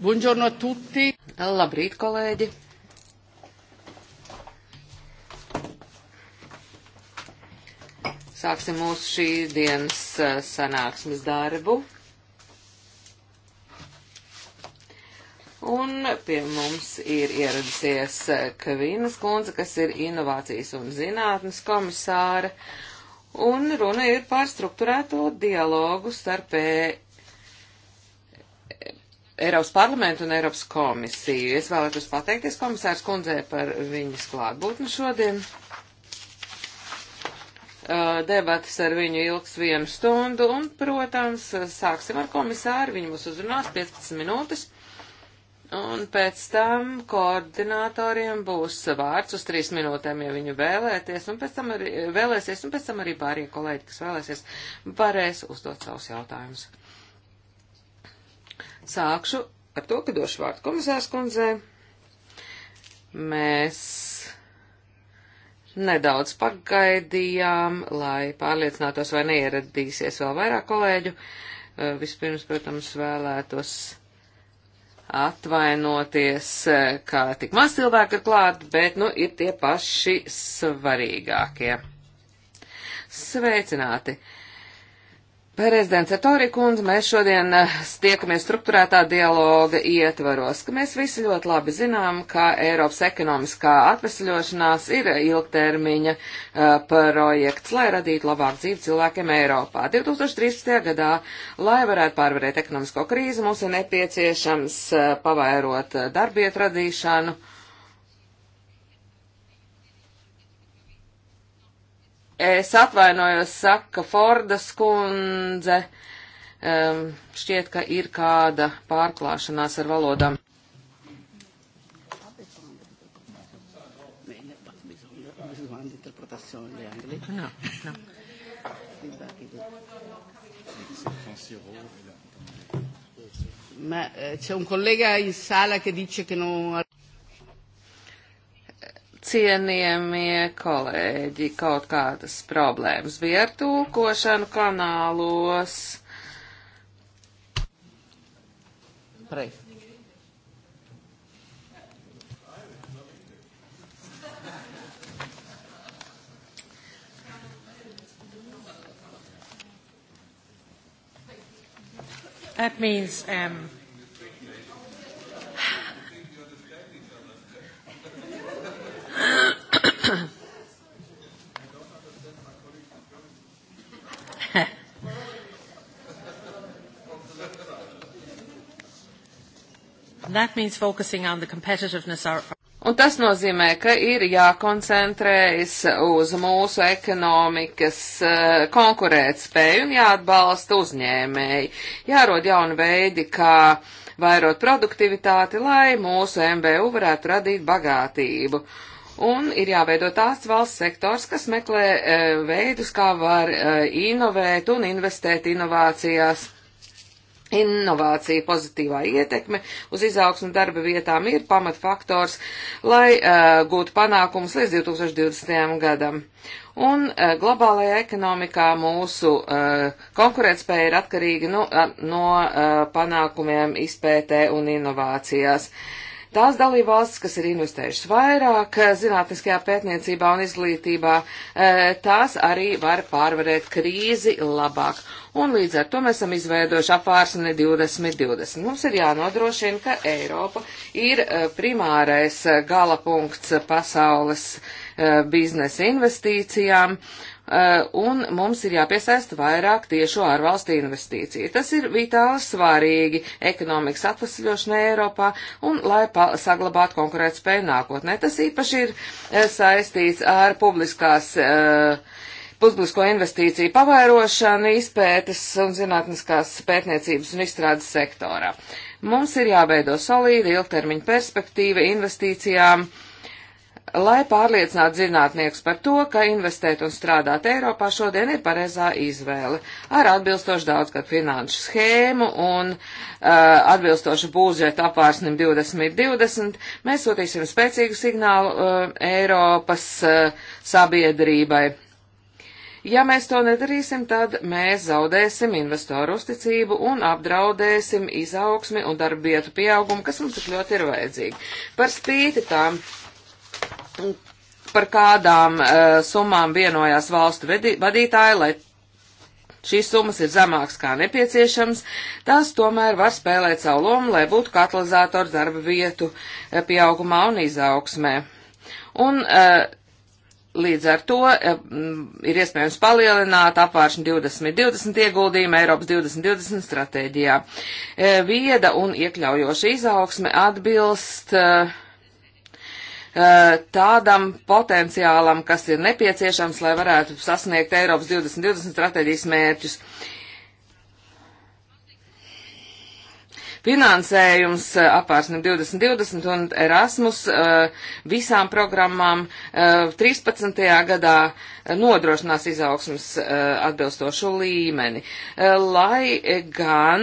Buongiorno a tutti. Labrīt, kolēģi. Sāksim mūsu šī dienas eh, sanāksmes darbu. Un pie mums ir ieradusies eh, Kavinas kundze, kas ir inovācijas un zinātnes komisāra. Un runa ir par struktūrēto dialogu starp Eiropas parlamentu un Eiropas komisiju. Es vēlētos pateikties komisārs kundzē par viņas klātbūtni šodien. Uh, Debates ar viņu ilgs vienu stundu un, protams, sāksim ar komisāru. Viņu mums uzrunās 15 minūtes. Un pēc tam koordinatoriem būs vārds uz trīs minūtēm, ja viņu vēlēties, un pēc tam arī, vēlēsies, un pēc tam arī pārējie kolēģi, kas vēlēsies, varēs uzdot savus jautājumus. Sākšu ar to, ka došu vārdu komisārs kundzē. Mēs nedaudz pagaidījām, lai pārliecinātos, vai neieradīsies vēl vairāk kolēģu. Uh, vispirms, protams, vēlētos atvainoties, uh, kā tik maz cilvēku ir klāt, bet, nu, ir tie paši svarīgākie. Sveicināti! Uh, Prezidents Etori kundze, mēs šodien eh, tiekamies struktūrētā dialoga ietvaros, ka mēs visi ļoti labi zinām, ka Eiropas ekonomiskā atvesaļošanās ir ilgtermiņa uh, projekts, lai radītu labāku dzīvi cilvēkiem Eiropā. 2013. gadā, lai varētu pārvarēt ekonomisko krīzi, mums ir nepieciešams uh, eh, pavairot darbietu radīšanu. Uh, Es atvainojos, saka Fordas kundze. Um, šķiet, ka ir kāda pārklāšanās ar valodām. No, no. Ma eh, c'è un collega in sala che dice che non cienījamie kolēģi, kaut kādas problēmas bija ar tūkošanu kanālos. Prej. That means um, That means focusing on the competitiveness of our Un tas nozīmē, ka ir jākoncentrējas uz mūsu ekonomikas eh, konkurētspēju un jāatbalsta uzņēmēji. Jārod jauni veidi, kā vairot produktivitāti, lai mūsu MBU varētu radīt bagātību un ir jāveido tās valsts sektors, kas meklē e, veidus, kā var e, inovēt un investēt inovācijās. Inovācija pozitīvā ietekme uz izaugsmu darba vietām ir pamatfaktors, lai uh, gūtu panākumus līdz 2020. gadam. Un uh, globālajā ekonomikā mūsu uh, konkurētspēja ir atkarīga nu, uh, no uh, panākumiem izpētē un inovācijās. Uh, Tās dalībvalstis, kas ir investējušas vairāk eh, zinātniskajā pētniecībā un izglītībā, eh, tās arī var pārvarēt krīzi labāk. Un līdz ar to mēs esam izveidojuši apvārsni 2020. Mums ir jānodrošina, ka Eiropa ir eh, primārais gala punkts pasaules biznesa investīcijām Eh, un mums ir jāpiesaista vairāk tiešo ārvalstu investīciju. Tas ir vitāli svarīgi ekonomikas atvesļošanai Eiropā un lai saglabātu konkurētspēju nākotnē. Tas īpaši ir eh, saistīts ar publiskās. Uh, publisko investīciju pavairošanu izpētes un zinātniskās pētniecības un izstrādes sektorā. Mums ir jāveido solīda ilgtermiņa perspektīva investīcijām uh, lai pārliecinātu zinātnieks par to, ka investēt un strādāt Eiropā šodien ir pareizā izvēle ar atbilstošu daudzgadu finanšu schēmu un uh, atbilstošu būžetu apvārsnim 2020. Mēs sūtīsim spēcīgu signālu uh, Eiropas uh, sabiedrībai. Ja mēs to nedarīsim, tad mēs zaudēsim investoru uzticību un apdraudēsim izaugsmi un darbietu pieaugumu, kas mums tik ļoti ir vajadzīgi. Par spīti tām par kādām uh, summām vienojās valstu vadītāji, lai šīs summas ir zemākas kā nepieciešams, tās tomēr var spēlēt savu lomu, lai būtu katalizators darba vietu eh, pieaugumā un izaugsmē. Un uh, līdz ar to uh, ir iespējams palielināt apvāršņu 2020 ieguldījumu Eiropas 2020 stratēģijā. Uh, vieda un iekļaujoša izaugsme atbilst uh, Uh, tādam potenciālam, kas ir nepieciešams, lai varētu sasniegt Eiropas 2020 stratēģijas mērķus. Finansējums eh, apārsnim 2020 un Erasmus eh, visām programmām 13. Eh, gadā nodrošinās izaugsmas atbilstošu līmeni. Lai gan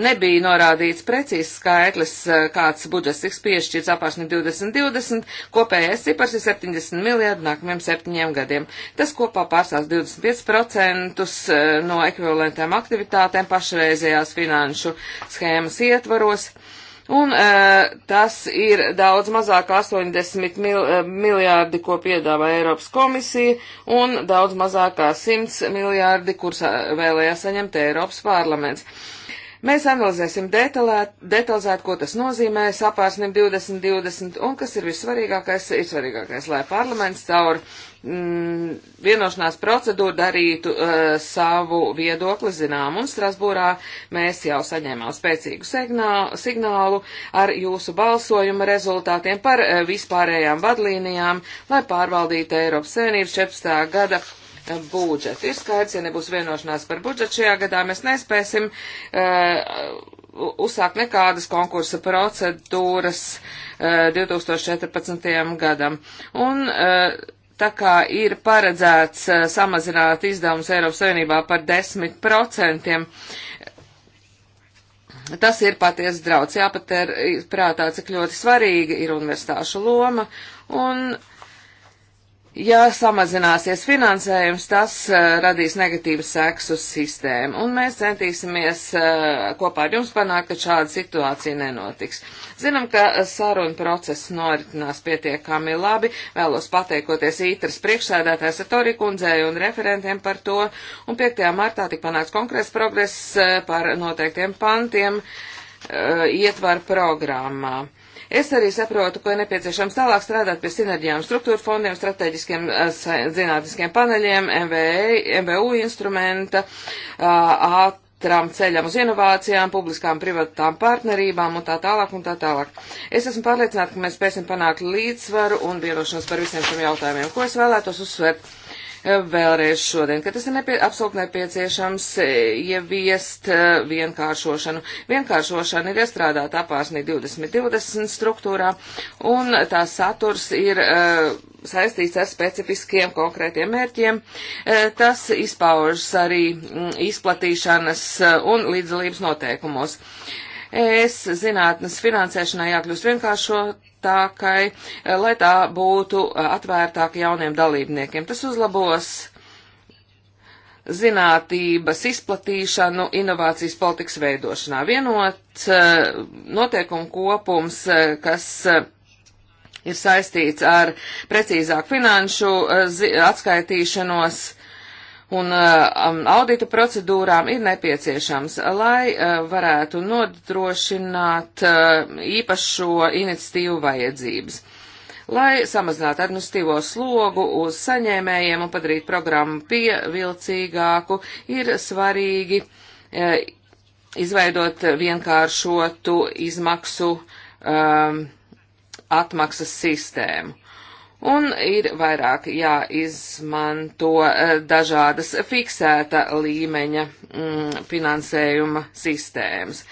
nebija norādīts precīzs skaitlis, kāds budžets tiks piešķirts apārsnim 2020, kopējais cipars ir 70 miljardi nākamajiem septiņiem gadiem. Tas kopā pārsās 25% no ekvivalentiem aktivitātēm pašreizējās finanšu schēmas ietvaros ietvaros. Un e, tas ir daudz mazāk 80 mil, e, miljārdi, ko piedāvā Eiropas komisija, un daudz mazākā 100 miljārdi, kurus e, vēlējās saņemt Eiropas parlaments. Mēs analizēsim detalēt, detalizēt, ko tas nozīmē sapārsnim 2020, un kas ir vissvarīgākais, ir svarīgākais, lai parlaments caur uh, mm, vienošanās procedūra darītu uh, savu viedokli zinām, un Strasbūrā mēs jau saņēmām spēcīgu signālu, signālu ar jūsu balsojuma rezultātiem par uh, vispārējām vadlīnijām, lai pārvaldītu Eiropas Savienības 14. gada uh, budžetu. Ir skaidrs, ja nebūs vienošanās par budžetu šajā gadā, mēs nespēsim uh, uzsākt nekādas konkursa procedūras uh, 2014. gadam. Un, uh, Tā kā ir paredzēts uh, samazināt izdevumus Eiropas Savienībā par 10%, tas ir patiesi draudz. Jāpat ir prātā, cik ļoti svarīga ir universitāšu loma. Un uh, Ja samazināsies finansējums, tas uh, radīs negatīvas sekas uz sistēmu, un mēs centīsimies uh, kopā ar jums panākt, ka šāda situācija nenotiks. Zinām, ka uh, saruna process noritinās pietiekami labi, vēlos pateikoties ītras priekšsēdētājs Atori kundzei un referentiem par to, un 5. martā tika panāks konkrēts progress par noteiktiem pantiem ietvaru programmā. Es arī saprotu, ka ir nepieciešams tālāk strādāt pie sinerģijām struktūra fondiem, strateģiskiem eh, zinātniskiem paneļiem, MVE, MVU instrumenta, eh, ātrām ceļām uz inovācijām, publiskām privatām partnerībām un tā tālāk un tā tālāk. Es esmu pārliecināta, ka mēs spēsim panākt līdzsvaru un vienošanos par visiem šiem jautājumiem, ko es vēlētos uzsvērt vēlreiz šodien, ka tas ir nepie, absolūti nepieciešams e, ieviest e, vienkāršošanu. Vienkāršošana ir iestrādāta apārsnī 2020 struktūrā, un tās saturs ir e, saistīts ar specifiskiem konkrētiem mērķiem. Tas izpaužas arī izplatīšanas un līdzdalības noteikumos. Es zinātnes finansēšanai jākļūst vienkāršot atvērtākai, lai tā būtu atvērtāka jauniem dalībniekiem. Tas uzlabos zinātības izplatīšanu inovācijas politikas veidošanā. Vienots noteikumu kopums, kas ir saistīts ar precīzāku finanšu atskaitīšanos, un uh, um, audita procedūrām ir nepieciešams, lai uh, varētu nodrošināt uh, īpašo iniciatīvu vajadzības. Lai samazinātu administratīvo slogu uz saņēmējiem un padarītu programmu pievilcīgāku, ir svarīgi uh, izveidot vienkāršotu izmaksu um, atmaksas sistēmu un ir vairāk jāizmanto eh, dažādas fiksēta līmeņa mm, finansējuma sistēmas.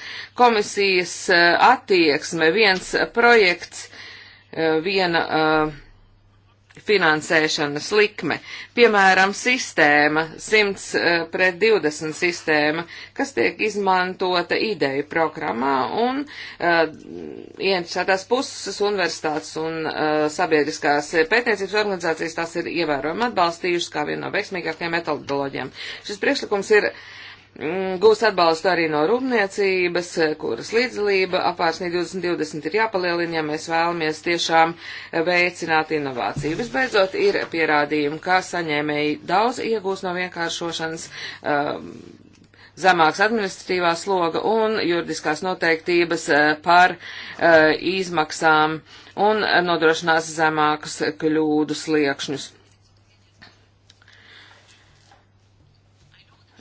Komisijas eh, attieksme, viens projekts, eh, viena uh, finansēšanas likme, piemēram, sistēma 100 eh, pret 20 sistēma, kas tiek izmantota ideju programmā un uh, ieinteresētās puses universitātes un uh, sabiedriskās pētniecības organizācijas tās ir ievērojami atbalstījušas kā viena no veiksmīgākajām metodoloģijām. Šis priekšlikums ir uh, Mm, gūs atbalstu arī no rūpniecības, kuras līdzdalība apvārsnī 2020 ir jāpalielina, ja mēs vēlamies tiešām veicināt inovāciju. Visbeidzot, ir pierādījumi, kā saņēmēji daudz iegūs no vienkāršošanas. Um, zemāks administratīvā sloga un juridiskās noteiktības uh, par uh, izmaksām un nodrošinās zemākus kļūdu sliekšņus.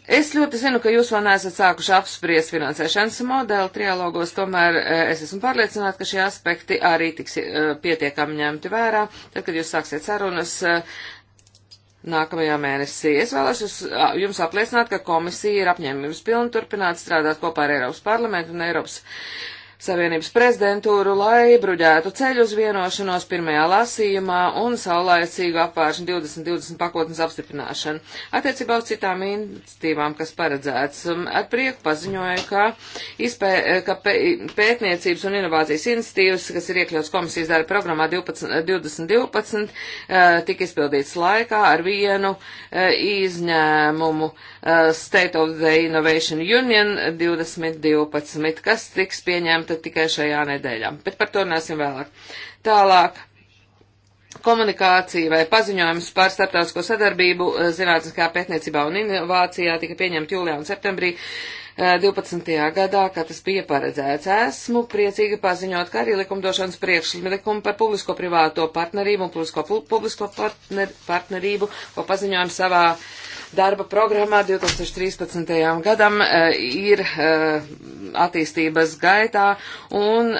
Es ļoti zinu, ka jūs vēl neesat sākuši apspriest finansēšanas modeli trialogos, tomēr eh, es esmu pārliecināta, ka šie aspekti arī tiks eh, pietiekami ņemti vērā, tad, kad jūs sāksiet sarunas eh, nākamajā mēnesī. Es vēlos jūs, jums apliecināt, ka komisija ir apņēmības pilna turpināt strādāt kopā ar Eiropas parlamentu un Eiropas Savienības prezidentūru, lai bruģētu ceļu uz vienošanos pirmajā lasījumā un saulaicīgu apvāršanu 2020 pakotnes apstiprināšanu. Attiecībā uz citām iniciatīvām, kas paredzēts, um, ar prieku paziņoja, ka, izpē, eh, ka pētniecības un inovācijas iniciatīvas, kas ir iekļauts komisijas darba programmā 12, 2012, eh, eh, tika izpildīts laikā ar vienu izņēmumu. Uh, Uh, State of the Innovation Union 2012, kas tiks pieņemta tikai šajā nedēļā. Bet par to runāsim vēlāk. Tālāk komunikācija vai paziņojums par starptautisko sadarbību uh, zinātniskā pētniecībā un inovācijā tika pieņemta jūlijā un septembrī. Uh, 12. Eh, gadā, kā tas bija paredzēts. Esmu priecīga paziņot, ka arī likumdošanas priekšlikumi par publisko-privāto partnerību un publisko-publisko partner, partnerību, ko paziņojam savā darba programmā 2013. gadam, eh, ir eh, attīstības gaitā un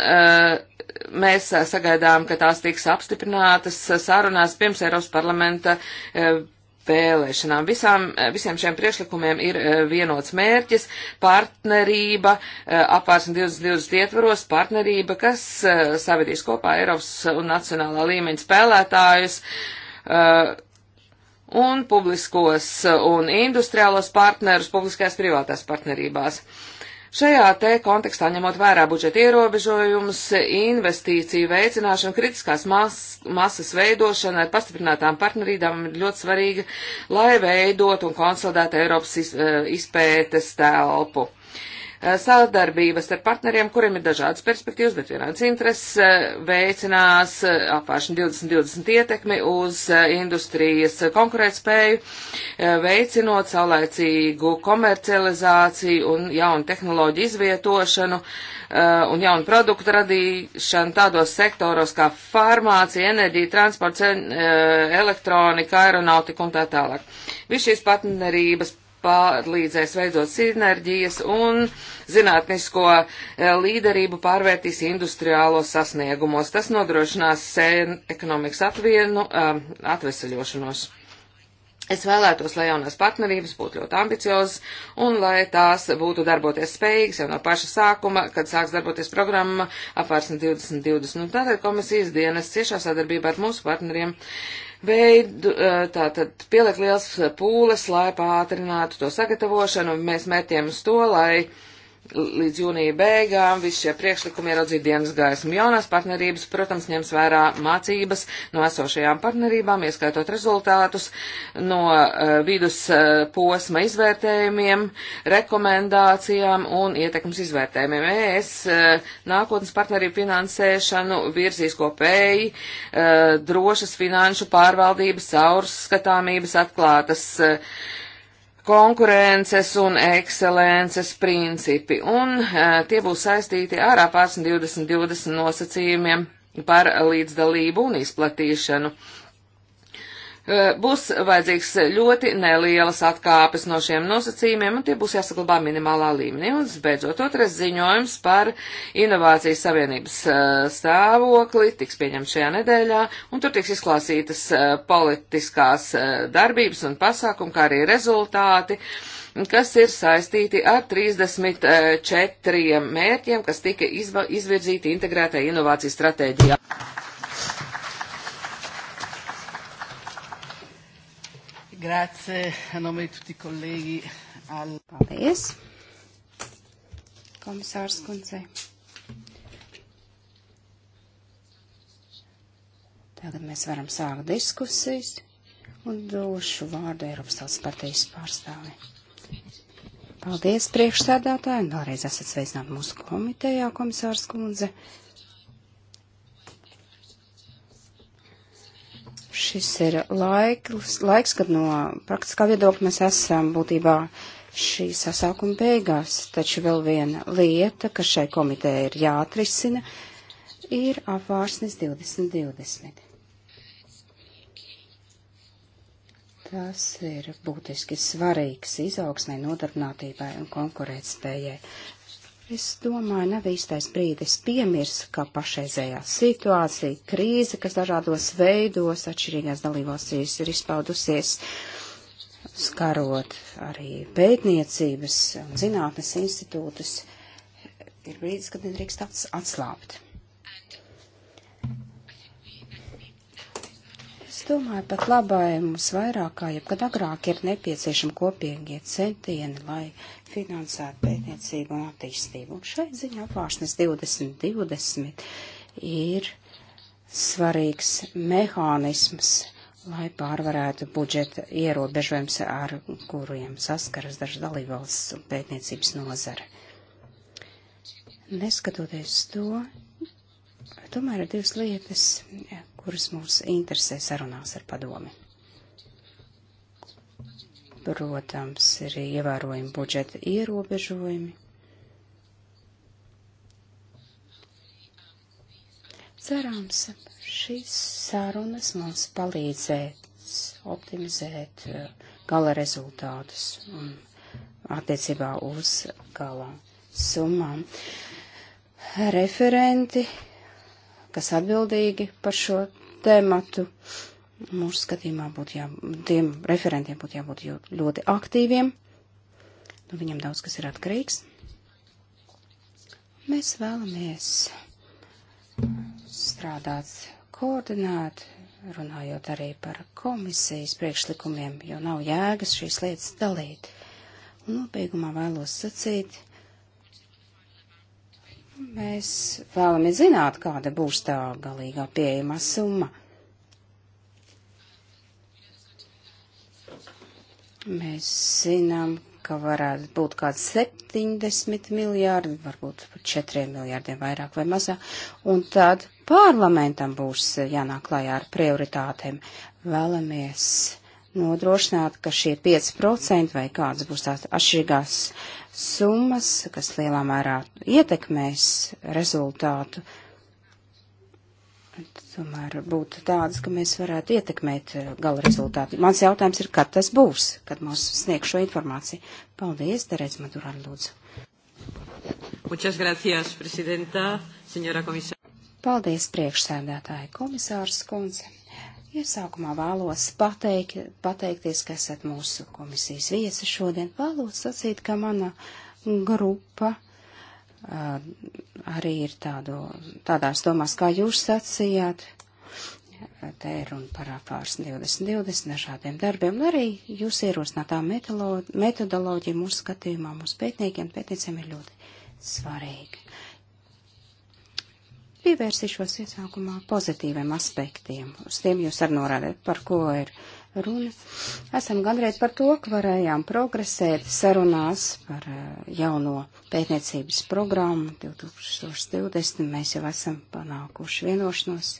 mēs sagaidām, ka tās tiks apstiprinātas sarunās pirms Eiropas parlamenta vēlēšanām. Visām, eh, visiem šiem priešlikumiem ir eh, vienots mērķis - partnerība, eh, apvārsni 2020 ietvaros partnerība, kas savedīs kopā Eiropas un nacionālā līmeņa spēlētājus un publiskos un industriālos partnerus publiskajās privātās partnerībās. Uh, Šajā te kontekstā, ņemot vērā budžeta ierobežojumus, investīciju veicināšanu, kritiskās mas masas veidošana ar pastiprinātām partnerībām ir ļoti svarīga, lai veidot un konsolidētu Eiropas iz eh, izpētes telpu. Eh, sadarbības ar partneriem, kuriem ir dažādas perspektīvas, bet vienāds intereses eh, veicinās eh, apvāršana 2020 ietekmi uz industrijas konkurētspēju, veicinot saulēcīgu komercializāciju un jaunu tehnoloģiju izvietošanu un jaunu produktu radīšanu tādos sektoros kā farmācija, enerģija, transports, elektronika, aeronautika un tā tālāk. Viss šīs partnerības palīdzēs veidot sinerģijas un zinātnisko e, līderību pārvērtīs industriālos sasniegumos. Tas nodrošinās ekonomikas atvienu, e, atvesaļošanos. Es vēlētos, lai jaunās partnerības būtu ļoti ambiciozas un lai tās būtu darboties spējīgas jau no paša sākuma, kad sāks darboties programma apvērsni 2020. Un tātad komisijas dienas ciešā sadarbībā ar mūsu partneriem uh, veidu, tātad pielikt liels pūles, lai pātrinātu to sagatavošanu, un mēs metiem uz to, lai uh, līdz jūnija beigām visi šie priekšlikumi ieraudzīt dienas gaismu. Jaunās partnerības, protams, ņems vērā mācības no esošajām partnerībām, ieskaitot rezultātus no uh, vidus uh, posma izvērtējumiem, rekomendācijām un ietekmes izvērtējumiem. Es uh, nākotnes partnerību finansēšanu virzīs kopēji uh, drošas finanšu pārvaldības, caurskatāmības, atklātas. Uh, konkurences un ekscelences principi, un eh, tie būs saistīti ar apārsni 2020 nosacījumiem par līdzdalību un izplatīšanu. Eh, būs vajadzīgs ļoti nelielas atkāpes no šiem nosacījumiem, un tie būs jāsaglabā minimālā līmenī. Un, beidzot, otrais ziņojums par inovācijas savienības eh, stāvokli tiks pieņemts šajā nedēļā, un tur tiks izklāsītas eh, politiskās darbības un pasākumi, kā arī rezultāti kas ir saistīti ar 34 mērķiem, kas tika izvirzīti integrētai inovāciju stratēģijā. Grazie, a nome di tutti i colleghi. Al... Paldies. Komisārs Kundzei. Tagad mēs varam sākt diskusijas un došu vārdu Eiropas Tautas partijas pārstāvē. Paldies priekšsēdētāji un vēlreiz esat sveicināti mūsu komitejā, komisārs kundze. Šis ir laiks, laiks kad no praktiskā viedokļa mēs esam būtībā šī sasaukuma beigās, taču vēl viena lieta, kas šai komitē ir jāatrisina, ir apvārsnes 2020. Tas ir būtiski svarīgs izaugsmai, nodarbinātībai un konkurētspējai. Es domāju, nav īstais brīdis piemirst, ka pašreizējā situācija, krīze, kas dažādos veidos atšķirīgās dalībvalstīs ir izpaudusies, skarot arī pētniecības un zinātnes institūtus, ir brīdis, kad nedrīkst atslābt. domāju, pat labai mums vairāk kā jebkad agrāk ir nepieciešami kopīgie centieni, lai finansētu pētniecību un attīstību. Un šeit ziņā apvāršanas 2020 ir svarīgs mehānisms, lai pārvarētu budžeta ierobežojums, ar kuriem saskaras dažas dalībvalsts un pētniecības nozare. Neskatoties to, tomēr ir divas lietas, kuras mūs interesē sarunās ar padomi. Protams, ir ievērojami budžeta ierobežojumi. Cerams, šīs sarunas mums palīdzēs optimizēt eh, gala rezultātus un attiecībā uz gala summām. Referenti kas atbildīgi par šo tēmatu. Mūsu skatījumā būtu jā, tiem referentiem būtu jābūt ļoti aktīviem. Nu, viņam daudz kas ir atkarīgs. Mēs vēlamies strādāt koordinēt, runājot arī par komisijas priekšlikumiem, jo nav jēgas šīs lietas dalīt. Un nobeigumā vēlos sacīt, Mēs vēlamies zināt, kāda būs tā galīgā pieejamā summa. Mēs zinām, ka varētu būt kāds 70 miljārdi, varbūt par 4 miljārdiem vairāk vai mazāk, un tad parlamentam būs jānāk klājā ar prioritātēm. Vēlamies nodrošināt, ka šie 5% vai kādas būs tās atšķirīgās summas, kas lielā mērā ietekmēs rezultātu, tomēr būtu tādas, ka mēs varētu ietekmēt eh, gala rezultātu. Mans jautājums ir, kad tas būs, kad mums sniegs šo informāciju. Paldies, Terēdz Madurāri, lūdzu. Muchas gracias, presidenta, senora komisāra. Paldies, priekšsēdētāji komisārs Kunze. Iesākumā vēlos pateik, pateikties, ka esat mūsu komisijas viesi šodien. Vēlos sacīt, ka mana grupa uh, arī ir tādo, tādās domās, kā jūs sacījāt. Te ir runa par apvārs 2020 dažādiem darbiem, un arī jūs ierosinātā metodoloģija mūsu skatījumā, mūsu pētniekiem, pētniecēm ir ļoti svarīga. Pievērsīšos iesākumā pozitīviem aspektiem, uz tiem jūs arī norādāt, par ko ir runa. Esam gandrīz par to, ka varējām progresēt sarunās par eh, jauno pētniecības programmu 2020. Mēs jau esam panākuši vienošanos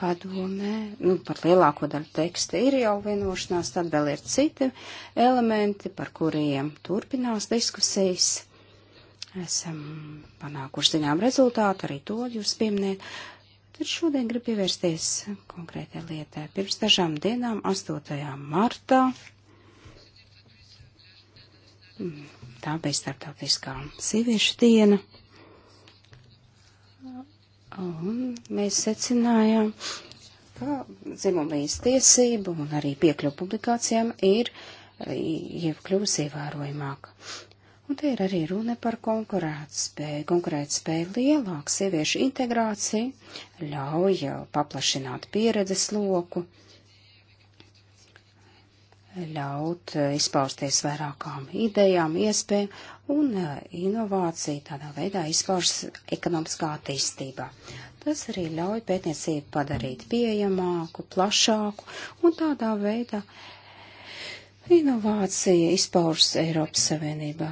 padomē, nu, par lielāko daļu teksta ir jau vienošanās, tad vēl ir citi elementi, par kuriem turpinās diskusijas. Esam panākuši zinām rezultātu, arī to jūs pieminiet. Tad šodien grib pievērsties konkrētai lietai. Pirms dažām dienām, 8. martā, tā bija starptautiskā sieviešu diena. Un mēs secinājām, ka dzimumlīs tiesību un arī piekļuvu publikācijām ir iekļuvusi ievērojamāka. Un te ir arī runa par konkurētspēju. Konkurētspēja lielāka sieviešu integrācija ļauj paplašināt pieredzes loku, ļaut izpausties vairākām idejām, iespējām, un eh, inovācija tādā veidā izpaužas ekonomiskā attīstībā. Tas arī ļauj pētniecību padarīt pieejamāku, plašāku, un tādā veidā inovācija izpaužas Eiropas Savienībā.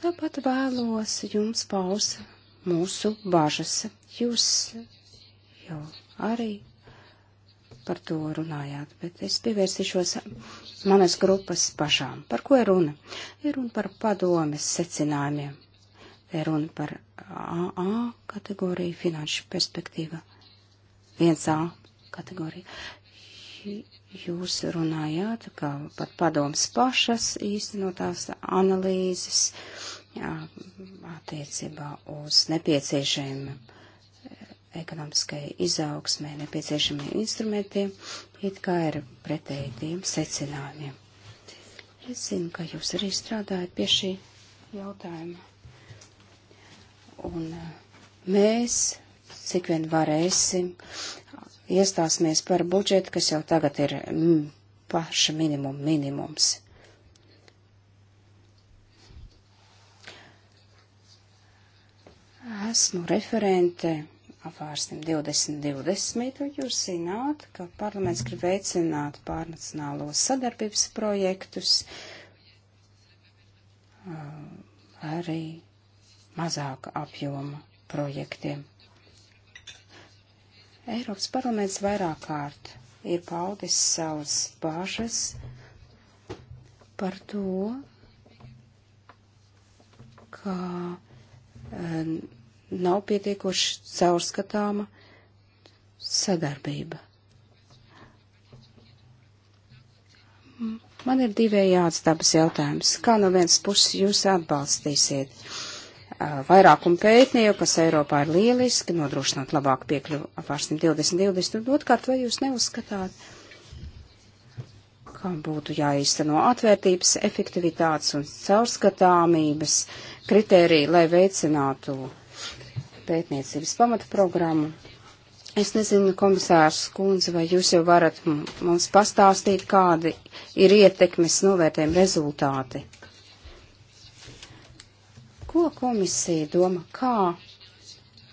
Tāpat vēlos jums paust mūsu bažas. Jūs jau arī par to runājāt, bet es pievērsīšos manas grupas pašām. Par ko ir runa? Ir runa par padomes secinājumiem. Ir runa par AA kategoriju finanšu perspektīva. 1A kategorija jūs runājāt, ka pat padoms pašas īstenotās analīzes jā, attiecībā uz nepieciešamiem eh, ekonomiskai izaugsmē nepieciešamiem instrumentiem, it kā ir pretēji tiem secinājumiem. Es zinu, ka jūs arī strādājat pie šī jautājuma. Un eh, mēs, cik vien varēsim, iestāsimies par budžetu, kas jau tagad ir mm, paša minimum minimums. Esmu referente apvārstim 2020, un jūs zināt, ka parlaments grib veicināt pārnacionālos sadarbības projektus, um, arī mazāka apjoma projektiem. Eiropas parlaments vairāk kārt ir paudis savas bāžas par to, ka um, nav pietiekoši caurskatāma sadarbība. Man ir divējāds dabas jautājums. Kā no vienas puses jūs atbalstīsiet? vairākumu pētnieku, kas Eiropā ir lieliski, nodrošināt labāku piekļuvu apvārstiem 2020. Un otrkārt, vai jūs neuzskatāt, ka būtu jāīsteno atvērtības, efektivitātes un caurskatāmības kritērija, lai veicinātu pētniecības pamata programmu? Es nezinu, komisārs Kunze, vai jūs jau varat mums pastāstīt, kādi ir ietekmes novērtējumi rezultāti Ko komisija doma, kā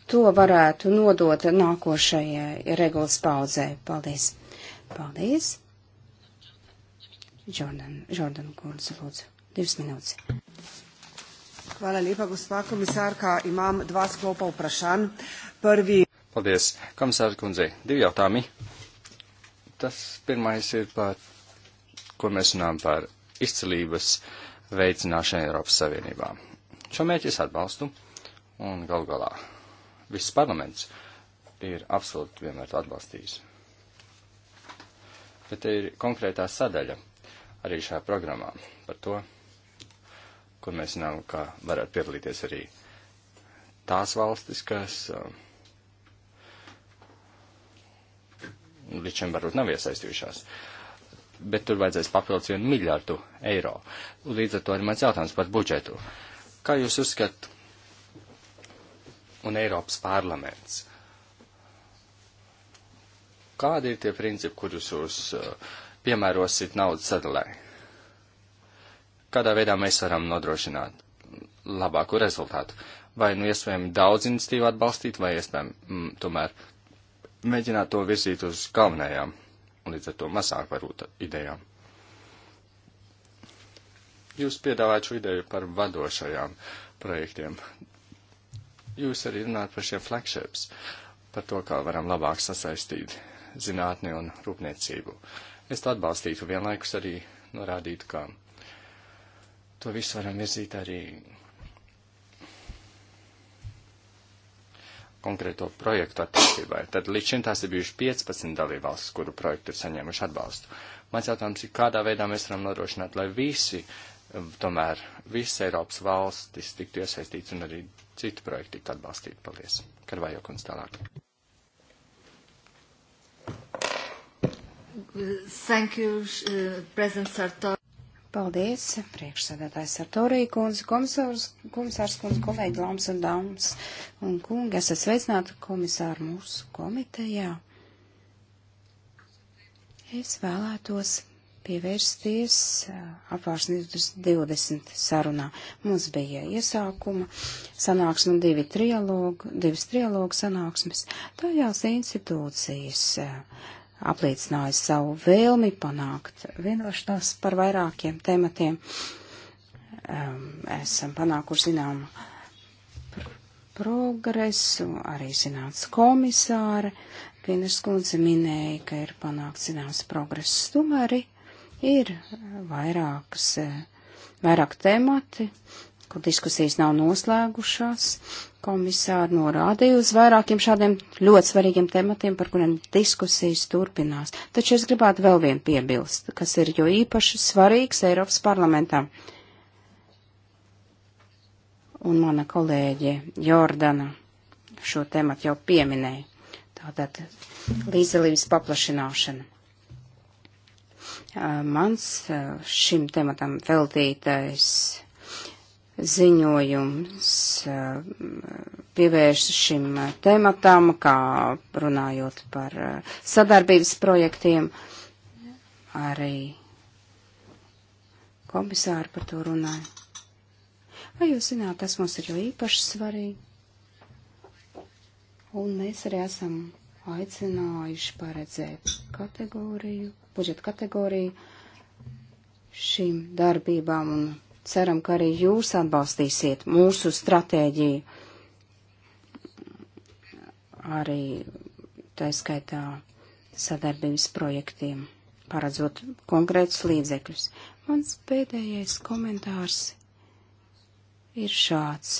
to varētu nodot nākošajai regulas paudzē? Paldies. Paldies. Jordan, Jordan Kurz, lūdzu. Divas minūtes. Hvala lepa, gospa komisarka. Imam dva sklopa vprašanj. Prvi. Paldies, komisāra kundze. Divi jautājumi. Tas pirmais ir par, ko mēs runājam par izcelības veicināšanu Eiropas Savienībā. Šo mērķi es atbalstu, un gal galā viss parlaments ir absolūti vienmēr to atbalstījis. Bet te ir konkrētā sadaļa arī šajā programmā par to, kur mēs zinām, ka varētu piedalīties arī tās valstis, kas um, līdz šim varbūt nav iesaistījušās. Bet tur vajadzēs papildus vienu miljārdu eiro. Līdz ar to ir mans jautājums par budžetu. Uh, Kā jūs uzskat, un Eiropas parlaments, kādi ir tie principi, kurus jūs uh, piemērosit naudas sadalē? Kādā veidā mēs varam nodrošināt labāku rezultātu? Vai nu iespējami daudz inicitīvu atbalstīt, vai iespējami mm, tomēr mēģināt to virzīt uz galvenajām un līdz ar to mazāk varbūt idejām? Jūs piedāvājat šo ideju par vadošajām projektiem. Jūs arī runājat par šiem flagships, par to, kā varam labāk sasaistīt zinātni un rūpniecību. Es to atbalstītu, vienlaikus arī norādītu, ka to visu varam virzīt arī konkrēto projektu attīstībai. Tad līdz šim tās ir bijuši 15 dalībvalstis, kuru projektu ir saņēmuši atbalstu. Mans jautājums ir, kādā veidā mēs varam nodrošināt, lai visi Um, tomēr visas Eiropas valstis tiktu iesaistīts un arī citu projektu tiktu atbalstīti. Paldies. Karvajo kundz tālāk. Thank you, uh, President Sartori. Paldies, priekšsēdētājs Sartorī kundze, komisārs, komisārs kundze, kolēģi Lams un Dāmas un kungi. Esat sveicināti komisāru mūsu komitejā. Es vēlētos pievērsties apvārsnes 20 sarunā. Mums bija iesākuma sanāksme, divi trialogu, divas trialogu sanāksmes. Tajās institūcijas apliecināja savu vēlmi panākt vienošanās par vairākiem tematiem. Esam panākuši zinām progresu, arī zināms komisāra. Vienas kundze minēja, ka ir panākts zināms progress. Tomēr arī Ir vairākas, e, vairāk temati, kur diskusijas nav noslēgušās. Komisāri norādīja uz vairākiem šādiem ļoti svarīgiem tematiem, par kuriem diskusijas turpinās. Taču es gribētu vēl vienu piebilst, kas ir jo īpaši svarīgs Eiropas parlamentam. Un mana kolēģe Jordana šo tematu jau pieminēja. Tātad līdzdalības paplašināšana mans šim tematam veltītais ziņojums pievērš šim tematam, kā runājot par sadarbības projektiem. Arī komisāri par to runāja. Vai jūs zināt, tas mums ir jau īpaši svarīgi? Un mēs arī esam aicinājuši paredzēt kategoriju budžeta kategoriju šīm darbībām un ceram, ka arī jūs atbalstīsiet mūsu stratēģiju arī taiskaitā sadarbības projektiem, paredzot konkrētus līdzekļus. Mans pēdējais komentārs ir šāds.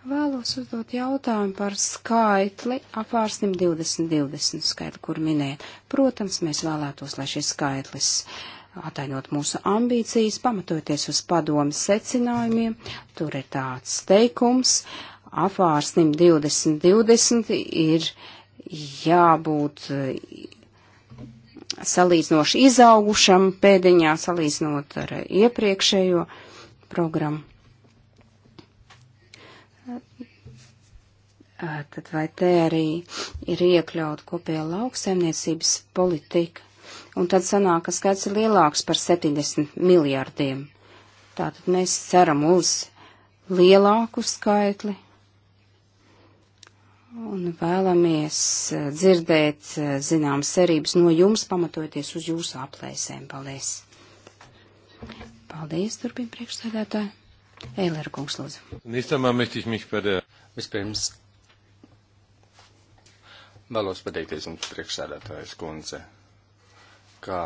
Vēlos uzdot jautājumu par skaitli apvārsnim 2020 skaitli, kur minēt. Protams, mēs vēlētos, lai šis skaitlis atainot mūsu ambīcijas, pamatojoties uz padomu secinājumiem. Tur ir tāds teikums, apvārsnim 2020 ir jābūt eh, salīdzinoši izaugušam pēdiņā, salīdzinot ar iepriekšējo programmu. Tad vai te arī ir iekļaut kopējā lauksaimniecības politika? Un tad sanāk, ka skaits ir lielāks par 70 miljārdiem. Tātad mēs ceram uz lielāku skaitli un vēlamies eh, dzirdēt eh, zināmas cerības no jums, pamatojoties uz jūsu aplēsēm. Paldies! Paldies, turpina priekšstādātāji! Eiler kungs, lūdzu. Eh, Vispirms Vēlos pateikties jums priekšsēdētājas kundze, kā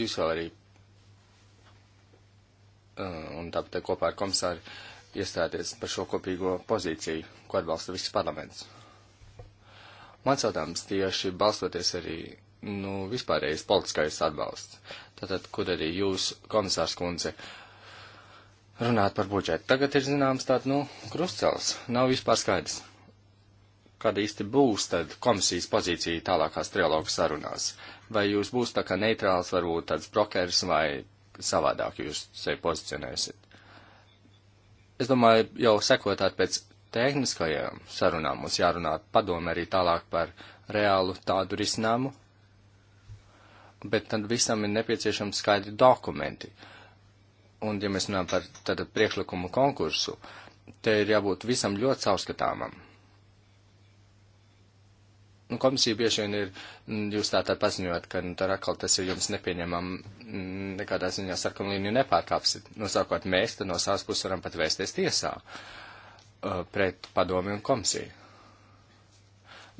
jūs vēl arī uh, un tāpat kopā ar komisāru iestāties par šo kopīgo pozīciju, ko atbalsta viss parlaments. Mans jautājums tieši balstoties arī, nu, vispārējais politiskais atbalsts. Tātad, kur arī jūs, komisārs kundze, runāt par budžetu. Tagad ir zināms tāds, nu, krustcels, nav vispār skaidrs kāda īsti būs tad komisijas pozīcija tālākās trialogu sarunās? Vai jūs būs tā kā neitrāls, varbūt tāds brokers vai savādāk jūs sevi pozicionēsiet? Es domāju, jau sekotāt pēc tehniskajām sarunām mums jārunā padomē arī tālāk par reālu tādu risinājumu, bet tad visam ir nepieciešams skaidri dokumenti. Un, ja mēs runājam par tādu priekšlikumu konkursu, te ir jābūt visam ļoti caurskatāmam. Nu, komisija bieži vien ir, mm, jūs tā tā paziņojat, ka nu, tad atkal tas ir jums nepieņemam, mm, nekādā ziņā sarkanu līniju nepārkāpsit. Nu, sākot, mēs tad no savas puses varam pat vēsties tiesā uh, pret padomi un komisiju.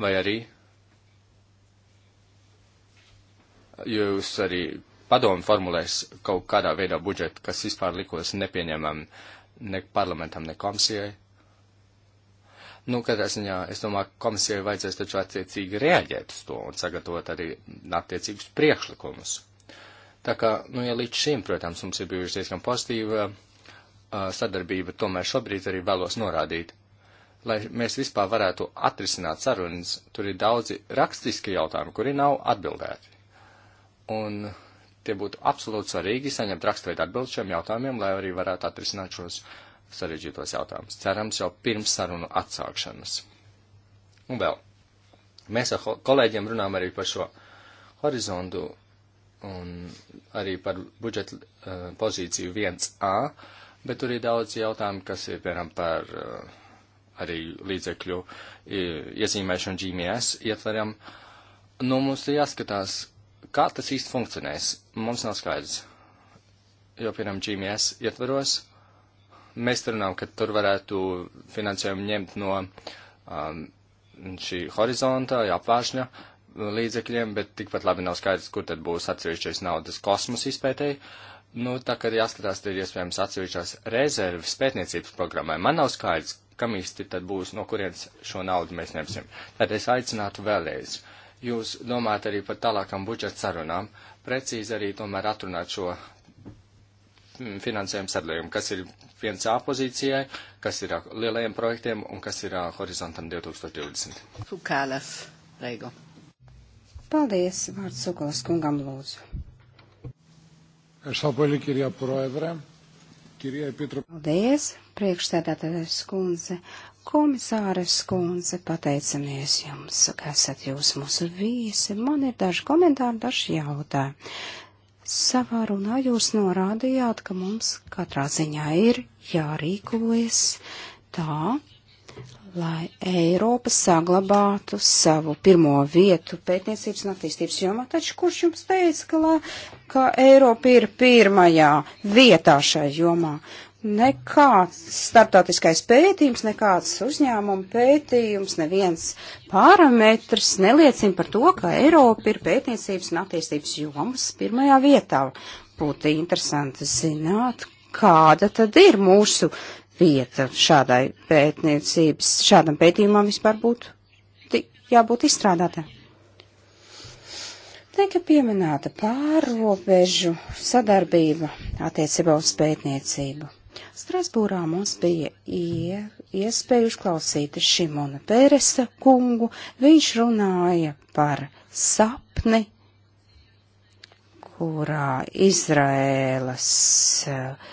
Vai arī jūs arī padomi formulēs kaut kādā veidā budžetu, kas vispār likos nepieņemam ne parlamentam, ne komisijai, Nu, katrā ziņā, es domāju, komisijai vajadzēs taču attiecīgi reaģēt uz to un sagatavot arī attiecīgus priekšlikumus. Tā kā, nu, ja līdz šim, protams, mums ir bijusi diezgan pozitīva uh, sadarbība, tomēr šobrīd arī vēlos norādīt, lai mēs vispār varētu atrisināt sarunas, tur ir daudzi rakstiski jautājumi, kuri nav atbildēti. Un tie būtu absolūti svarīgi saņemt rakstveidu atbildu šiem jautājumiem, lai arī varētu atrisināt šos jautājumus sarežģītos jautājumus. Cerams, jau pirms sarunu atsākšanas. Un vēl. Mēs ar kolēģiem runājam arī par šo horizontu un arī par budžeta uh, eh, pozīciju 1A, bet tur ir daudz jautājumu, kas ir, piemēram, par uh, arī līdzekļu eh, iezīmēšanu GMS ietveram. Nu, mums ir jāskatās, kā tas īsti funkcionēs. Mums nav skaidrs. Jo, piemēram, GMS ietveros mēs tur runājam, ka tur varētu finansējumu ņemt no um, šī horizonta, apvāršņa līdzekļiem, bet tikpat labi nav skaidrs, kur tad būs atsevišķais naudas kosmos izpētēji. Nu, tā kā jāskatās, tad ir iespējams atsevišķās rezerves pētniecības programmai. Man nav skaidrs, kam īsti tad būs, no kurienes šo naudu mēs ņemsim. Tad es aicinātu vēlreiz. Jūs domājat arī par tālākam budžeta sarunām, precīzi arī tomēr atrunāt šo mm, finansējumu sadalījumu, kas ir viens A pozīcijai, kas ir lielajiem projektiem un kas ir horizontam 2020. Fukālas, Reigo. Paldies, vārds Sukalas kungam lūdzu. Ευχαριστώ πολύ κυρία Πρόεδρε. Κυρία Επίτροπε. Paldies, priekšstādātājas kundze, komisāres kundze, pateicamies jums, ka esat jūs mūsu viesi. Man ir daži komentāri, daži jautājumi. Savā runā jūs norādījāt, ka mums katrā ziņā ir jārīkojas tā, lai Eiropa saglabātu savu pirmo vietu pētniecības un attīstības jomā. Taču kurš jums teica, ka, la, ka Eiropa ir pirmajā vietā šai jomā? nekāds starptautiskais pētījums, nekāds uzņēmuma pētījums, neviens parametrs neliecina par to, ka Eiropa ir pētniecības un attīstības jomas pirmajā vietā. Būtu interesanti zināt, kāda tad ir mūsu vieta šādai pētniecības, šādam pētījumam vispār būtu jābūt izstrādātā. Tika pieminēta pārrobežu sadarbība attiecībā uz pētniecību. Strasbūrā mums bija ie, iespēja uzklausīt Šimona Pēresa kungu. Viņš runāja par sapni, kurā Izraēlas eh,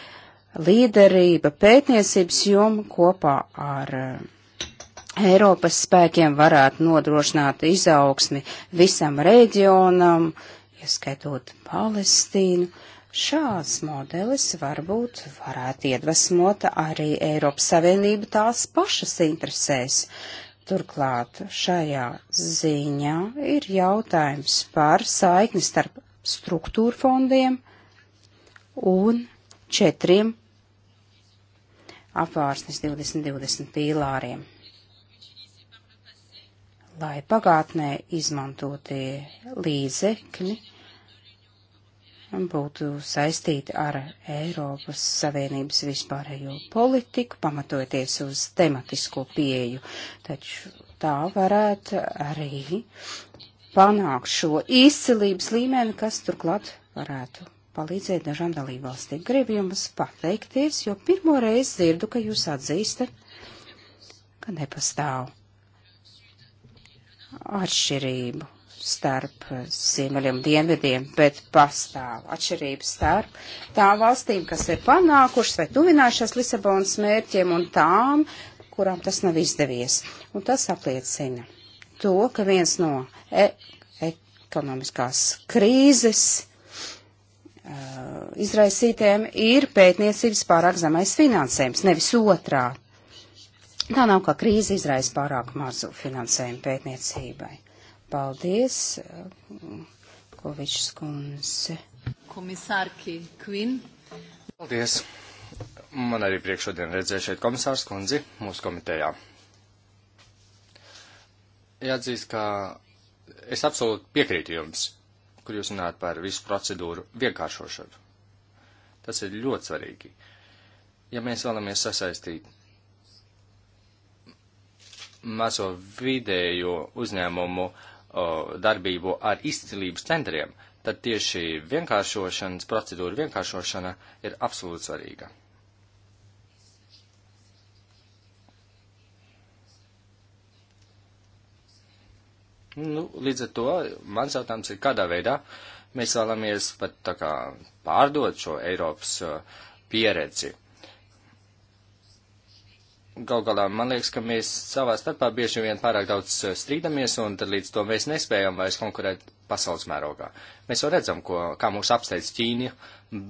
līderība pētniecības joma kopā ar eh, Eiropas spēkiem varētu nodrošināt izaugsmi visam reģionam, ieskaitot Palestīnu. Šāds modelis varbūt varētu iedvesmot arī Eiropas Savienību tās pašas interesēs. Turklāt šajā ziņā ir jautājums par saikni starp struktūra fondiem un četriem apvārsnes 2020 pīlāriem. Lai pagātnē izmantotie līdzekļi būtu saistīti ar Eiropas Savienības vispārējo politiku, pamatojoties uz tematisko pieju. Taču tā varētu arī panākt šo izcilības līmeni, kas turklāt varētu palīdzēt dažām dalībvalstīm. Gribu jums pateikties, jo pirmo reizi dzirdu, ka jūs atzīstat, ka nepastāv atšķirību starp eh, ziemeļiem un dienvidiem, bet pastāv atšķirības starp tām valstīm, kas ir panākušas vai tuvinājušās Lisabonas mērķiem un tām, kurām tas nav izdevies. Un tas apliecina to, ka viens no e ekonomiskās krīzes uh, eh, izraisītēm ir pētniecības pārāk zemais finansējums, nevis otrā. Tā nav kā krīze izraisa pārāk mazu finansējumu pētniecībai. Paldies, Kovičs kundze. Komisārki Kvin. Paldies. Man arī priekš šodien redzēja šeit komisārs kundzi mūsu komitejā. Jāatzīst, ka es absolūti piekrītu jums, kur jūs runājat par visu procedūru vienkāršošanu. Tas ir ļoti svarīgi. Ja mēs vēlamies sasaistīt mazo vidējo uzņēmumu uh, darbību ar izcilības centriem, tad tieši vienkāršošanas procedūra vienkāršošana ir absolūti svarīga. Nu, līdz ar to mans jautājums ir, kādā veidā mēs vēlamies pat tā kā pārdot šo Eiropas pieredzi gal galā man liekas, ka mēs savā starpā bieži vien pārāk daudz eh, strīdamies, un tad līdz to mēs nespējam vairs konkurēt pasaules mērogā. Mēs jau redzam, ko, kā mūs apsteidz Ķīna,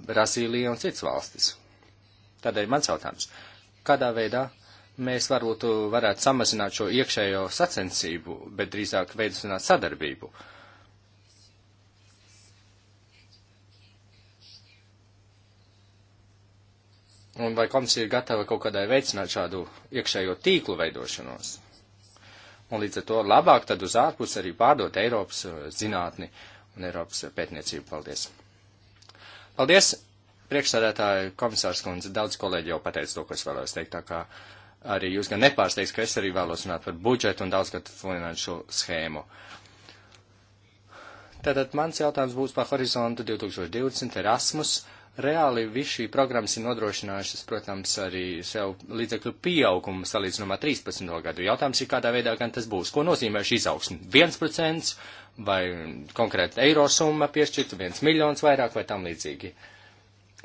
Brazīlija un citas valstis. Tādēļ mans jautājums, kādā veidā mēs varbūt varētu samazināt šo iekšējo sacensību, bet drīzāk veicināt sadarbību? Uh, Un vai komisija ir gatava kaut kādai veicināt šādu iekšējo tīklu veidošanos? Un līdz ar to labāk tad uz ārpus arī pārdot Eiropas uh, zinātni un Eiropas pētniecību. Paldies! Paldies! Priekšsādātāja komisārs kundze, daudz kolēģi jau pateica to, ko es vēlos teikt, tā kā arī jūs gan nepārsteigts, ka es arī vēlos runāt par budžetu un daudzgadu finanšu schēmu. Tātad mans jautājums būs par horizontu 2020 Erasmus Reāli viss šī programmas ir nodrošinājušas, protams, arī sev līdzekļu pieaugumu salīdzinumā 13. gadu. Jautājums ir, kādā veidā gan tas būs. Ko nozīmē šī izaugsme? 1% vai konkrēta eiro summa piešķirta, 1 miljons vairāk vai tam līdzīgi.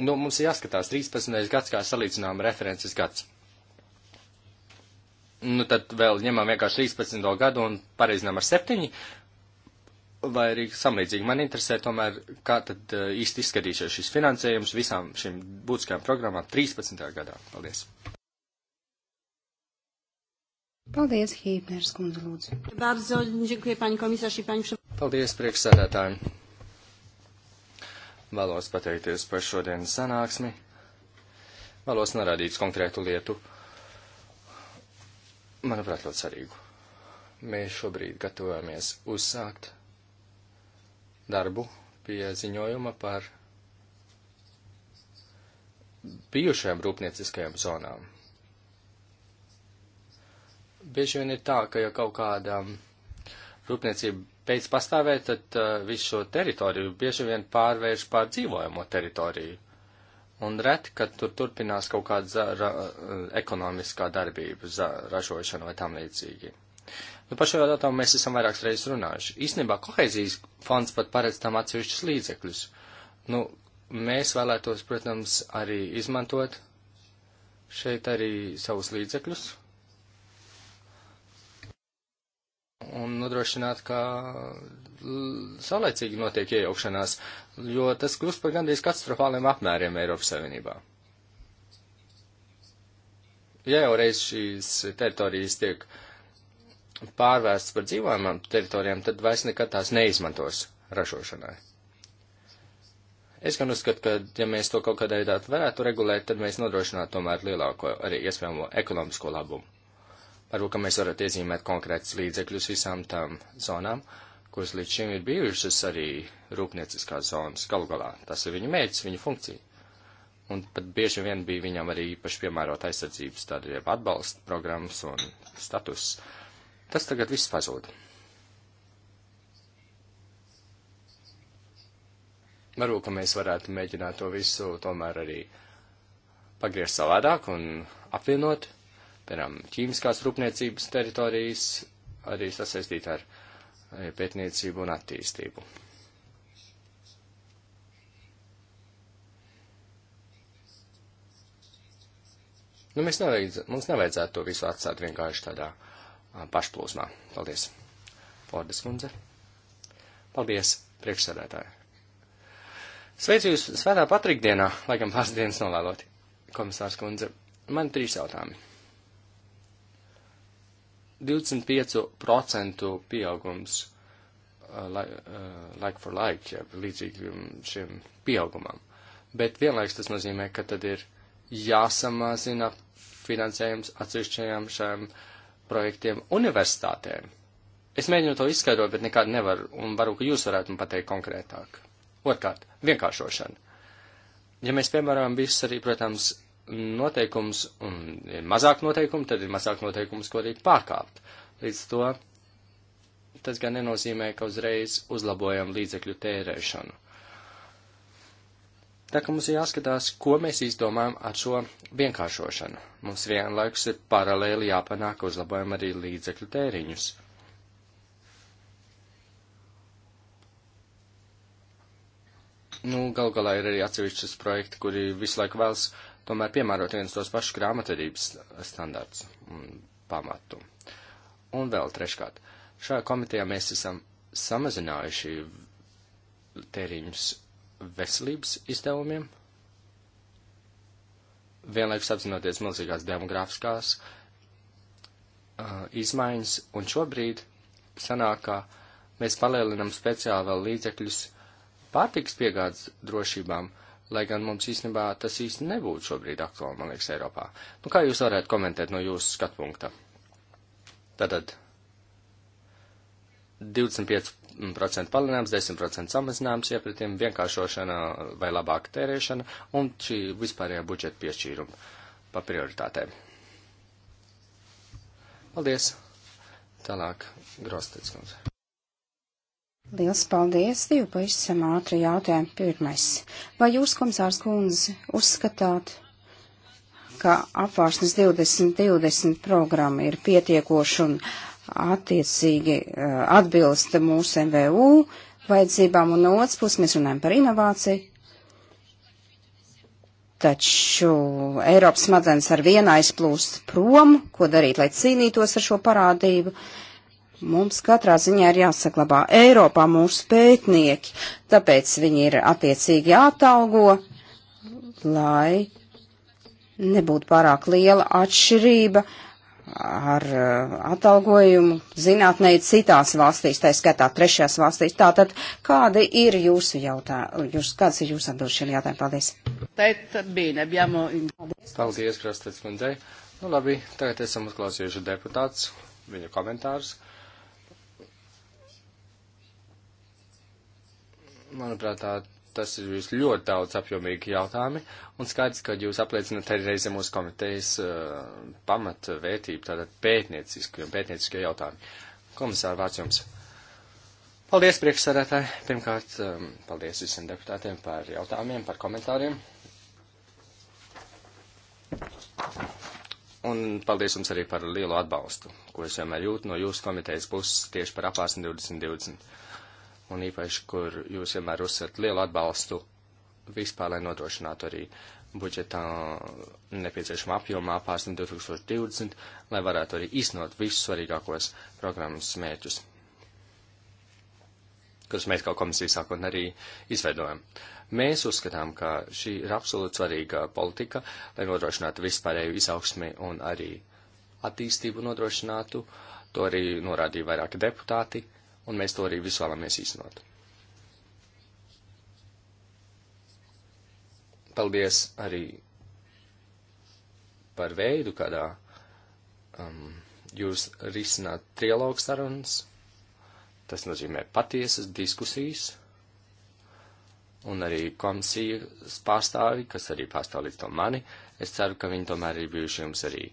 Nu, mums ir jāskatās 13. gads kā salīdzinām references gads. Nu, tad vēl ņemam vienkārši 13. gadu un pareizinām ar 7 vai arī samlīdzīgi. Man interesē tomēr, kā tad eh, īsti izskatīsies šis finansējums visām šīm būtiskajām programmām 13. gadā. Paldies! Paldies, Hībners kundze, lūdzu. Bardzo, dziękuję, pani komisarz i pani Paldies, priekšsēdētāji. Vēlos pateikties par šodienas sanāksmi. Vēlos norādīt konkrētu lietu. Manuprāt, ļoti svarīgu. Mēs šobrīd gatavojamies uzsākt darbu pie ziņojuma par bijušajām rūpnieciskajām zonām. Bieži vien ir tā, ka ja kaut kāda rūpniecība beidz pastāvēt, tad uh, visu šo teritoriju bieži vien pārvērš pār dzīvojamo teritoriju. Un reti, kad tur turpinās kaut kāda za, ra, uh, ekonomiskā darbība, za, ražošana vai tam līdzīgi. Nu, par šo jautājumu mēs esam vairākas reizes runājuši. Īstenībā kohēzijas fonds pat paredz tam atsevišķus līdzekļus. Nu, mēs vēlētos, protams, arī izmantot šeit arī savus līdzekļus un nodrošināt, ka saulēcīgi notiek iejaukšanās, jo tas kļūst par gandrīz katastrofāliem apmēriem Eiropas Savienībā. Ja jau reiz šīs teritorijas tiek uh, pārvērsts par dzīvojumam teritorijām, tad vairs nekad tās neizmantos ražošanai. Es gan uzskatu, ka, ja mēs to kaut kādā veidā varētu regulēt, tad mēs nodrošinātu tomēr lielāko arī iespējamo ekonomisko labumu. Varbūt, ka mēs varat iezīmēt konkrētus līdzekļus visām tām zonām, kuras līdz šim ir bijušas arī rūpnieciskās zonas galu galā. Tas ir viņa mērķis, viņa funkcija un pat bieži vien bija viņam arī īpaši piemērota aizsardzības tāda jeb atbalsta programmas un status. Tas tagad viss pazūd. Varbūt, ka mēs varētu mēģināt to visu tomēr arī pagriezt savādāk un apvienot, piemēram, ķīmiskās rūpniecības teritorijas, arī sasaistīt ar eh, pētniecību un attīstību. Nu, mēs nevajadz, mums nevajadzētu to visu atstāt vienkārši tādā pašplūsmā. Paldies, Fordas kundze. Paldies, priekšsēdētāji. Sveicu jūs svētā patrikdienā, laikam pāris dienas novēloti, komisārs kundze. Man trīs jautājumi. 25% pieaugums like, like for like, ja, līdzīgi šiem pieaugumam. Bet vienlaiks tas nozīmē, ka tad ir jāsamazina finansējums atsevišķajām šiem uh, projektiem universitātēm. Es mēģinu to izskaidrot, bet nekādi nevaru, un varu, ka jūs varētu man pateikt konkrētāk. Otkārt, vienkāršošana. Ja mēs, piemēram, visus arī, protams, noteikums un ir mazāk noteikumu, tad ir mazāk noteikumus, ko arī pārkāpt. Līdz to tas gan nenozīmē, ka uzreiz uzlabojam līdzekļu tērēšanu. Tā ka mums ir jāskatās, ko mēs izdomājam ar šo vienkāršošanu. Mums vienlaikus ir paralēli jāpanāk uzlabojam arī līdzekļu tēriņus. Nu, gal galā ir arī atsevišķas projekti, kuri visu laiku vēlas tomēr piemērot viens tos pašus grāmatvedības standārts un pamatu. Un vēl treškārt, šajā komitejā mēs esam samazinājuši tēriņus veselības izdevumiem, vienlaikus apzinoties milzīgās demografiskās uh, izmaiņas, un šobrīd sanāk, ka mēs palielinam speciāli vēl līdzekļus pārtiks piegādes drošībām, lai gan mums īstenībā tas īsti nebūtu šobrīd aktuāli, man liekas, Eiropā. Nu, kā jūs varētu komentēt no jūsu skatpunkta? Tātad 25 10% palielinājums, 10% samazinājums iepratiem, vienkāršošana vai labāka tērēšana un šī vispārējā budžeta piešķīruma pa prioritātēm. Paldies! Tālāk, Grostets kundze. Liels paldies! Divi pavisam ātri jautājumi. Pirmais. Vai jūs, komisārs kundze, uzskatāt, ka apvārsnes 2020 programma ir pietiekoša un attiecīgi eh, atbilst mūsu MVU vajadzībām, un no otras puses mēs runājam par inovāciju. Taču Eiropas smadzenes ar vienu aizplūst prom, ko darīt, lai cīnītos ar šo parādību. Mums katrā ziņā ir jāsaklabā Eiropā mūsu pētnieki, tāpēc viņi ir attiecīgi jātalgo, lai nebūtu pārāk liela atšķirība uh, ar eh, atalgojumu zinātnē citās valstīs, tā skatā trešajās valstīs. Tātad, kādi ir jūsu jautājumi, jūs, kāds ir jūsu atbildi šiem jautājumiem? Paldies. Paldies, Paldies Krastec kundzei. Nu labi, tagad esam uzklausījuši deputāts, viņa komentārus. Manuprāt, tā tas ir ļoti daudz apjomīgi jautājumi, un skaidrs, ka jūs apliecinat arī reizē mūsu komitejas uh, pamatvērtību, tātad pētnieciskie un pētnieciskie jautājumi. Komisāri, vārds jums. Paldies, priekšsēdētāji. Pirmkārt, um, paldies visiem deputātiem par jautājumiem, par komentāriem. Un paldies jums arī par lielu atbalstu, ko es vienmēr jūtu no jūsu komitejas puses tieši par apārsni 2020 un īpaši, kur jūs vienmēr uzsat lielu atbalstu vispār, lai nodrošinātu arī budžetā nepieciešamā apjomā pārsniegt 2020, lai varētu arī iznot visus svarīgākos programmas smērķus, kurus mēs kā komisija sākotnēji arī izveidojam. Mēs uzskatām, ka šī ir absolūti svarīga politika, lai nodrošinātu vispārēju izaugsmi un arī attīstību nodrošinātu. To arī norādīja vairāki deputāti, un mēs to arī visu vēlamies īstenot. Paldies arī par veidu, kādā um, jūs risināt trialogu sarunas. Tas nozīmē patiesas diskusijas un arī komisijas pārstāvi, kas arī pārstāv līdz to mani. Es ceru, ka viņi tomēr ir bijuši jums arī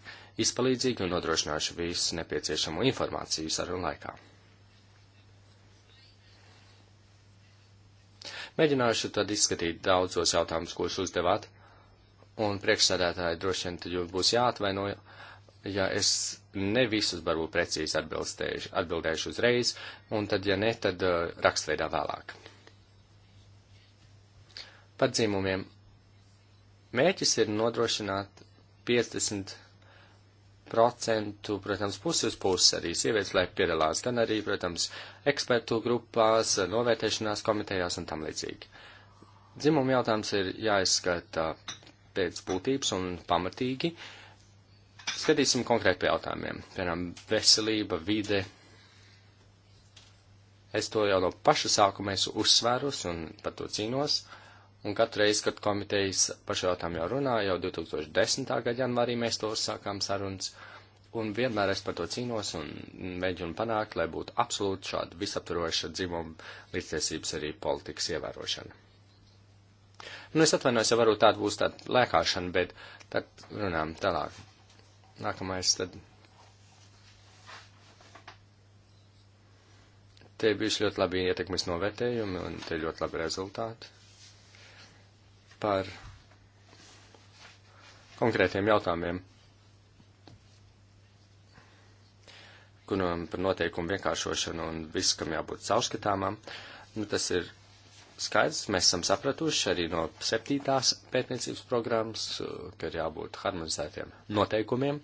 izpalīdzīgi un nodrošinājuši visu nepieciešamo informāciju sarunu laikā. Mēģināšu tad izskatīt daudzos jautājumus, ko jūs uzdevāt, un priekšsādātāji droši vien tad jums būs jāatvainoja, ja es ne visus varbūt precīzi atbildēšu uzreiz, un tad, ja ne, tad uh, rakstveidā vēlāk. Par dzīmumiem. Mēķis ir nodrošināt 50 procentu, protams, pusi uz pusi arī sievietes, lai piedalās gan arī, protams, ekspertu grupās, novērtēšanās komitejās un tam līdzīgi. Dzimuma jautājums ir jāizskata pēc būtības un pamatīgi. Skatīsim konkrēti pie jautājumiem. Piemēram, veselība, vide. Es to jau no paša sākuma esmu uzsvērus un par to cīnos. Uh, Un katru reizi, kad komitejas par šo jautājumu jau runā, jau 2010. gada janvārī mēs to uzsākām sarunas, un vienmēr es par to cīnos un mēģinu panākt, lai būtu absolūti šāda visaptvaroša dzimuma līdztiesības arī politikas ievērošana. Nu, es atvainojos, ja varbūt tāda būs tāda lēkāšana, bet tad runām tālāk. Nākamais tad. Te bijuši ļoti labi ietekmes novērtējumi un te ļoti labi rezultāti par konkrētiem jautājumiem, kuriem par noteikumu vienkāršošanu un viss, kam jābūt caurskatāmām. Nu, tas ir skaidrs, mēs esam sapratuši arī no septītās pētniecības programmas, ka ir jābūt harmonizētiem noteikumiem,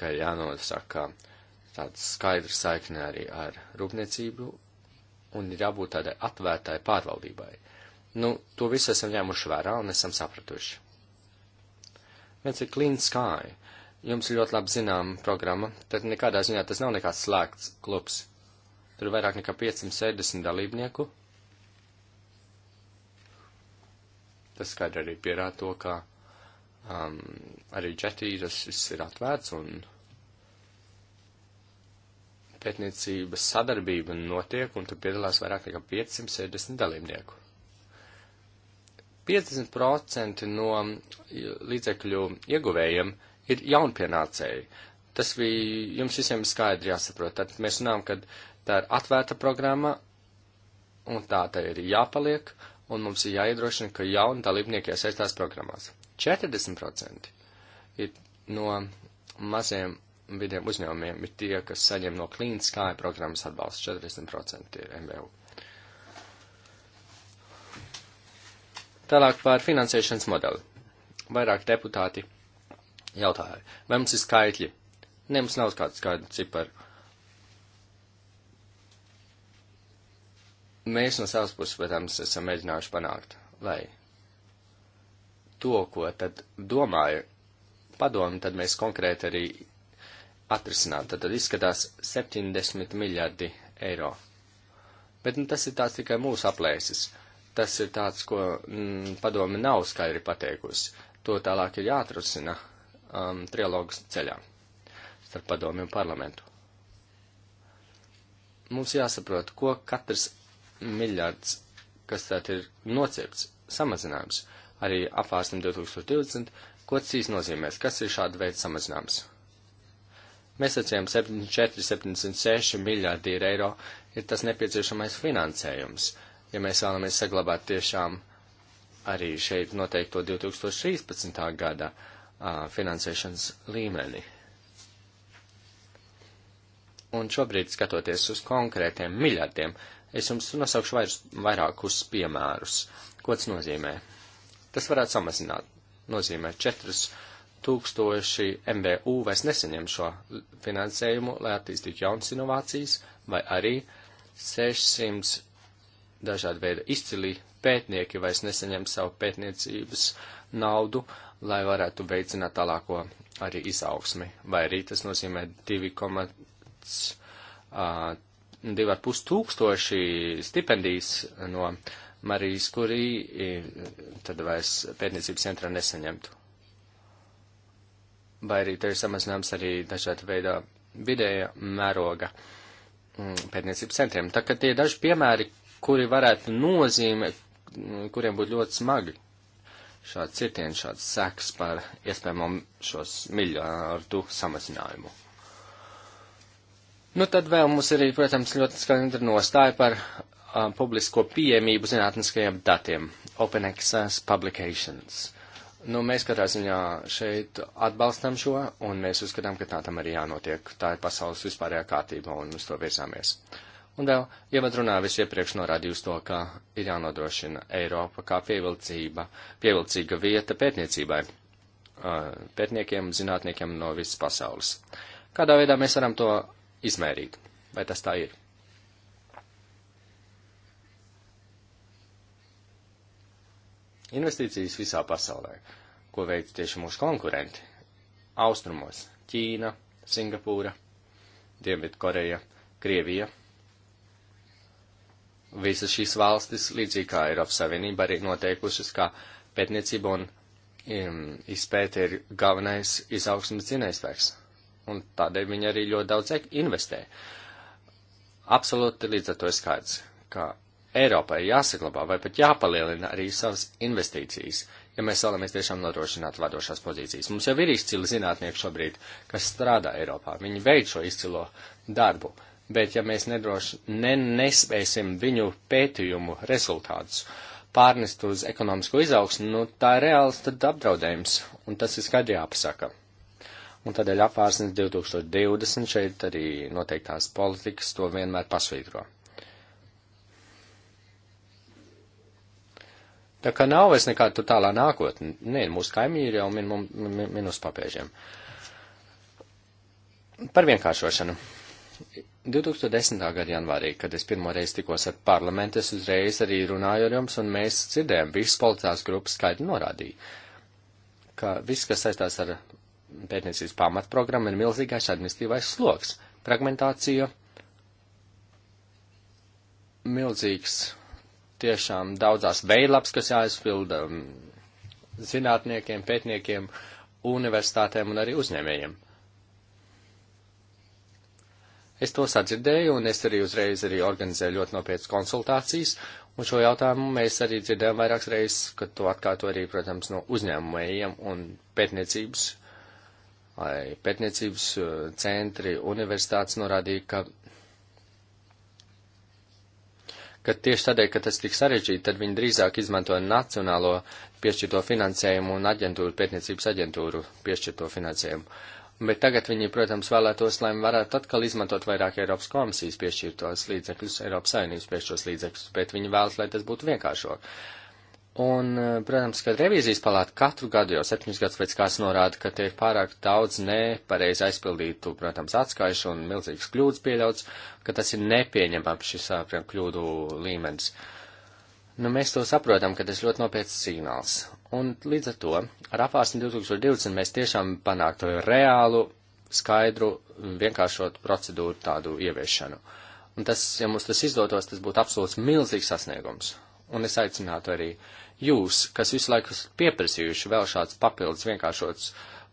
ka ir jānosaka tāds skaidrs saikne arī ar rūpniecību un ir jābūt tādai atvērtai pārvaldībai. Nu, to visu esam ņēmuši vērā un esam sapratuši. Viens ir Clean Sky. Jums ļoti labi zinām programma, tad nekādā ziņā tas nav nekāds slēgts klubs. Tur ir vairāk nekā 570 dalībnieku. Tas skaidri arī pierāda to, ka um, arī džetī tas viss ir atvērts un pētniecības sadarbība notiek, un tur piedalās vairāk nekā 570 dalībnieku. 50% no līdzekļu ieguvējiem ir jaunpienācēji. Tas bija jums visiem skaidri jāsaprot. Tad mēs runājam, ka tā ir atvērta programma, un tā tā ir jāpaliek, un mums ir jāiedrošina, ka jauni dalībnieki iesaistās programmās. 40% ir no maziem vidiem uzņēmumiem ir tie, kas saņem no klīnas kāja programmas atbalstu. 40% ir MBU. Tālāk par finansēšanas modeli. Vairāk deputāti jautāja, vai mums ir skaitļi? Nē, mums nav kāda skaidra cipara. Mēs no savas puses, protams, esam mēģinājuši panākt, lai to, ko tad domāju padomu, tad mēs konkrēti arī atrisināt. Tad, tad izskatās 70 miljardi eiro. Bet nu, tas ir tāds tikai mūsu aplēses tas ir tāds, ko mm, padome nav skaidri pateikusi. To tālāk ir jāatrasina um, trialogas ceļā starp padomi un parlamentu. Mums jāsaprot, ko katrs miljards, kas tātad ir nocirkts, samazinājums, arī apvārsim 2020, ko tas īsti nozīmēs, kas ir šāda veida samazinājums. Mēs sacījām 74,76 miljārdi eiro ir tas nepieciešamais finansējums ja mēs vēlamies saglabāt tiešām arī šeit noteikto 2013. gada a, finansēšanas līmeni. Un šobrīd, skatoties uz konkrētiem miljardiem, es jums nosaukšu vairs, vairākus piemērus. Ko tas nozīmē? Tas varētu samazināt. Nozīmē 4000 MBU vairs neseņem šo finansējumu, lai attīstītu jaunas inovācijas, vai arī 600 dažādi veidi izcili pētnieki vairs nesaņem savu pētniecības naudu, lai varētu veicināt tālāko arī izaugsmi. Vai arī tas nozīmē 2,5 tūkstoši stipendijas no Marijas, kurī tad vairs pētniecības centrā nesaņemtu. Vai arī te ir samazināms arī dažāda veida vidēja mēroga pētniecības centriem. Tā kā tie ir daži piemēri, kuri varētu nozīme, kuriem būtu ļoti smagi šāds cirtiens, šāds seks par iespējamam šos miljārdu samazinājumu. Nu, tad vēl mums ir, protams, ļoti skaidra nostāja par uh, publisko pieejamību zinātniskajiem datiem - Open Access Publications. Nu, mēs katrā ziņā šeit atbalstam šo, un mēs uzskatām, ka tā tam arī jānotiek. Tā ir pasaules vispārējā kārtība, un uz to virzāmies. Uh, Un vēl ievadrunā ja visu iepriekš norādījusi to, ka ir jānodrošina Eiropa kā pievilcība, pievilcīga vieta pētniecībai, pētniekiem, zinātniekiem no visas pasaules. Kādā veidā mēs varam to izmērīt? Vai tas tā ir? Investīcijas visā pasaulē, ko veic tieši mūsu konkurenti - austrumos - Ķīna, Singapūra, Dienvidkoreja, Krievija visas šīs valstis, līdzīgi kā Eiropas Savienība, arī noteikušas, ka pētniecība un um, izpēte ir galvenais izaugsmas dzinējspēks. Un tādēļ viņi arī ļoti daudz investē. Absolūti līdz ar to ir skaidrs, ka Eiropai jāsaglabā vai pat jāpalielina arī savas investīcijas, ja mēs vēlamies tiešām nodrošināt vadošās pozīcijas. Mums jau ir izcili zinātnieki šobrīd, kas strādā Eiropā. Viņi veic šo izcilo darbu. Uh, bet ja mēs nedroši ne, nespēsim viņu pētījumu rezultātus pārnest uz ekonomisko izaugsmu, nu tā ir reāls tad apdraudējums, un tas ir skaidri jāpasaka. Un tādēļ apvārsnes 2020 šeit arī noteiktās politikas to vienmēr pasvītro. Tā kā nav vairs nekāda tālā nākotne. Nē, mūsu kaimiņi ir jau min, min, minus papēžiem. Par vienkāršošanu 2010. gada janvārī, kad es pirmo reizi tikos ar parlamentu, es uzreiz arī runāju ar jums, un mēs dzirdējām, visas politiskās grupas skaidri norādīja, ka viss, kas saistās ar pētniecības pamatprogrammu, ir milzīgais administratīvais sloks, fragmentācija, milzīgs tiešām daudzās veidlaps, kas jāizpilda um, zinātniekiem, pētniekiem, universitātēm un arī uzņēmējiem. Es to sadzirdēju, un es arī uzreiz arī organizēju ļoti nopietnas konsultācijas, un šo jautājumu mēs arī dzirdējām vairākas reizes, kad to atkārto arī, protams, no uzņēmumiem un pētniecības, pētniecības eh, centri, universitātes norādīja, ka ka tieši tādēļ, ka tas tik sarežģīti, tad viņi drīzāk izmantoja nacionālo piešķirto finansējumu un aģentūru, pētniecības aģentūru piešķirto finansējumu. Uh, bet tagad viņi, protams, vēlētos, lai varētu atkal izmantot vairāk Eiropas komisijas piešķirtos līdzekļus, Eiropas saimnības piešķirtos līdzekļus, bet viņi vēlas, lai tas būtu vienkāršāk. Un, protams, kad revīzijas palāta katru gadu jau septiņus gadus pēc kāds norāda, ka tiek pārāk daudz nepareizi aizpildītu, protams, atskaišu un milzīgas kļūdas pieļauts, ka tas ir nepieņemams šis apjām kļūdu līmenis. Nu, mēs to saprotam, ka tas ļoti nopietns signāls. Un līdz ar to ar apvārsni 2020 mēs tiešām panāktu reālu, skaidru, vienkāršotu procedūru tādu ieviešanu. Un tas, ja mums tas izdotos, tas būtu absolūts milzīgs sasniegums. Un es aicinātu arī jūs, kas visu laiku esat pieprasījuši vēl šāds papildus vienkāršots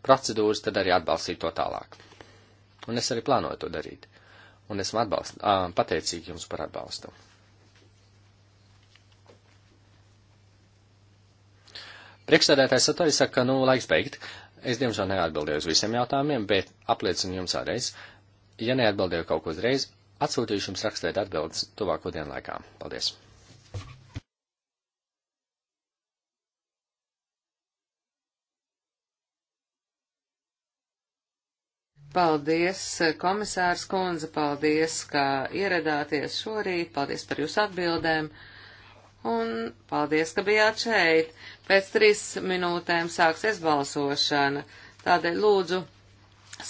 procedūras, tad arī atbalstīt to tālāk. Un es arī plānoju to darīt. Un esmu atbalst, ā, pateicīgi jums par atbalstu. Priekšsēdētājs atveic saka, ka, nu, laiks beigt. Es, diemžēl, neatbildēju uz visiem jautājumiem, bet apliecinu jums vēlreiz. Ja neatbildēju kaut ko uzreiz, atsūtīšu jums rakstēt atbildes tuvāko dienu laikā. Paldies! Paldies, komisārs Kunze, paldies, ka ieradāties šorīt, paldies par jūsu atbildēm. Un paldies, ka bijāt šeit. Pēc trīs minūtēm sāksies balsošana. Tādēļ lūdzu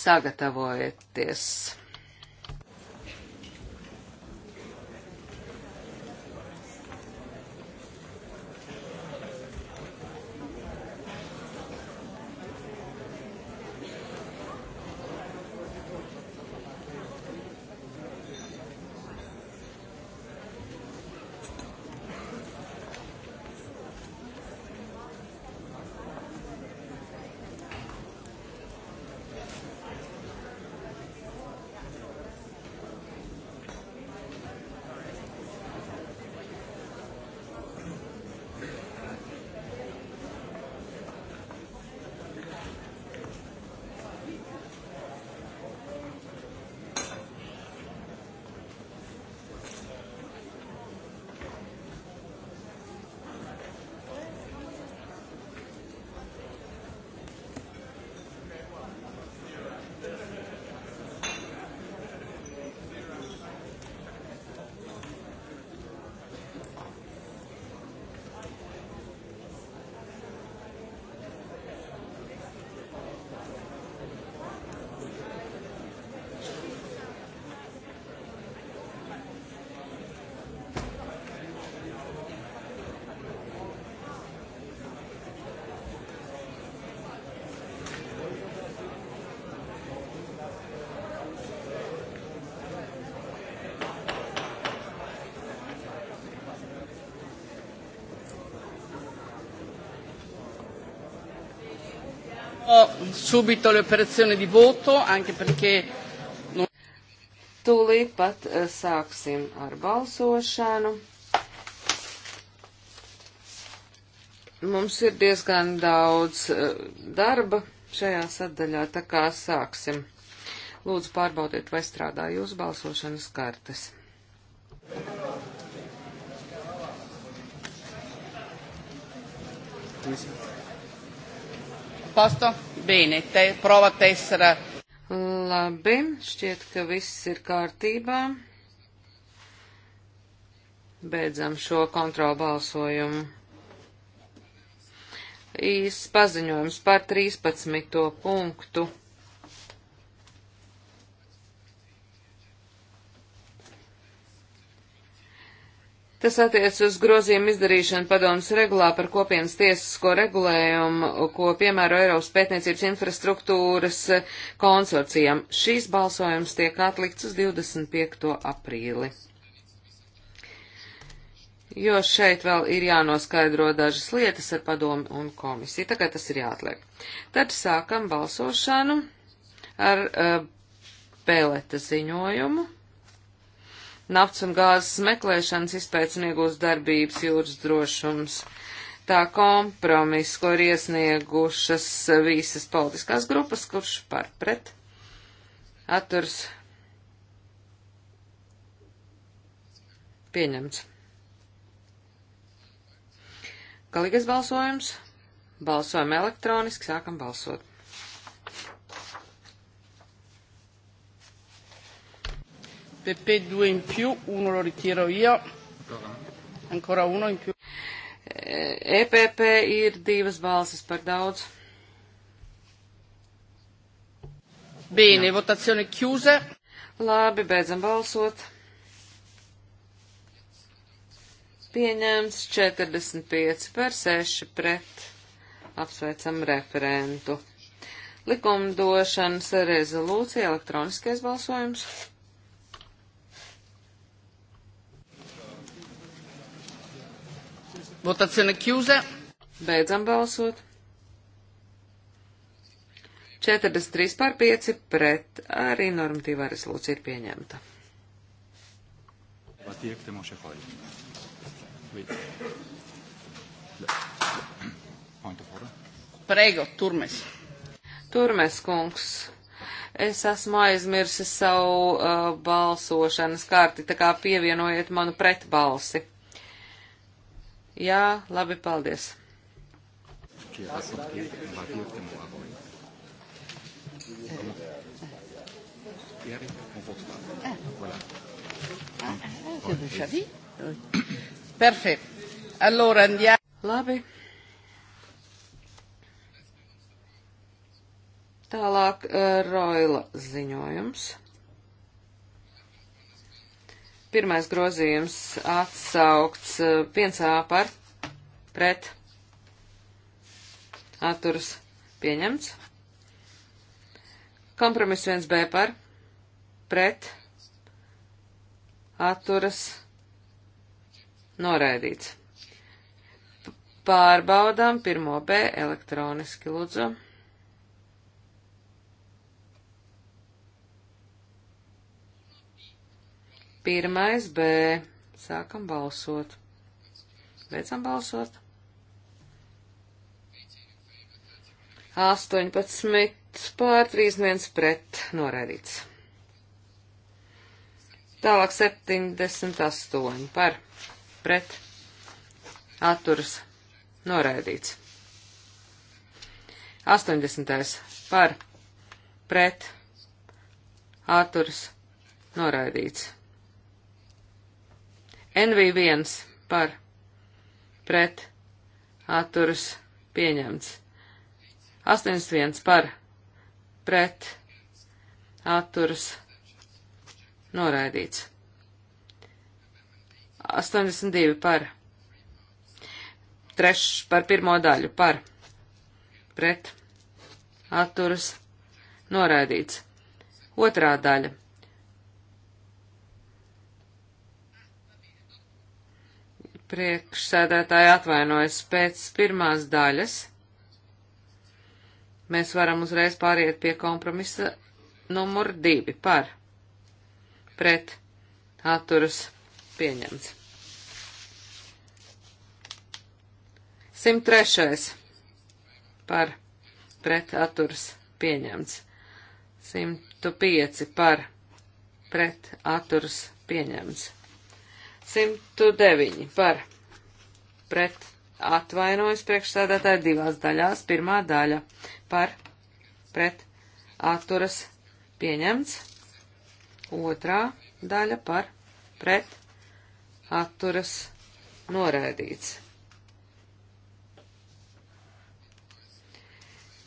sagatavojieties. subito le operazioni di voto, anche perché. Nu... Tūlīt pat eh, sāksim ar balsošanu. Mums ir diezgan daudz eh, darba šajā sadaļā, tā kā sāksim. Lūdzu, pārbaudiet, vai strādā jūsu balsošanas kartes. Thank you posto? Bīni, te prova tessera. Labi, šķiet, ka viss ir kārtībā. Beidzam šo kontrolu balsojumu. Īs paziņojums par 13. punktu. Tas attiec uz grozījumu izdarīšanu padomas regulā par kopienas tiesisko regulējumu, ko piemēro Eiropas pētniecības infrastruktūras konsorcijam. Šīs balsojums tiek atlikts uz 25. aprīli. Jo šeit vēl ir jānoskaidro dažas lietas ar padomu un komisiju. Tagad tas ir jāatliek. Tad sākam balsošanu ar uh, eh, Pēleta ziņojumu nafts un gāzes meklēšanas izpēcniegūs darbības jūras drošums. Tā kompromiss, ko ir iesniegušas visas politiskās grupas, kurš par pret atturs pieņemts. Galīgais balsojums. Balsojam elektroniski, sākam balsot. PP 2 in più, uno lo ritiro io, ancora uno in più. EPP ir divas balsis par daudz. Bene, votazione chiusa. Labi, beidzam balsot. Pieņemts 45 par 6 pret. Apsveicam referentu. Likumdošanas rezolūcija elektroniskais balsojums. Votazione chiusa. Beidzam balsot. 43 pār 5 pret arī normatīvā rezolūcija ir pieņemta. Prego, turmes. Turmes kungs. Es esmu aizmirsis savu uh, balsošanas karti, tā kā pievienojiet manu pretbalsi. Jā, labi, paldies. Labi. Tālāk eh, Roila ziņojums. Pirmais grozījums atsaukts 1A eh, par pret atturas pieņemts. Kompromiss 1B par pret atturas noraidīts. Pārbaudām pirmo B elektroniski lūdzu. Pirmais B. Sākam balsot. Beidzam balsot. 18 pār 31 pret noraidīts. Tālāk 78 par pret atturas noraidīts. 80. par pret atturas noraidīts. NV1 par pret atturas pieņemts. 81 par pret atturas noraidīts. 82 par treš par pirmo daļu par pret atturas noraidīts. Otrā daļa Priekšsēdētāji atvainojas pēc pirmās daļas. Mēs varam uzreiz pāriet pie kompromisa numur divi par pret atturas pieņemts. 103. par pret atturas pieņemts. 105 par pret atturas pieņemts. 109 par pret atvainojas priekšsēdētāji divās daļās. Pirmā daļa par pret atturas pieņemts. Otrā daļa par pret atturas noraidīts.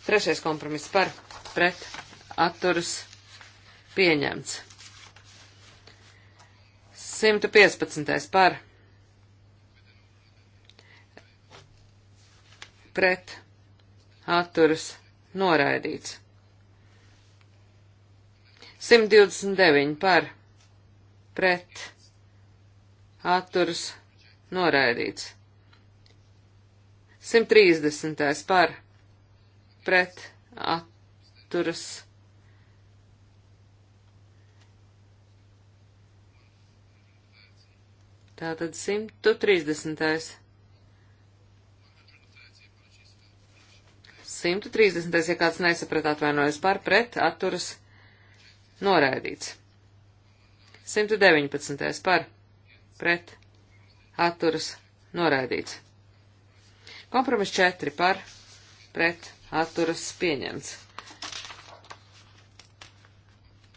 Trešais kompromiss par pret atturas pieņemts. 115. par pret atturas noraidīts. 129 par pret atturas noraidīts. 130 par pret atturas noraidīts Tātad 130. 130. ja kāds nesaprat atvainojas par pret, atturas noraidīts. 119. par pret, atturas noraidīts. Kompromis 4 par pret, atturas pieņemts.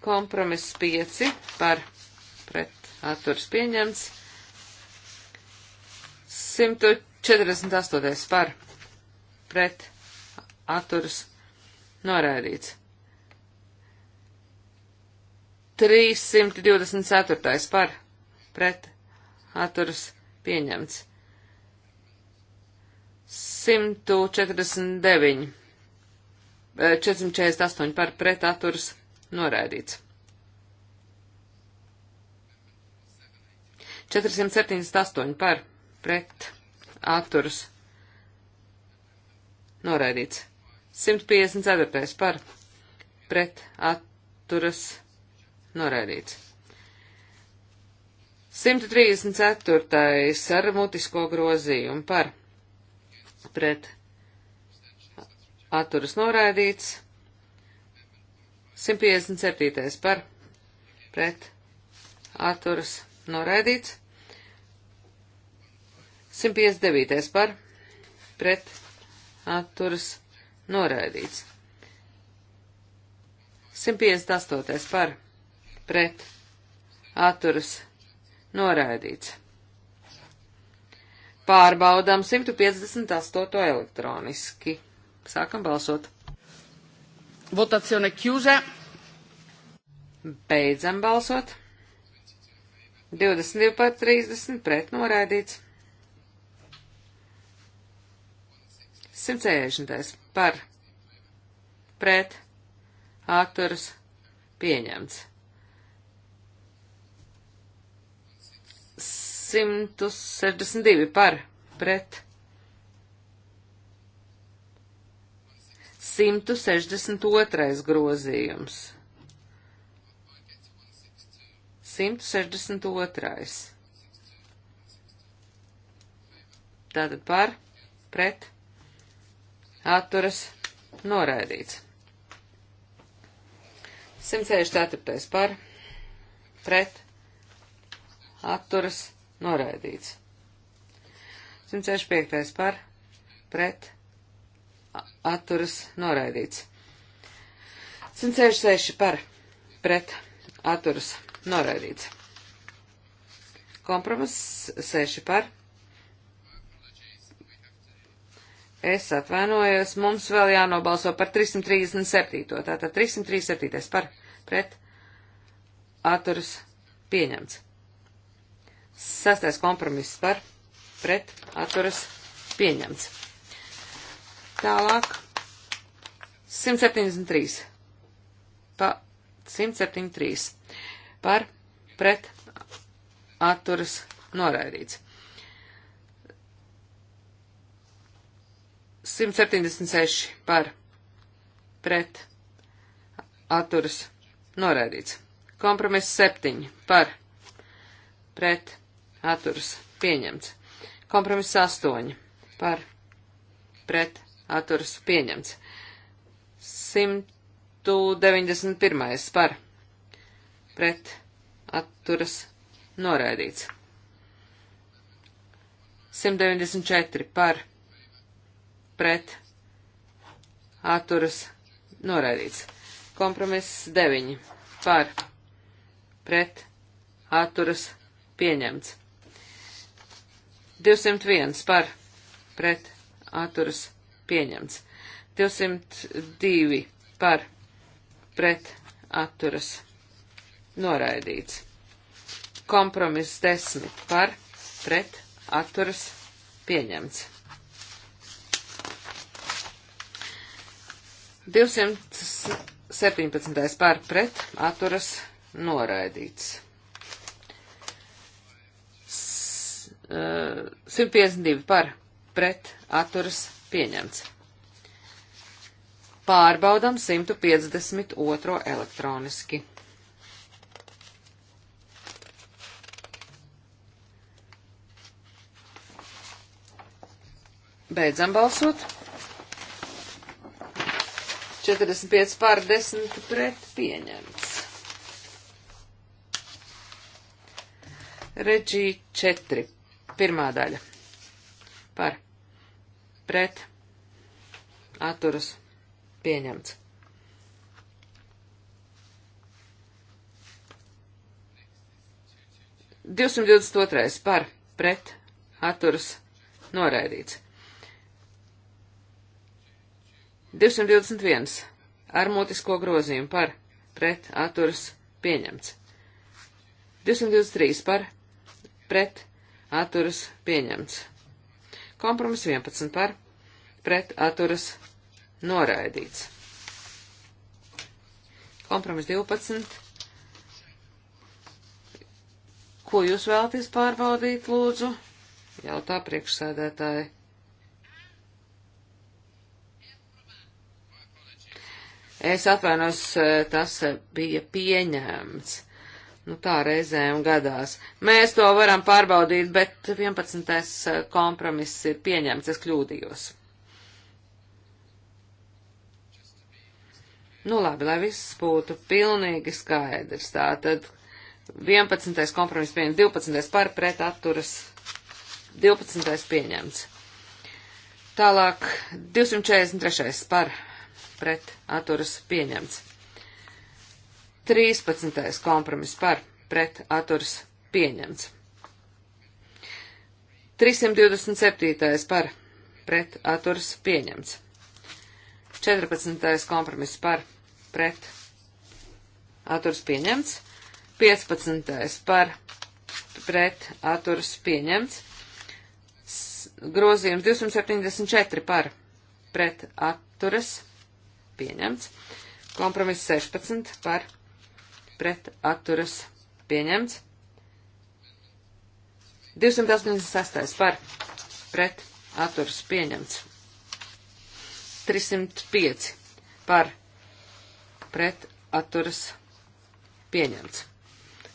Kompromis 5 par pret, atturas pieņemts. 148. par pret atturas noraidīts. 324. par pret atturas pieņemts. 149. 448 eh, par pret atturas noraidīts. 478 par pret atturas noraidīts. 154. par pret atturas noraidīts. 134. ar mutisko grozījumu par pret atturas noraidīts. 157. par pret atturas noraidīts. 159. par pret atturas noraidīts. 158. par pret atturas noraidīts. Pārbaudām 158. elektroniski. Sākam balsot. Votazione chiusa. Beidzam balsot. 22 par 30 pret noraidīts. 160. par pret aktorus pieņemts. 162 par pret 162 grozījums. 162. Tātad par pret atturas noraidīts. 164. par pret atturas noraidīts. 165. par pret atturas noraidīts. 166 par pret atturas noraidīts. Kompromiss 6 par pret Es atvainojos, mums vēl jānobalso par 337. Tātad 337. par pret atturas pieņemts. Sastais kompromiss par pret atturas pieņemts. Tālāk 173. Pa 173. Par pret atturas noraidīts. 176 par pret atturas noraidīts. Kompromiss 7 par pret atturas pieņemts. Kompromiss 8 par pret atturas pieņemts. 191 par pret atturas noraidīts. 194 par pret pret atturas noraidīts. Kompromiss 9 par pret atturas pieņemts. 201 par pret atturas pieņemts. 202 par pret atturas noraidīts. Kompromiss 10 par pret atturas pieņemts. 217. pār pret atturas noraidīts. 152 eh, par pret atturas pieņemts. Pārbaudam 152 elektroniski. Beidzam balsot. 45 pār 10 pret pieņemts. Reģī 4. Pirmā daļa. Par. Pret. Atturas. Pieņemts. Divsimt divdesmit otrais par pret atturas noraidīts. 221 ar mutisko grozījumu par pret atturas pieņemts. 223 par pret atturas pieņemts. Kompromiss 11 par pret atturas noraidīts. Kompromiss 12. Ko jūs vēlaties pārbaudīt, lūdzu? Jautā priekšsēdētāji. Es atvainos, eh, tas eh, bija pieņēmts. Nu tā reizēm gadās. Mēs to varam pārbaudīt, bet 11. Eh, kompromiss ir pieņemts, es kļūdījos. Nu labi, lai viss būtu pilnīgi skaidrs. Tātad 11. kompromiss pieņemts, 12. par pret atturas, 12. pieņemts. Tālāk 243. par pret pret atturas pieņemts. 13. kompromiss par pret atturas pieņemts. 327. par pret atturas pieņemts. 14. kompromiss par pret atturas pieņemts. 15. par pret atturas pieņemts. Grozījums 274 par pret atturas pieņemts pieņemts. Kompromiss 16 par pret atturas pieņemts. 286 par pret atturas pieņemts. 305 par pret atturas pieņemts.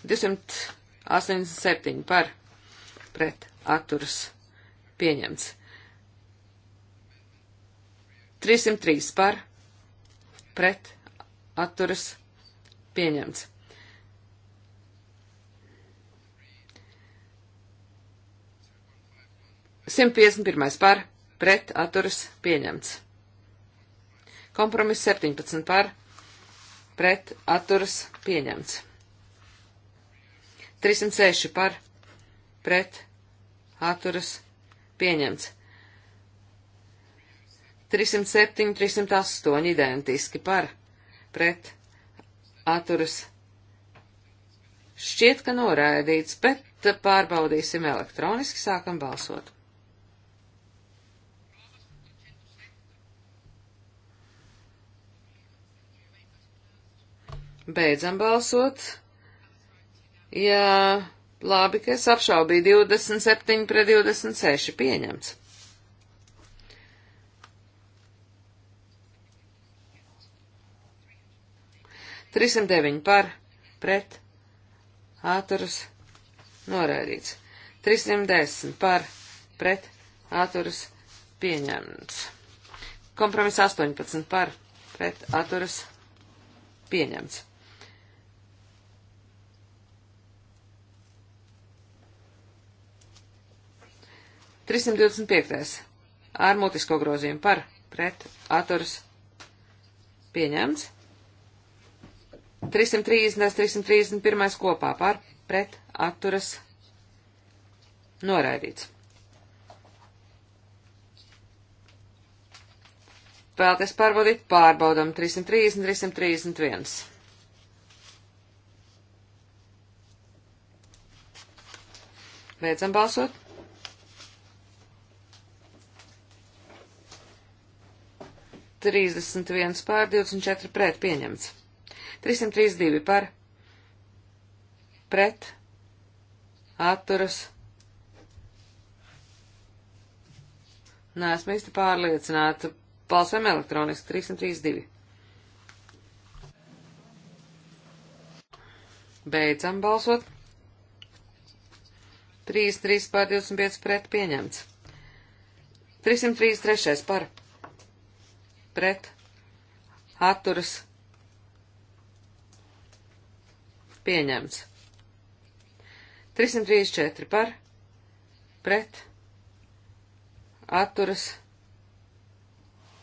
287 par pret atturas pieņemts. 303 par pret atturas pieņemts. Simt piecdesmit pirmais par pret atturas pieņemts. Kompromiss 17 par pret atturas pieņemts. 306 par pret atturas pieņemts. 307, 308 identiski par pret atturas. Šķiet, ka noraidīts, bet pārbaudīsim elektroniski, sākam balsot. Beidzam balsot. Jā, labi, ka es apšaubīju 27 pret 26 pieņemts. 309 par pret atturas noraidīts. 310 par pret atturas pieņemts. Kompromiss 18 par pret atturas pieņemts. Trīsimt divdesmit piektais ar mutisko grozījumu par pret atturas pieņemts. 330, 331 kopā par pret atturas noraidīts. Vēlties pārbaudīt, pārbaudam 330, 331. Beidzam balsot. Trīsdesmit viens pār divdesmit četri pret pieņemts. 332 par pret atturas. Nē, esmu īsti pārliecināta. Balsam elektroniski 332. Beidzam balsot. 3, 3 pār 25 pret pieņemts. 333 par pret atturas pieņemts. 334 par, pret, atturas,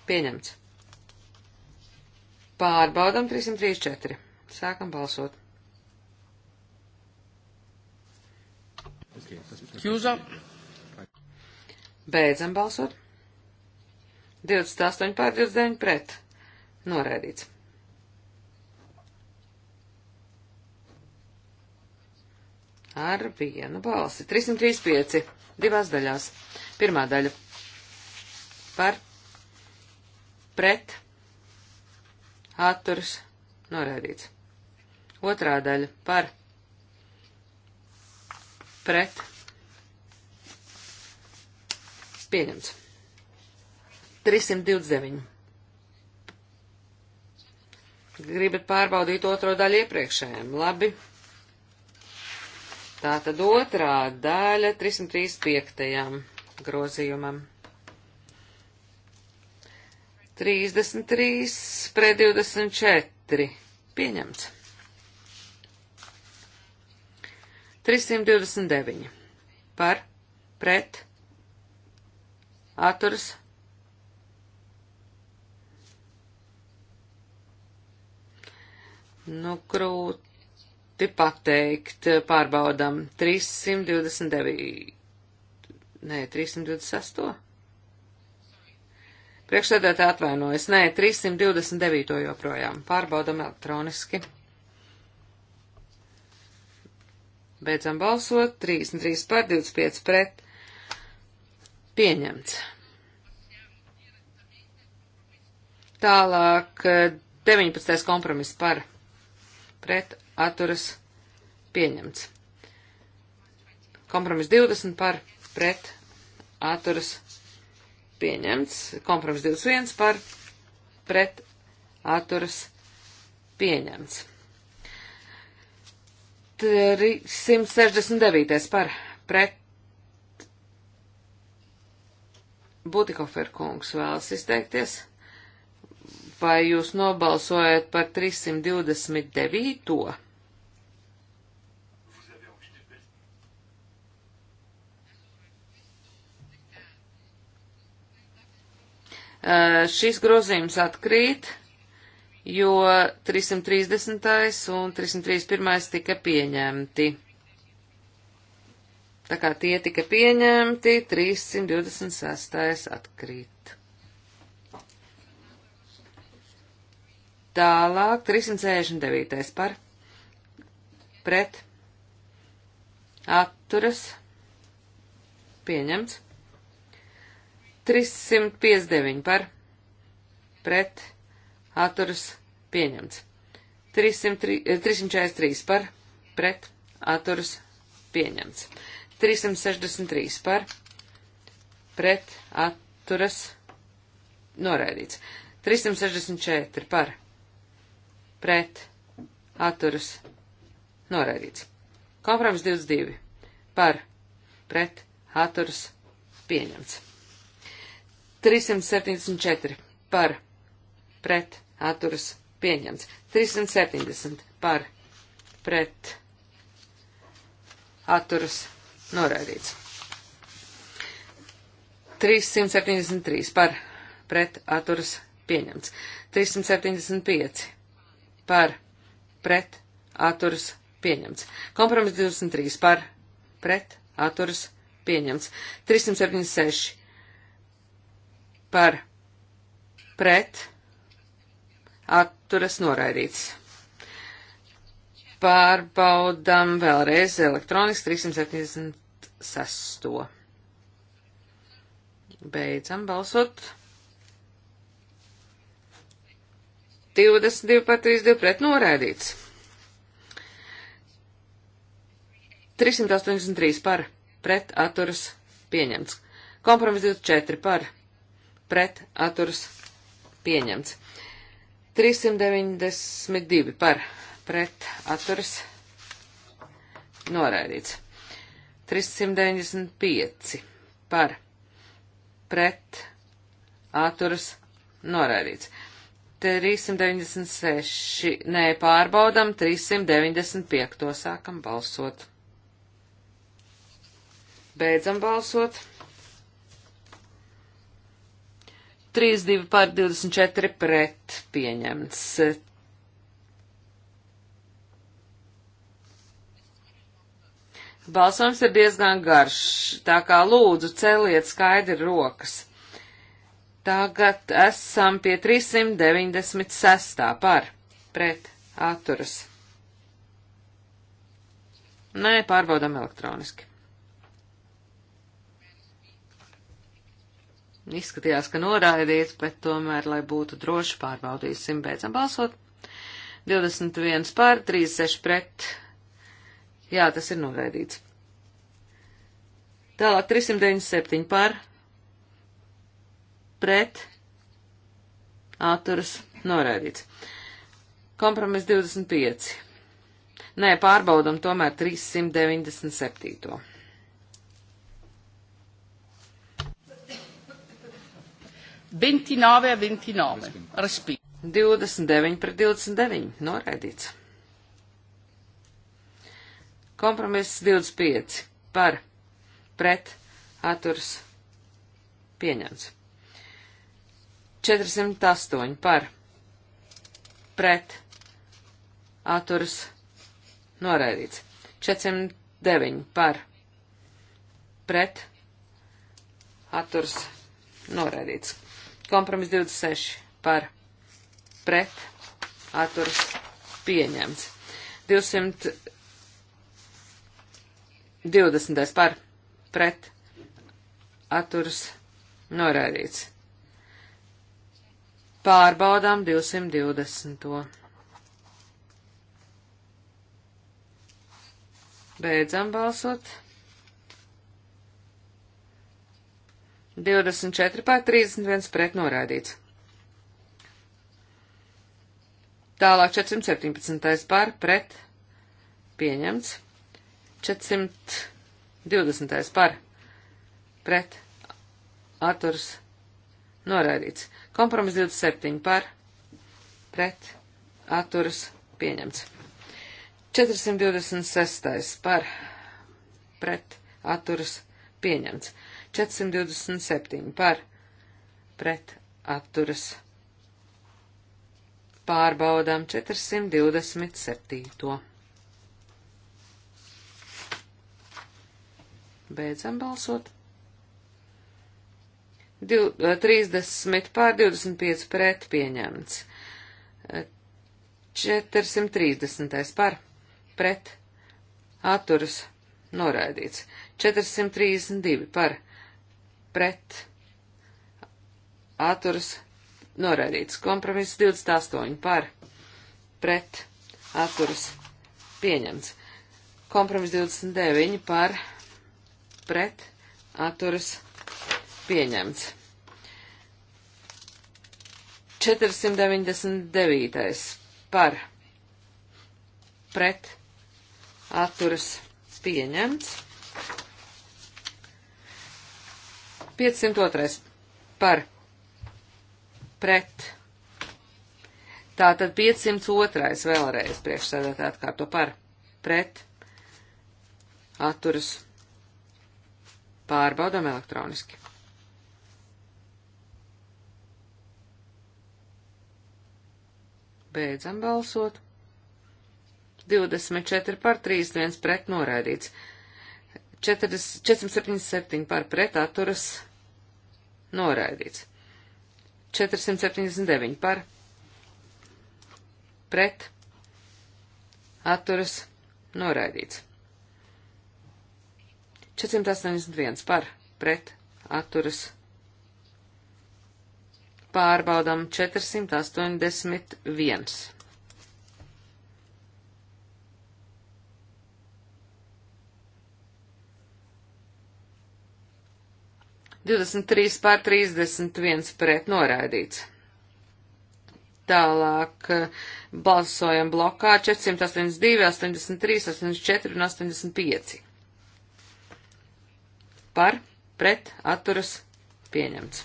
pieņemts. Pārbaudam 334. Sākam balsot. Kjūza. Beidzam balsot. 28 pār 29 pret. Noraidīts. ar vienu balsi. 335. Divās daļās. Pirmā daļa. Par. Pret. Atturs. Norēdīts. Otrā daļa. Par. Pret. Pieņemts. 329. Gribat pārbaudīt otro daļu iepriekšējiem? Labi. Tātad otrā daļa 335. grozījumam. 33 pret 24. Pieņemts. 329. Par, pret, atturas. Nu, krūt grūti pateikt, eh, pārbaudam 329. Nē, 328. Priekšsēdētā atvainojas. Nē, 329. joprojām. Pārbaudam elektroniski. Beidzam balsot. 33 par 25 pret. Pieņemts. Tālāk 19. Eh, kompromiss par pret atturas pieņemts. Kompromiss 20 par pret atturas pieņemts. Kompromiss 21 par pret atturas pieņemts. 369 par pret Butikofer kungs vēlas izteikties. Vai jūs nobalsojat par 329? Eh, šis grozījums atkrīt, jo 330. un 331. tika pieņemti. Tā kā tie tika pieņemti, 326. atkrīt. Tālāk 369. par pret atturas pieņemts. 359 par pret atturas pieņemts. 303, 343 eh, par pret atturas pieņemts. 363 par pret atturas noraidīts. 364 par pret atturas noraidīts. Kompromiss 22 par pret atturas pieņemts. 374 par pret atturas pieņemts. 370 par pret atturas noraidīts. 373 par pret atturas pieņemts. 375 par pret atturas pieņemts. Kompromiss 23 par pret atturas pieņemts. 376 par pret atturas noraidīts. Pārbaudam vēlreiz elektroniski 376. Beidzam balsot. 22 par 32 pret noraidīts. 383 par pret atturas pieņemts. Kompromiss 24 par pret atturas pieņemts. 392 par pret atturas noraidīts. 395 par pret atturas noraidīts. 396, nē, pārbaudam, 395, to sākam balsot. Beidzam balsot. 32 pār 24 pret pieņemts. Balsojums ir diezgan garš, tā kā lūdzu celiet skaidri rokas. Tagad esam pie 396. par pret atturas. Nē, pārbaudam elektroniski. Izskatījās, ka noraidīts, bet tomēr, lai būtu droši, pārbaudīsim, beidzam balsot. 21 pār, 36 pret. Jā, tas ir noraidīts. Tālāk 397 pār, pret, atturas, noraidīts. Kompromiss 25. Nē, pārbaudam tomēr 397. 29 a 29. Respinto. 29 pret 29. Noraidīts. Kompromiss 25 par pret atturs pieņemts. 408 par pret atturs noraidīts. 409 par pret atturs noraidīts. Kompromis 26 par pret atturas pieņemts. 220 par pret atturas noraidīts. Pārbaudām 220. Beidzam balsot. 24 pār 31 pret norādīts. Tālāk 417 pār pret pieņemts. 420 pār pret atturs norādīts. Kompromis 27 pār pret atturs pieņemts. 426 par pret atturs pieņemts. 427 par pret atturas. Pārbaudām 427. Beidzam balsot. Div, 30 eh, pār 25 pret pieņemts. 430 eh, par pret atturas noraidīts. 432 par pret pret atturas noraidīts. Kompromiss 28 par pret atturas pieņemts. Kompromiss 29 par pret atturas pieņemts. 499. par pret atturas pieņemts. 502. par pret. Tātad 502. vēlreiz priekšsēdētā atkārto par pret atturas. Pārbaudām elektroniski. Beidzam balsot. 24 par 3, 1 pret noraidīts. 477 par pret atturas noraidīts. 479 par pret atturas noraidīts. 481 par pret atturas pārbaudām 481. 23 pār 31 pret noraidīts. Tālāk eh, balsojam blokā 482, 83, 84 un 85. Par, pret, atturas, pieņemts.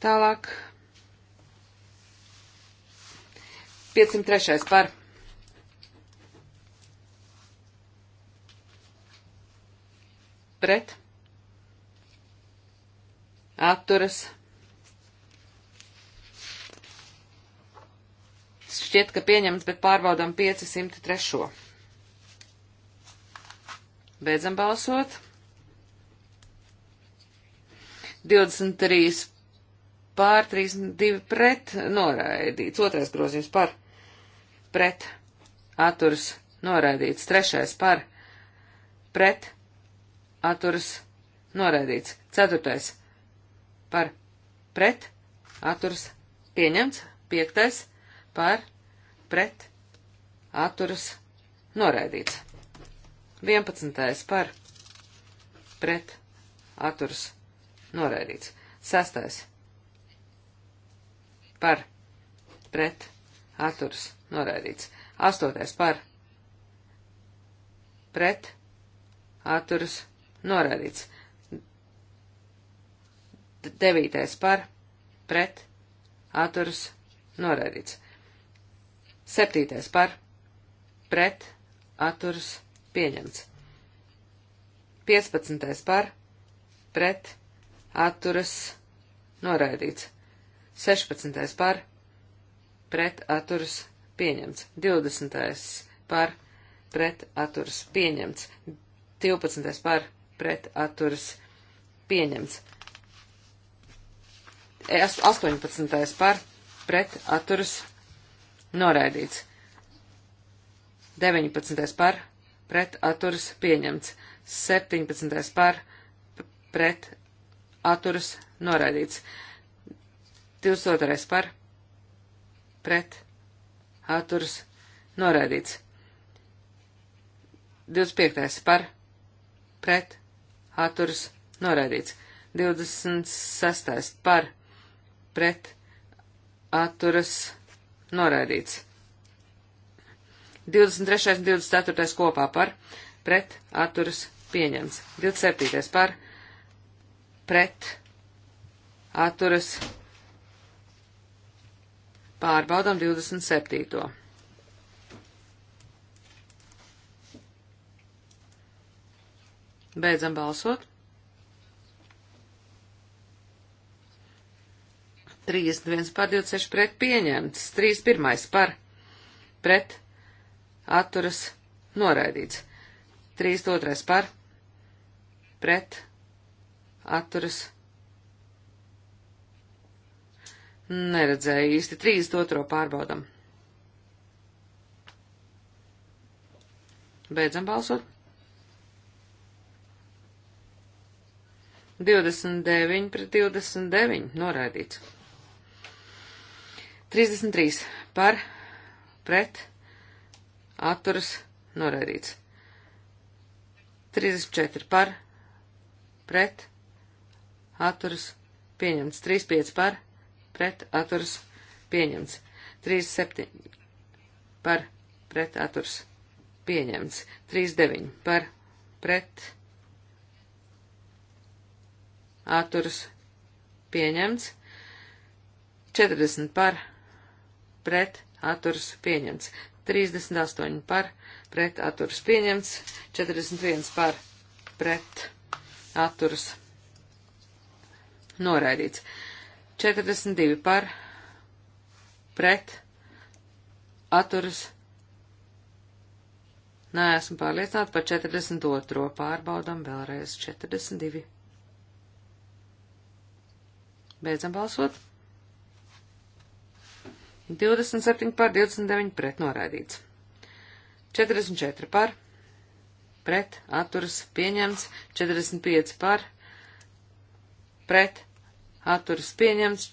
Tālāk 503 par. Pret atturas. Šķiet, ka pieņemts, bet pārbaudām 503. Beidzam balsot. 23 pār 32 pret noraidīts. Otrais grozījums par pret atturas noraidīts. Trešais par pret atturas noraidīts. Ceturtais par pret atturas pieņemts, piektais par pret atturas noraidīts. 11. par pret atturas noraidīts. 6. par pret atturas noraidīts. 8. par pret atturas noraidīts. Devītais par pret atturas noraidīts. Septītais par pret atturas pieņemts. Piecpadsmitais par pret atturas noraidīts. Sešpadsmitais par pret atturas pieņemts. Divdesmitais par pret atturas pieņemts. Divpadsmitais par pret atturas pieņemts. 18. par pret atturas noraidīts. 19. par pret atturas pieņemts. 17. par pret atturas noraidīts. 22. par pret atturas noraidīts. 25. par pret atturas noraidīts. 26. par pret pret atturas noraidīts. 23. un 24. kopā par pret atturas pieņemts. 27. par pret atturas pārbaudam 27. Beidzam balsot. 31 par 26 pret pieņemts, 31 par pret atturas noraidīts, 32 par pret atturas neredzēju īsti, 32 pārbaudam. Beidzam balsot. 29 pret 29 noraidīts. 33 par pret atturas noraidīts. 34 par pret atturas pieņemts. 35 par pret atturas pieņemts. 37 par pret atturas pieņemts. 39 par pret atturas pieņemts. 40 par pret pret atturas pieņemts. 38 par pret atturas pieņemts. 41 par pret atturas noraidīts. 42 par pret atturas. Nē, esmu pārliecināta par 42. Pārbaudam vēlreiz 42. Beidzam balsot. 27 par 29 pret noraidīts. 44 par pret atturas pieņemts, 45 par pret atturas pieņemts,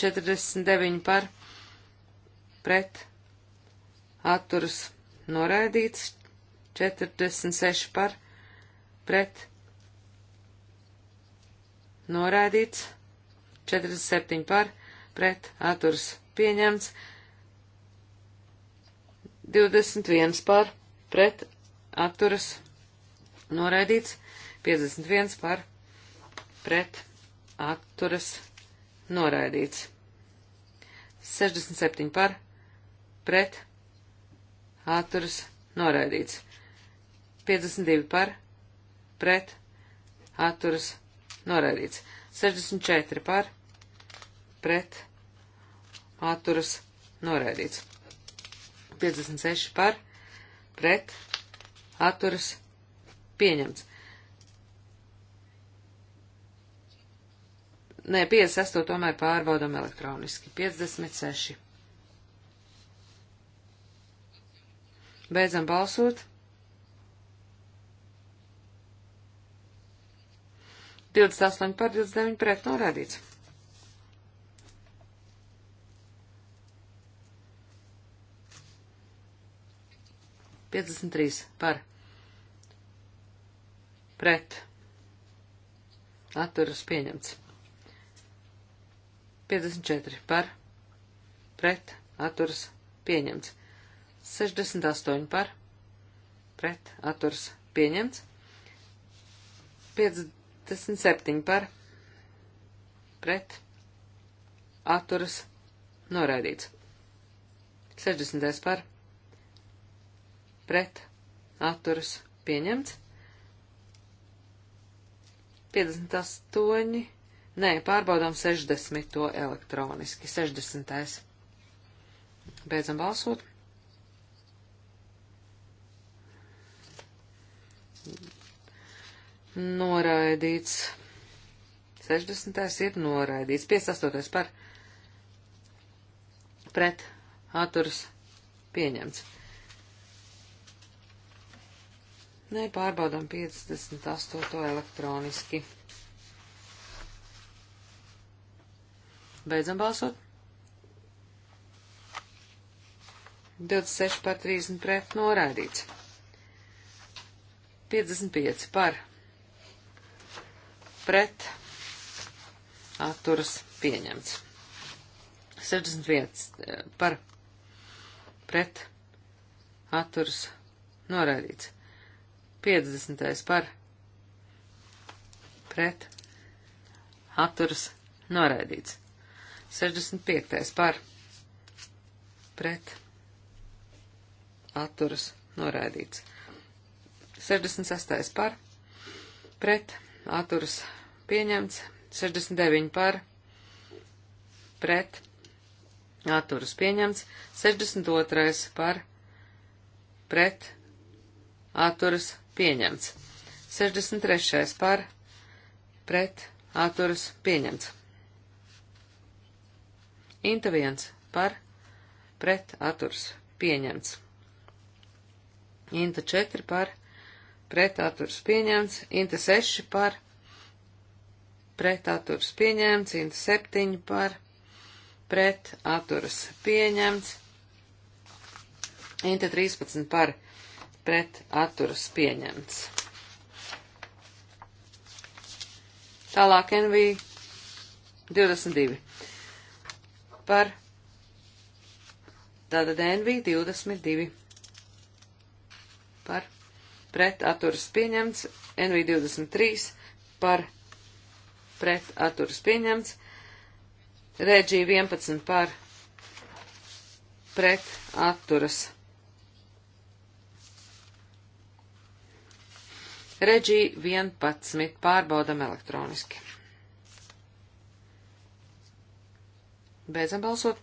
49 par pret atturas noraidīts, 46 par pret noraidīts, 47 par pret atturas pieņemts. 21 par pret atturas noraidīts. 51 par pret atturas noraidīts. 67 par pret atturas noraidīts. 52 par pret atturas noraidīts. 64 par pret atturas noraidīts. 56 par pret atturas pieņemts. Nē, 58 tomēr pārbaudam elektroniski. 56. Beidzam balsot. 28 par 29 pret norādīts. 53 par pret atturas pieņemts. 54 par pret atturas pieņemts. 68 par pret atturas pieņemts. 57 par pret atturas noraidīts. 60 par pret atturas pieņemts. 58. Nē, pārbaudām 60. elektroniski. 60. Beidzam balsot. Noraidīts. 60. ir noraidīts. 58. par pret atturas pieņemts. Nē, pārbaudam 58. elektroniski. Beidzam balsot. 26 par 30 pret noraidīts. 55 par pret atturas pieņemts. 61 eh, par pret atturas noraidīts. 50. par pret atturas noraidīts. 65. par pret atturas noraidīts. 66. par pret atturas pieņemts. 69 par pret atturas pieņemts. 62 par pret atturas pieņemts atturas pieņemts. 63. par pret atturas pieņemts. Inta 1 par pret atturas pieņemts. Inta 4 par pret atturas pieņemts. Inta 6 par pret atturas pieņemts. Inta 7 par pret atturas pieņemts. Inta 13 par pret pret atturas pieņemts. Tālāk NV 22 par tātad NV 22 par pret atturas pieņemts, NV 23 par pret atturas pieņemts, Rēģī 11 par pret atturas pieņemts Reģī 11. Pārbaudam elektroniski. Beidzam balsot.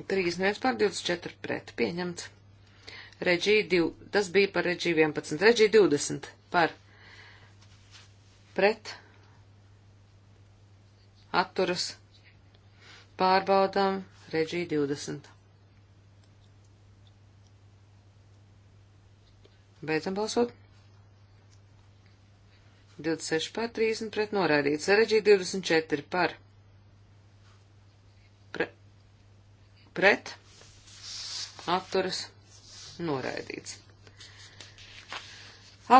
31 pār 24 pret. Pieņemts. Reģī 2. Tas bija par reģī 11. Reģī 20 par pret. Atturas. Pārbaudām reģī 20. Beidzam balsot. 26 pār 30 pret noraidīt. Sarežģīt 24 par. Pre, pret. Atturas. Noraidīts.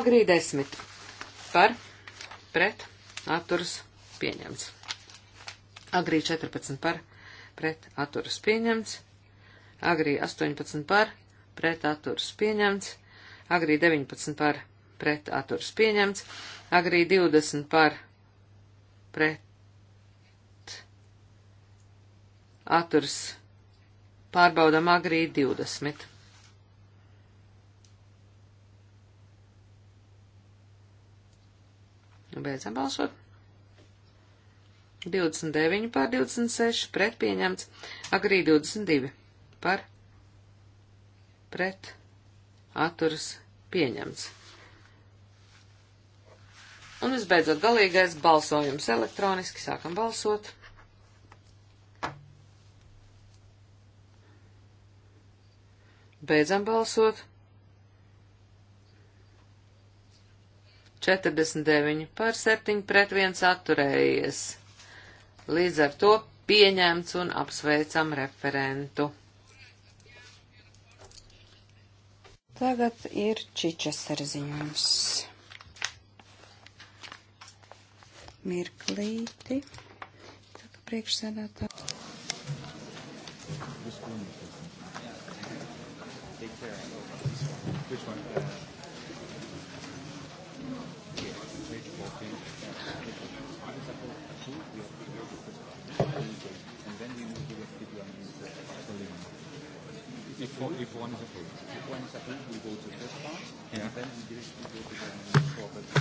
Agrī 10 par. Pret. Atturas. Pieņemts. Agrī 14 par. Pret. Atturas. Pieņemts. Agrī 18 par. Pret. Atturas. Pieņemts agrī 19 par pret atturs pieņemts, agrī 20 par pret atturs pārbaudam agrī 20. Beidzam balsot. 29 pār 26 pret pieņemts, agrī 22 par pret atturs atturas pieņemts. Un visbeidzot galīgais balsojums elektroniski sākam balsot. Beidzam balsot. 49 par 7 pret 1 atturējies. Līdz ar to pieņemts un apsveicam referentu. Tagad ir čičas ar ziņums. Mirklīti. Saka priekšsēdētā. Which one? Uh, yeah, page 14. Yeah. And then we move to the If, if one is approved. If one is approved, we go to the first part, yeah. and then we directly go to the corporate.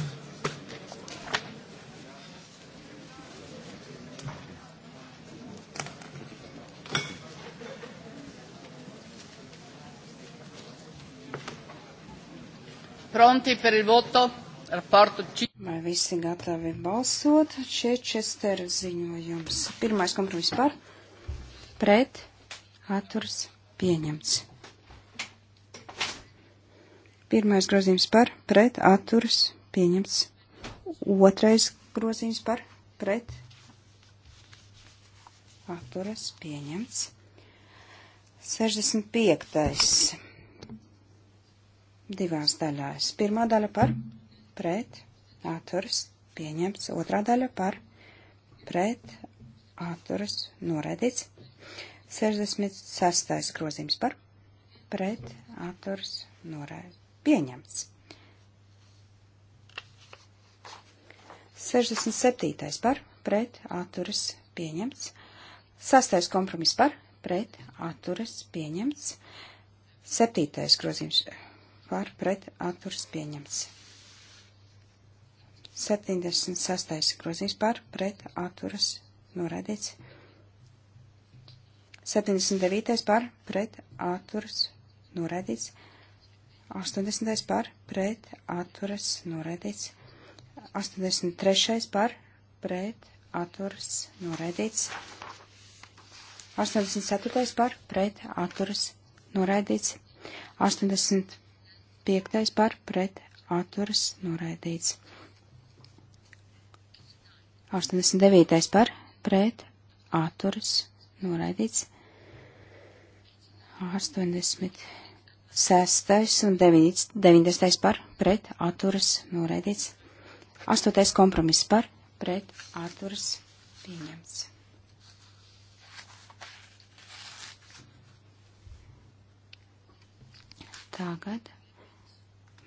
Pronti per il voto? Rapporto C. Vai visi gatavi balsot? Čečester ziņojums. Pirmais kompromiss par. Pret. Atturs pieņemts. Pirmais grozījums par pret atturas pieņemts. Otrais grozījums par pret atturas pieņemts. 65. divās daļās. Pirmā daļa par pret atturas pieņemts. Otrā daļa par pret atturas noredīts. 66. grozījums par pret atturs norēd. Pieņemts. 67. par pret atturas pieņemts. 6. kompromiss par pret atturas pieņemts. 7. grozījums par pret atturas pieņemts. 76. grozījums par pret atturas norādīts. 79. par pret atturas noraidīts. 80. par pret atturas noraidīts. 83. par pret atturas noraidīts. 84. par pret atturas noraidīts. 85. par pret atturas noraidīts. 89. par pret atturas noraidīts. 86. un 90. par pret atturas noraidīts. 8. kompromiss par pret atturas pieņemts. Tagad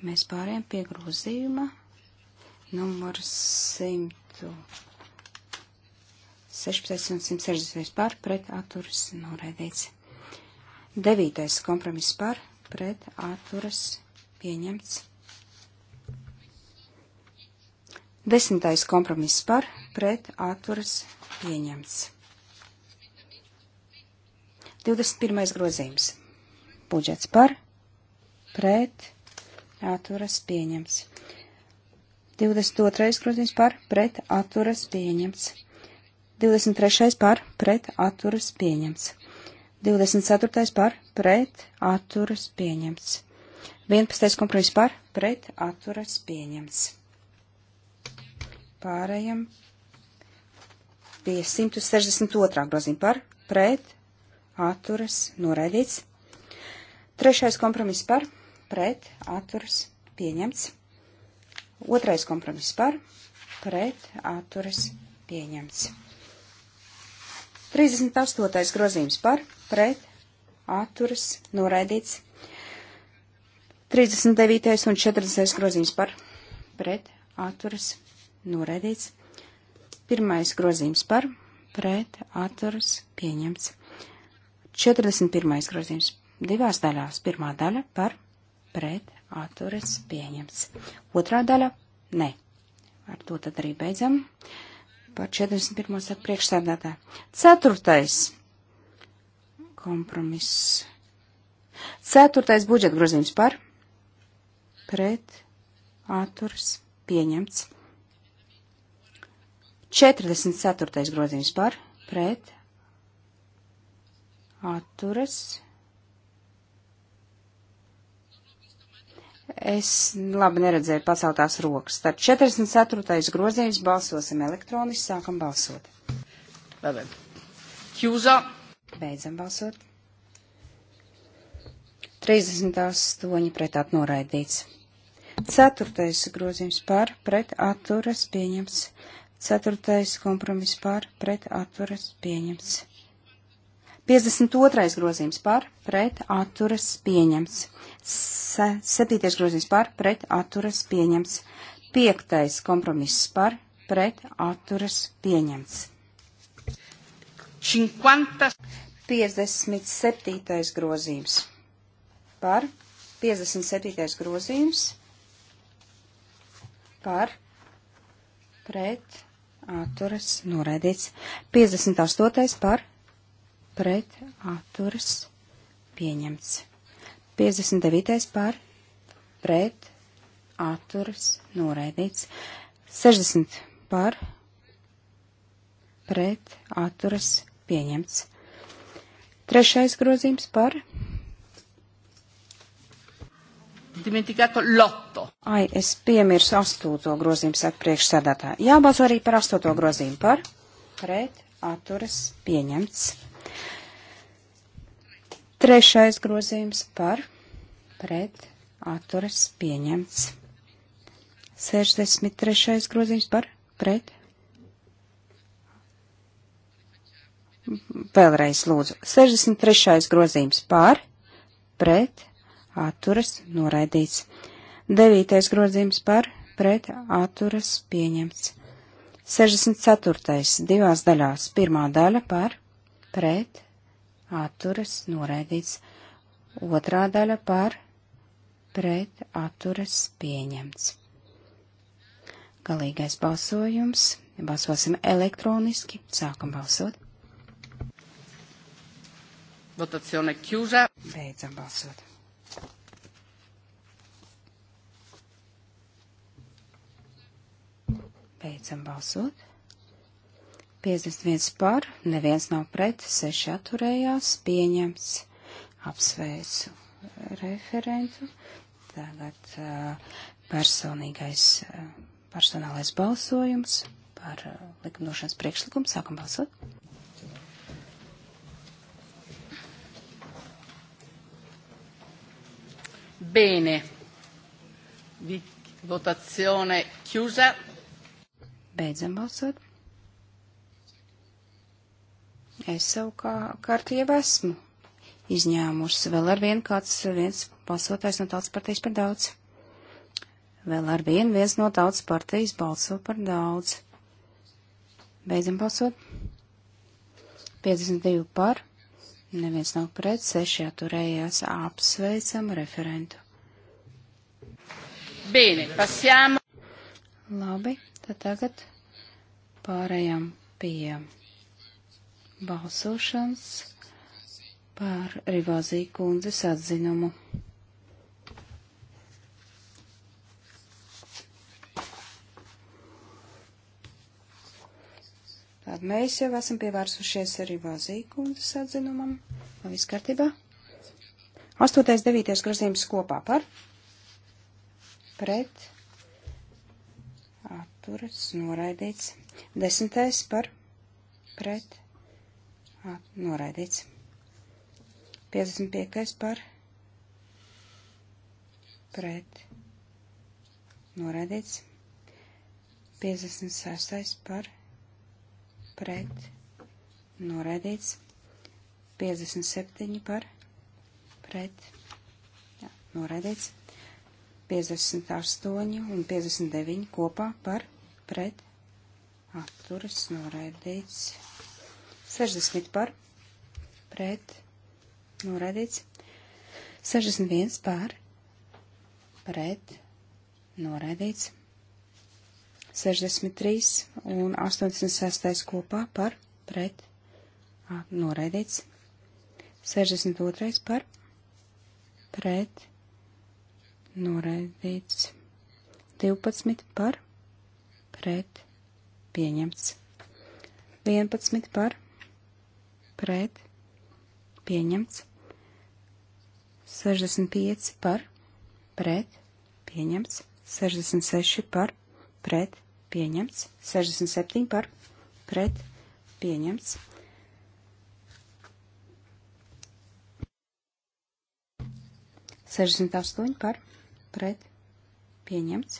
mēs pārējām pie grozījuma numur 100. 16 un 160 pār pret atturas noraidīts. Devītais kompromiss par pret atturas pieņemts. Desmitais kompromiss par pret atturas pieņemts. 21. grozījums. Budžets par pret atturas pieņemts. 22. grozījums par pret atturas pieņemts. 23. par pret atturas pieņemts. 24. par pret atturas pieņemts. 11. kompromiss par pret atturas pieņemts. Pārējam pie 162. grozījuma par pret atturas noraidīts. Trešais kompromiss par pret atturas pieņemts. Otrais kompromiss par pret atturas pieņemts. 38. grozījums par, pret, atturas, noraidīts. 39. un 40. grozījums par, pret, atturas, noraidīts. Pirmais grozījums par, pret, atturas, pieņemts. 41. grozījums divās daļās. Pirmā daļa par, pret, atturas, pieņemts. Otrā daļa, ne. Ar to tad arī beidzam. Uh, par 41. saka priekšsēdētā. Ceturtais kompromiss. Ceturtais budžeta grozījums par pret atturs pieņemts. 44. grozījums par pret atturas pieņemts Es labi neredzēju paceltās rokas. Tad 44. grozījums balsosim elektroniski, sākam balsot. Labi. Hjūza. Beidzam balsot. 38 pret atnoraidīts. 4. grozījums par pret atturas pieņemts. 4. kompromiss par pret atturas pieņemts. 52. grozījums par pret atturas pieņemts. 7. grozījums par pret atturas pieņemts. 5. kompromiss par pret atturas pieņemts. 50. 57. grozījums par 57. grozījums par pret atturas noraidīts. 58. par pret atturas pieņemts. 59. par pret atturas noraidīts. 60 par pret atturas pieņemts. Trešais grozījums par. Dimitikato loto. Ai, es piemirsu astoto grozījumu, saka priekšsēdētāja. Jābalso arī par astoto grozījumu par. Pret atturas pieņemts. Trešais grozījums par pret atturas pieņemts. 63. grozījums par pret. Vēlreiz lūdzu. 63. grozījums par pret atturas noraidīts. 9. grozījums par pret atturas pieņemts. 64. divās daļās. Pirmā daļa par pret atturas noraidīts. Otrā daļa par pret atturas pieņemts. Galīgais balsojums. Balsosim elektroniski. Sākam balsot. Votazione chiusa. Beidzam balsot. Beidzam balsot. 51 par, neviens nav pret, 6 atturējās, pieņems, apsveicu referentu. Tagad uh, personīgais, uh, personālais balsojums par uh, likumdošanas priekšlikumu. Sākam balsot. Bene. Votazione chiusa. Beidzam balsot. Es savukārt jau esmu izņēmusi. Vēl ar vienu kāds viens balsotājs no tautas partijas par daudz. Vēl ar vienu viens no tautas partijas balso par daudz. Beidzam balsot. 52 par. Neviens nav pret, seši atturējās apsveicam referentu. Bīni, pasiām. Labi, tad tagad pārējām pie balsošanas par Rivāzī kundzes atzinumu. Tad mēs jau esam pievērsušies arī Vāzīkundas atzinumam. Vai viss kārtībā? 8. 9. grozījums kopā par pret atturas noraidīts. 10. par pret noraidīts. 55. par pret noraidīts. 56. par pret noraidīts. 57. par pret jā, noraidīts. 58 un 59 kopā par pret atturas noraidīts. 60 par pret noraidīts. 61 par pret noraidīts. 63 un 86 kopā par pret noraidīts. 62 par pret noraidīts. 12 par pret pieņemts. 11 par pret, pieņemts. 65 par, pret, pieņemts. 66 par, pret, pieņemts. 67 par, pret, pieņemts. Sešdesmit astoņi par, pret, pieņemts.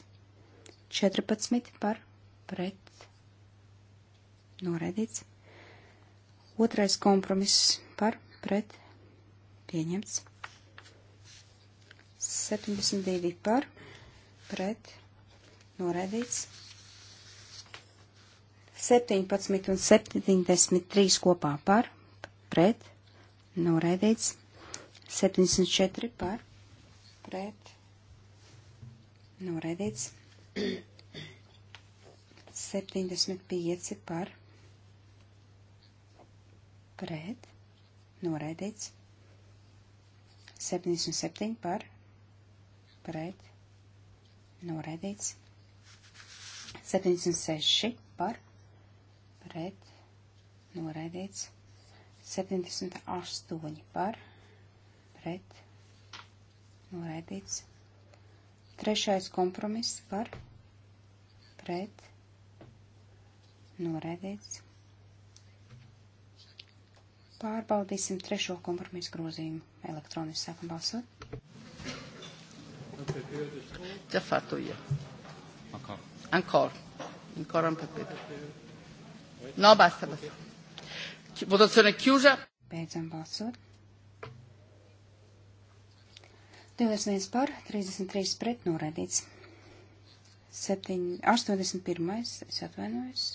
Četrpadsmit par, pret, noraidīts. Otrais kompromiss par pret pieņemts. 72 par pret noraidīts. 17 un 73 kopā par pret noraidīts. 74 par pret noraidīts. 75 par pret, noraidīts. 77 par, pret, noraidīts. 76 par, pret, noraidīts. 78 par, pret, noraidīts. Trešais kompromiss par, pret, noraidīts. Pārbaudīsim trešo kompromisu grozījumu elektroniski sākam balsot. Già fatto io. Ancora. Ancora. Ancora un pepito. No, basta, basta. Votazione chiusa. Beidzam balsot. 21 par, 33 pret norēdīts. 7, 81, es atvainojos,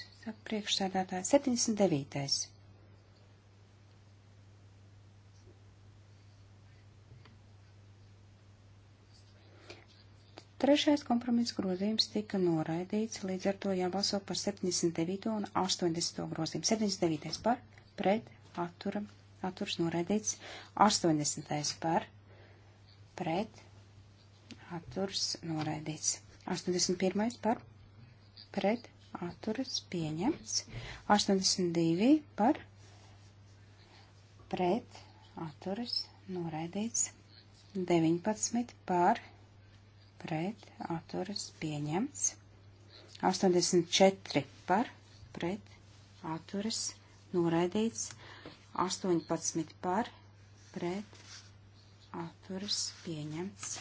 priekšsēdētājs, 79. Trešais kompromiss grozījums tika noraidīts, līdz ar to jābalso par 79. un 80. grozījumu. 79. par, pret, attura, atturs noraidīts, 80. par, pret, atturs noraidīts, 81. par, pret, atturas pieņemts, 82. par, pret, atturas noraidīts, 19. par, pret, pret atturas pieņemts. 84 par pret atturas noraidīts. 18 par pret atturas pieņemts.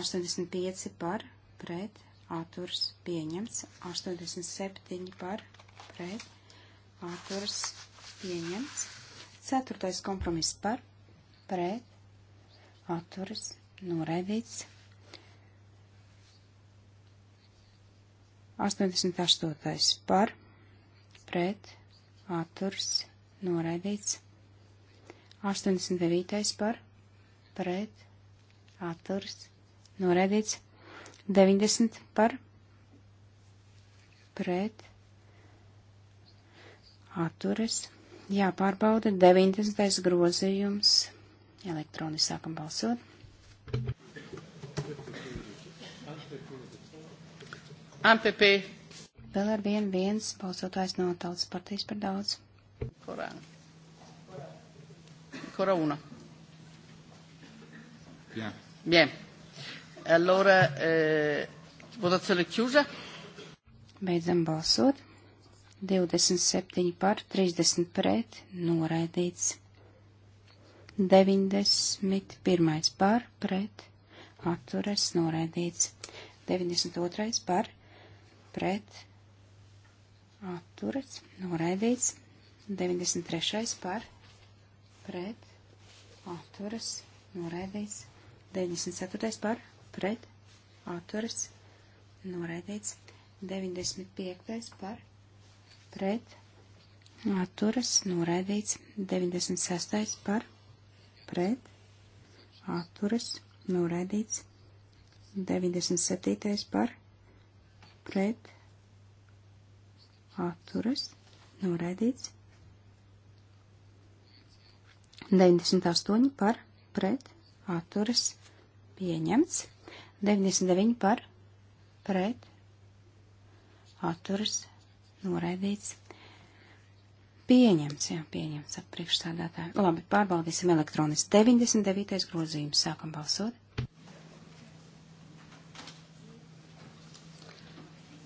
85 par pret atturas pieņemts. 87 par pret atturas pieņemts. Ceturtais kompromiss par pret atturas noraidīts. 88. par, pret, atturs, noraidīts. 89. par, pret, atturs, noraidīts. 90 par, pret, atturs, jāpārbauda 90. grozījums. Elektroni sākam balsot. MPP. Vēl ar vienu viens balsotājs no tautas partijas par daudz. Korāna. Korāna. Jā. Bien. Allora, eh, votazione chiusa. Beidzam balsot. 27 par, 30 pret, noraidīts. 91 par, pret, atturas, noraidīts. 92 par, pret atturas noraidīts. 93. par pret atturas noraidīts. 94. par pret atturas noraidīts. 95. par pret atturas noraidīts. 96. par pret atturas noraidīts. 97. par pret pret atturas noraidīts. 98 par pret atturas pieņemts. 99 par pret atturas noraidīts. Pieņemts, jā, pieņemts ap priekšsādātāju. Labi, pārbaudīsim elektroniski. 99. grozījums. Sākam balsot.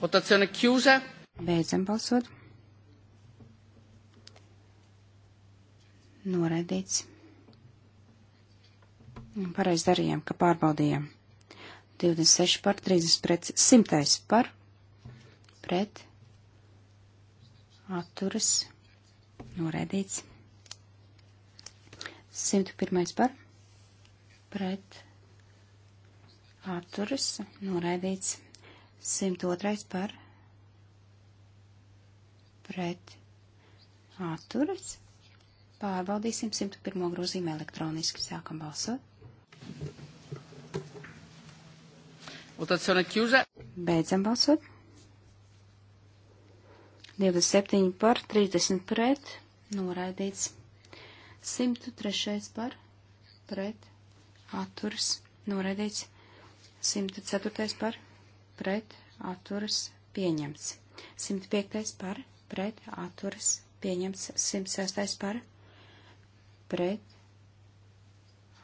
Votazione chiusa. Beidzam balsot. Noraidīts. Pareiz darījām, ka pārbaudījām. 26 par 30 pret 100 par pret atturas noraidīts. 101 par pret atturas noraidīts. 102. par pret atturas. Pārbaudīsim 101. grozījumu elektroniski. Sākam balsot. Votazione chiusa. Beidzam balsot. 27 par, 30 pret, noraidīts. 103 par, pret, atturs, noraidīts. 104 par, pret atturas pieņemts. 105. par pret atturas pieņemts. 106. par pret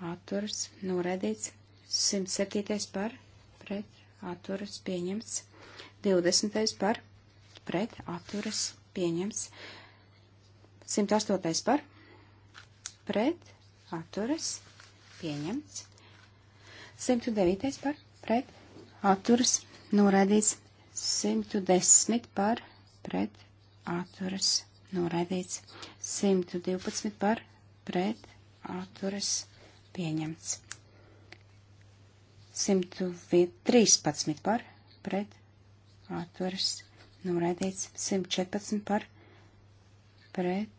atturas noredīts. 107. par pret atturas pieņemts. 20. par pret atturas pieņemts. 108. par pret atturas pieņemts. 109. par pret atturas noraidīts 110 par pret atturas noraidīts 112 par pret atturas pieņemts 113 par pret atturas noraidīts 114 par pret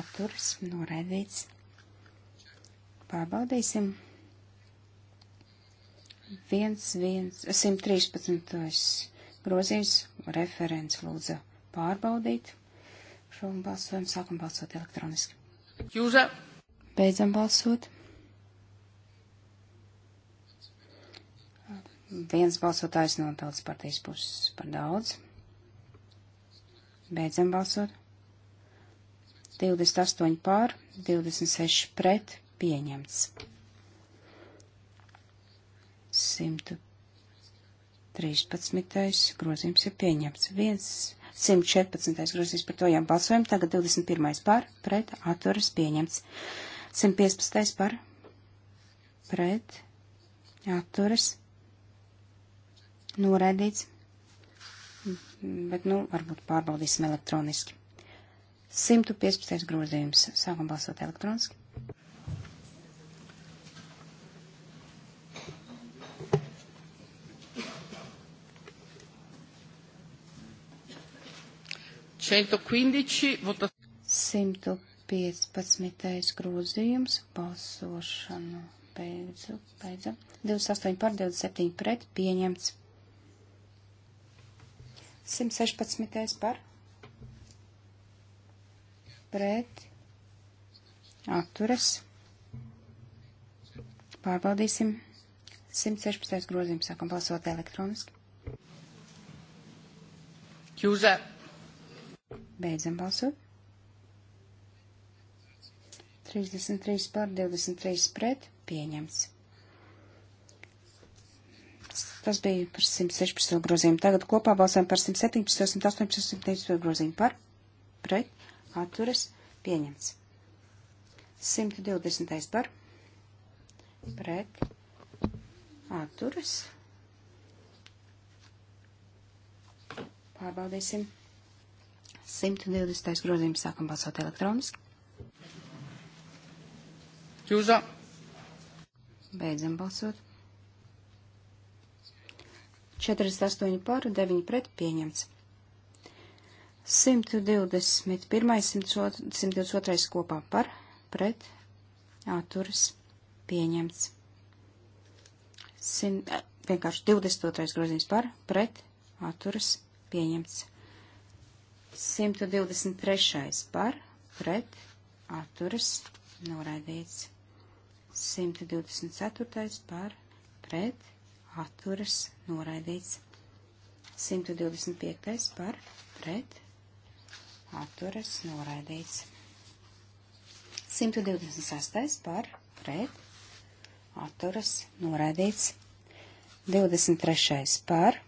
atturas noraidīts pārbaudīsim 113. grozījums referents lūdza pārbaudīt. Šo balsojumu sākam balsot elektroniski. Jūza. Beidzam balsot. Viens balsotājs no tautas partijas puses par daudz. Beidzam balsot. 28 pār, 26 pret pieņemts. 113. grozījums ir pieņemts. 1, 114. grozījums par to jābalsojam. Tagad 21. par pret atturas pieņemts. 115. par pret atturas noraidīts. Bet, nu, varbūt pārbaudīsim elektroniski. 115. grozījums. Sākam balsot elektroniski. 115. Vota... 115. grozījums balsošanu. Beidzu, beidzu. 28 par 27 pret pieņemts. 116. par pret atturas. Pārbaudīsim. 116. grozījums sākam balsot elektroniski. Jūzē. Beidzam balsot. 33 pār 23 pret pieņemts. Tas bija par 116 grozījumu. Tagad kopā balsojam par 117, 118, 119 grozījumu par pret atturas pieņemts. 120 par pret atturas. Pārbaudīsim. 120. grozījums sākam balsot elektroniski. Jūza. Beidzam balsot. 48 par, 9 pret pieņemts. 121, 122 kopā par, pret, atturas pieņemts. 100, eh, vienkārši 22 grozījums par, pret, atturas pieņemts. 123. par pret atturas noraidīts. 124. par pret atturas noraidīts. 125. par pret atturas noraidīts. 126. par pret atturas noraidīts. 23. par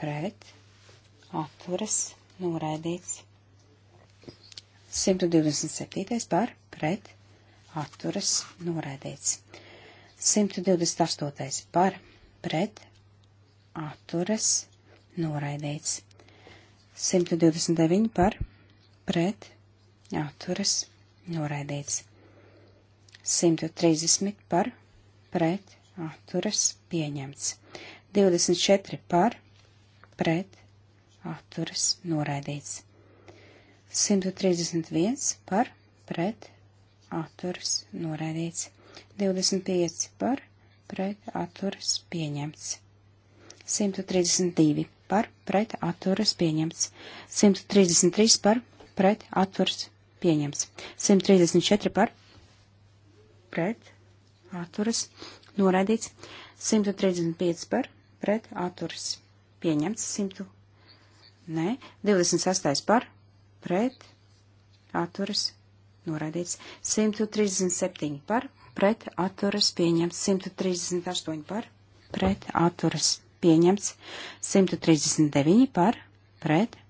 pret atturas noraidīts. 127. par pret atturas noraidīts. 128. par pret atturas noraidīts. 129 par pret atturas noraidīts. 130 par pret atturas pieņemts. 24 par pret atturas noraidīts. 131 par pret atturas noraidīts. 25 par pret atturas pieņemts. 132 par pret atturas pieņemts. 133 par pret atturas pieņemts. 134 par pret atturas noraidīts. 135 par pret atturas pieņemts. 100 Nē. 26. par, pret, atturas, noraidīts. 137 par, pret, atturas, pieņemts. 138 par, pret, atturas, pieņemts. 139 par, pret,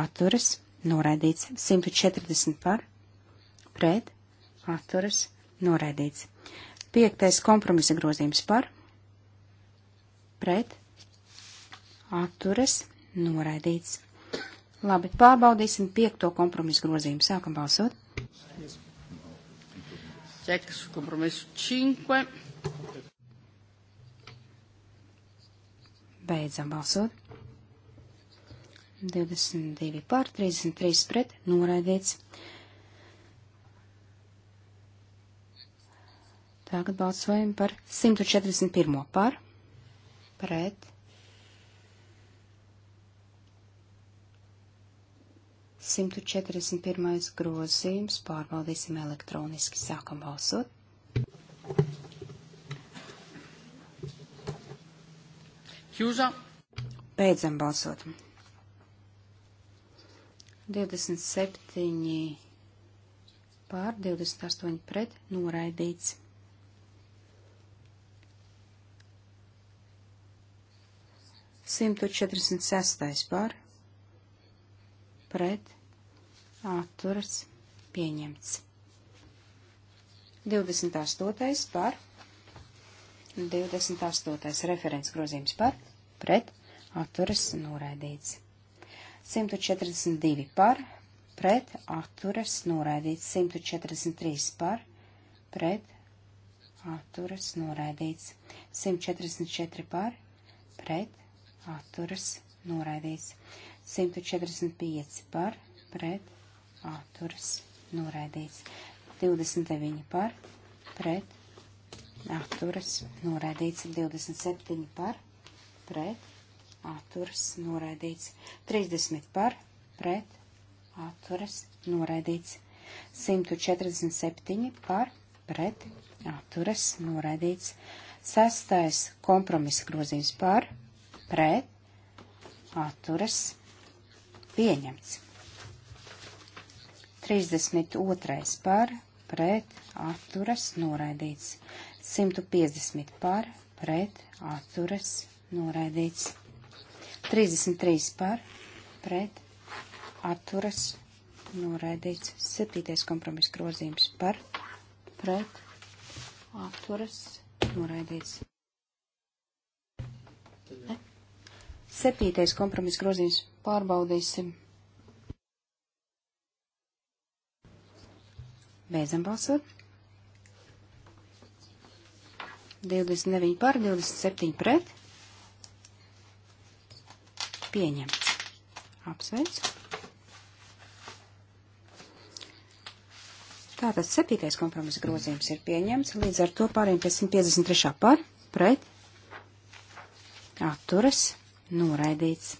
atturas, noraidīts. 140 par, pret, atturas, noraidīts. Piektais kompromisa grozījums par, pret, atturas, noraidīts Noraidīts. Labi, pārbaudīsim piekto kompromisu grozījumu. Sākam balsot. Čekas kompromisu 5. Beidzam balsot. 22 pār 33 pret noraidīts. Tagad balsojam par 141 pār pret 141. grozījums pārbaudīsim elektroniski. Sākam balsot. Hjūza. Beidzam balsot. 27 pār 28 pret noraidīts. Simtu četrdesmit sestais pār pret atturas pieņemts. 28. par 28. referents grozījums par pret atturas noraidīts. 142 par pret atturas noraidīts. 143 par pret atturas noraidīts. 144 par pret atturas noraidīts. 145 par pret atturas noraidīts. 29 par pret atturas noraidīts. 27 par pret atturas noraidīts. 30 par pret atturas noraidīts. 147 par pret atturas noraidīts. Sestais kompromisa grozījums par pret atturas pieņemts. 32. par, pret, atturas, noraidīts. 150 par, pret, atturas, noraidīts. 33 par, pret, atturas, noraidīts. 7. kompromiss grozījums par, pret, atturas, noraidīts. Ne? Septītais kompromiss grozījums pārbaudīsim. Beidzam balsot. 29 par, 27 pret. Pieņemts. Apsveicu. Tātad septītais kompromisa grozījums ir pieņemts, līdz ar to pārējiem pie 153. par, pret, atturas, noraidīts.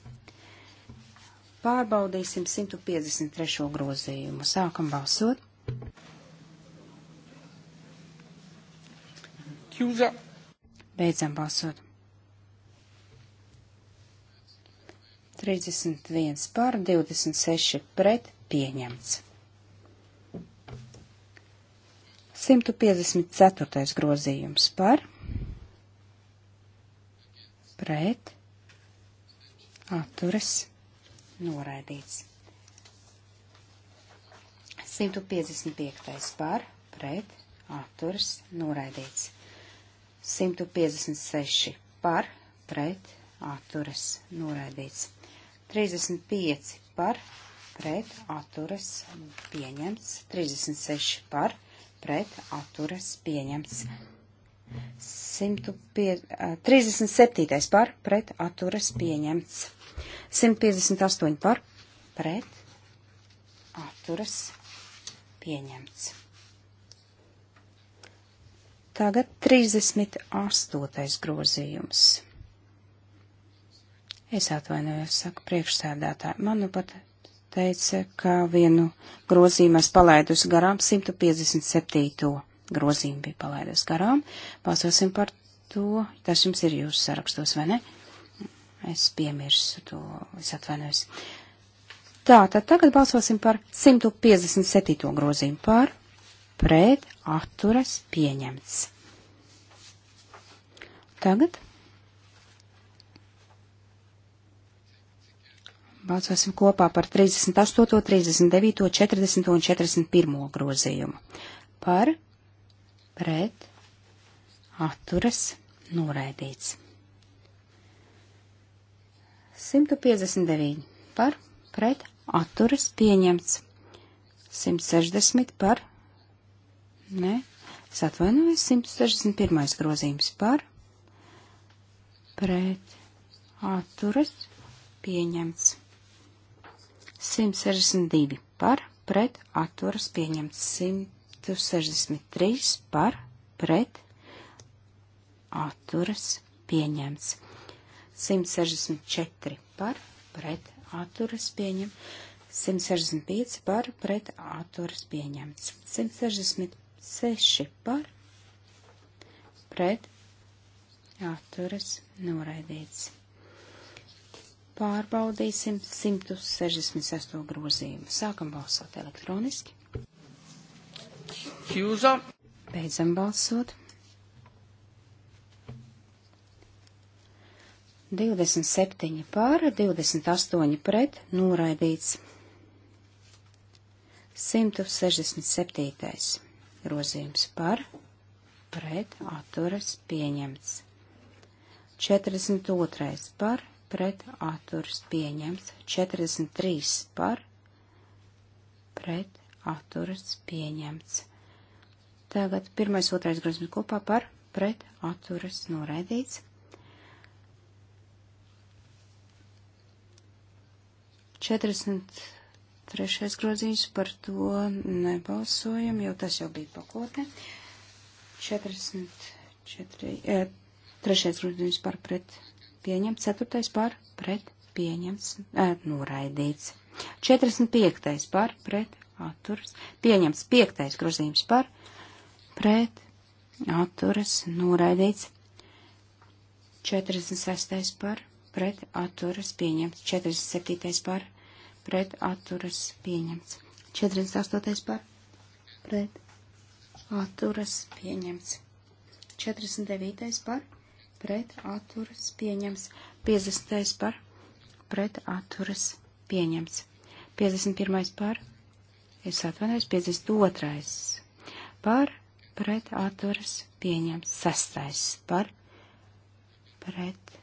Pārbaudīsim 153. grozījumu. Sākam balsot. Chiusa. Beidzam balsot. 31 pār 26 pret pieņemts. 154. grozījums par pret atturas noraidīts. 155. par pret atturas noraidīts. 156 par pret atturas noraidīts. 35 par pret atturas pieņemts. 36 par pret atturas pieņemts. 137 eh, par pret atturas pieņemts. 158 par pret atturas pieņemts. Tagad 38. grozījums. Es atvainojos, saka priekšsēdētāji. Man nu pat teica, ka vienu grozījumu es palaidusi garām, 157. grozījumu bija palaidusi garām. Balsosim par to, tas jums ir jūsu sarakstos, vai ne? Es piemirsu to, es atvainojos. Tā, tad tagad balsosim par 157. grozījumu par pret atturas pieņemts. Tagad balsosim kopā par 38, 39, 40 un 41 grozījumu. Par pret atturas noraidīts. 159 par pret atturas pieņemts. 160 par Nē, es atvainojos, 161. grozījums par, pret, atturas, pieņemts. 162 par, pret, atturas, pieņemts. 163 par, pret, atturas, pieņemts. 164 par, pret, atturas, pieņemts. 165 par, pret, atturas, pieņemts. 165 6 par pret atturas noraidīts. Pārbaudīsim 168 grozījumu. Sākam balsot elektroniski. Hjūza. Beidzam balsot. 27 pār, 28 pret, noraidīts. 167 grozījums par, pret, atturas pieņemts. 42. par, pret, atturas pieņemts. 43. par, pret, atturas pieņemts. Tagad pirmais, otrais grozījums kopā par, pret, atturas noraidīts. 40. Trešais grozījums par to nebalsojam, jo tas jau bija pakotne. 44. E, eh, trešais grozījums par pret pieņemts. Ceturtais par pret pieņemts. E, noraidīts. 45. par pret atturas. Pieņemts. Piektais grozījums par pret atturas. Noraidīts. 46. par pret atturas. Pieņemts. 47. par pret pret atturas pieņemts. 48. par pret atturas pieņemts. 49. par pret atturas pieņemts. 50. par pret atturas pieņemts. 51. par es atvainojos 52. par pret atturas pieņemts. 6. par pret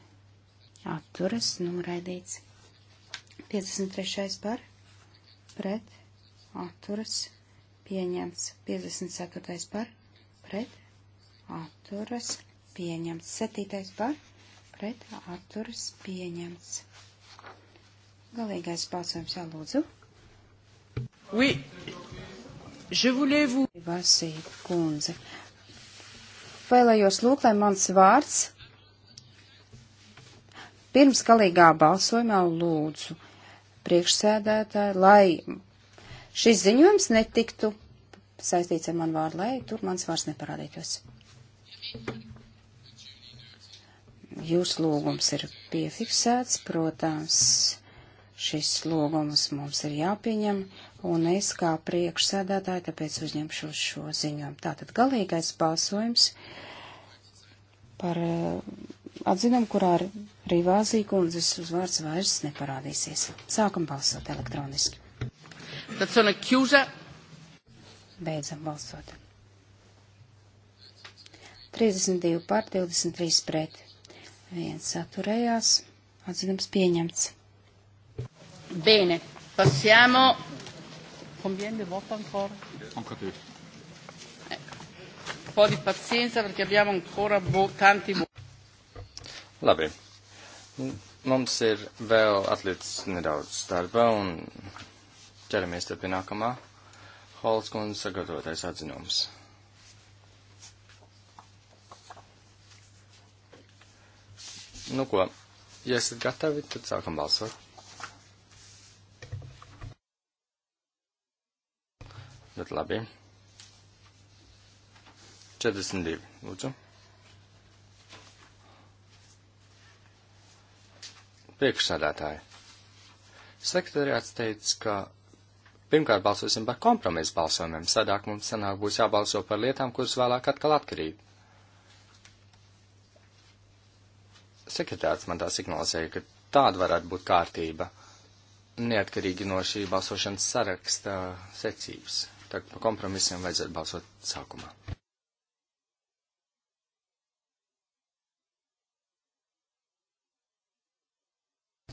atturas noraidīts. 53. par pret atturas pieņemts. 54. par pret atturas pieņemts. 7. par pret atturas pieņemts. Galīgais balsojums jālūdzu. Oui, je voulais vous. Vasīt kundze. Vēlējos lūgt, lai mans vārds pirms galīgā balsojumā lūdzu priekšsēdētāji, lai šis ziņojums netiktu saistīts ar manu vārdu, lai tur mans vārds neparādītos. Jūsu lūgums ir piefiksēts, protams, šis lūgums mums ir jāpieņem, un es kā priekšsēdētāji tāpēc uzņemšu šo ziņojumu. Tātad galīgais balsojums par eh, atzinumu, kurā arī Vāzija kundzes uzvārds vairs neparādīsies. Sākam balsot elektroniski. Beidzam balsot. 32 pār 23 pret. Viens atturējās. Atzinums pieņemts. Bene. Passiamo. Combien de voto ancora? Ancora più po' di pazienza perché abbiamo ancora bo tanti voti. Labi. Mums ir vēl atlicis nedaudz darba un ķeramies tad pie nākamā Holts kundzes sagatavotais atzinums. Nu ko, ja esat gatavi, tad sākam balsot. Ļoti labi. 42. Lūdzu. Priekšsādātāji. Sekretariāts teica, ka pirmkārt balsosim par kompromisu balsojumiem, sadāk mums sanāk būs jābalso par lietām, kuras vēlāk atkal atkarīt. Sekretārs man tā signalizēja, ka tāda varētu būt kārtība, neatkarīgi no šī balsošanas saraksta secības. Tad par kompromisiem vajadzētu balsot sākumā.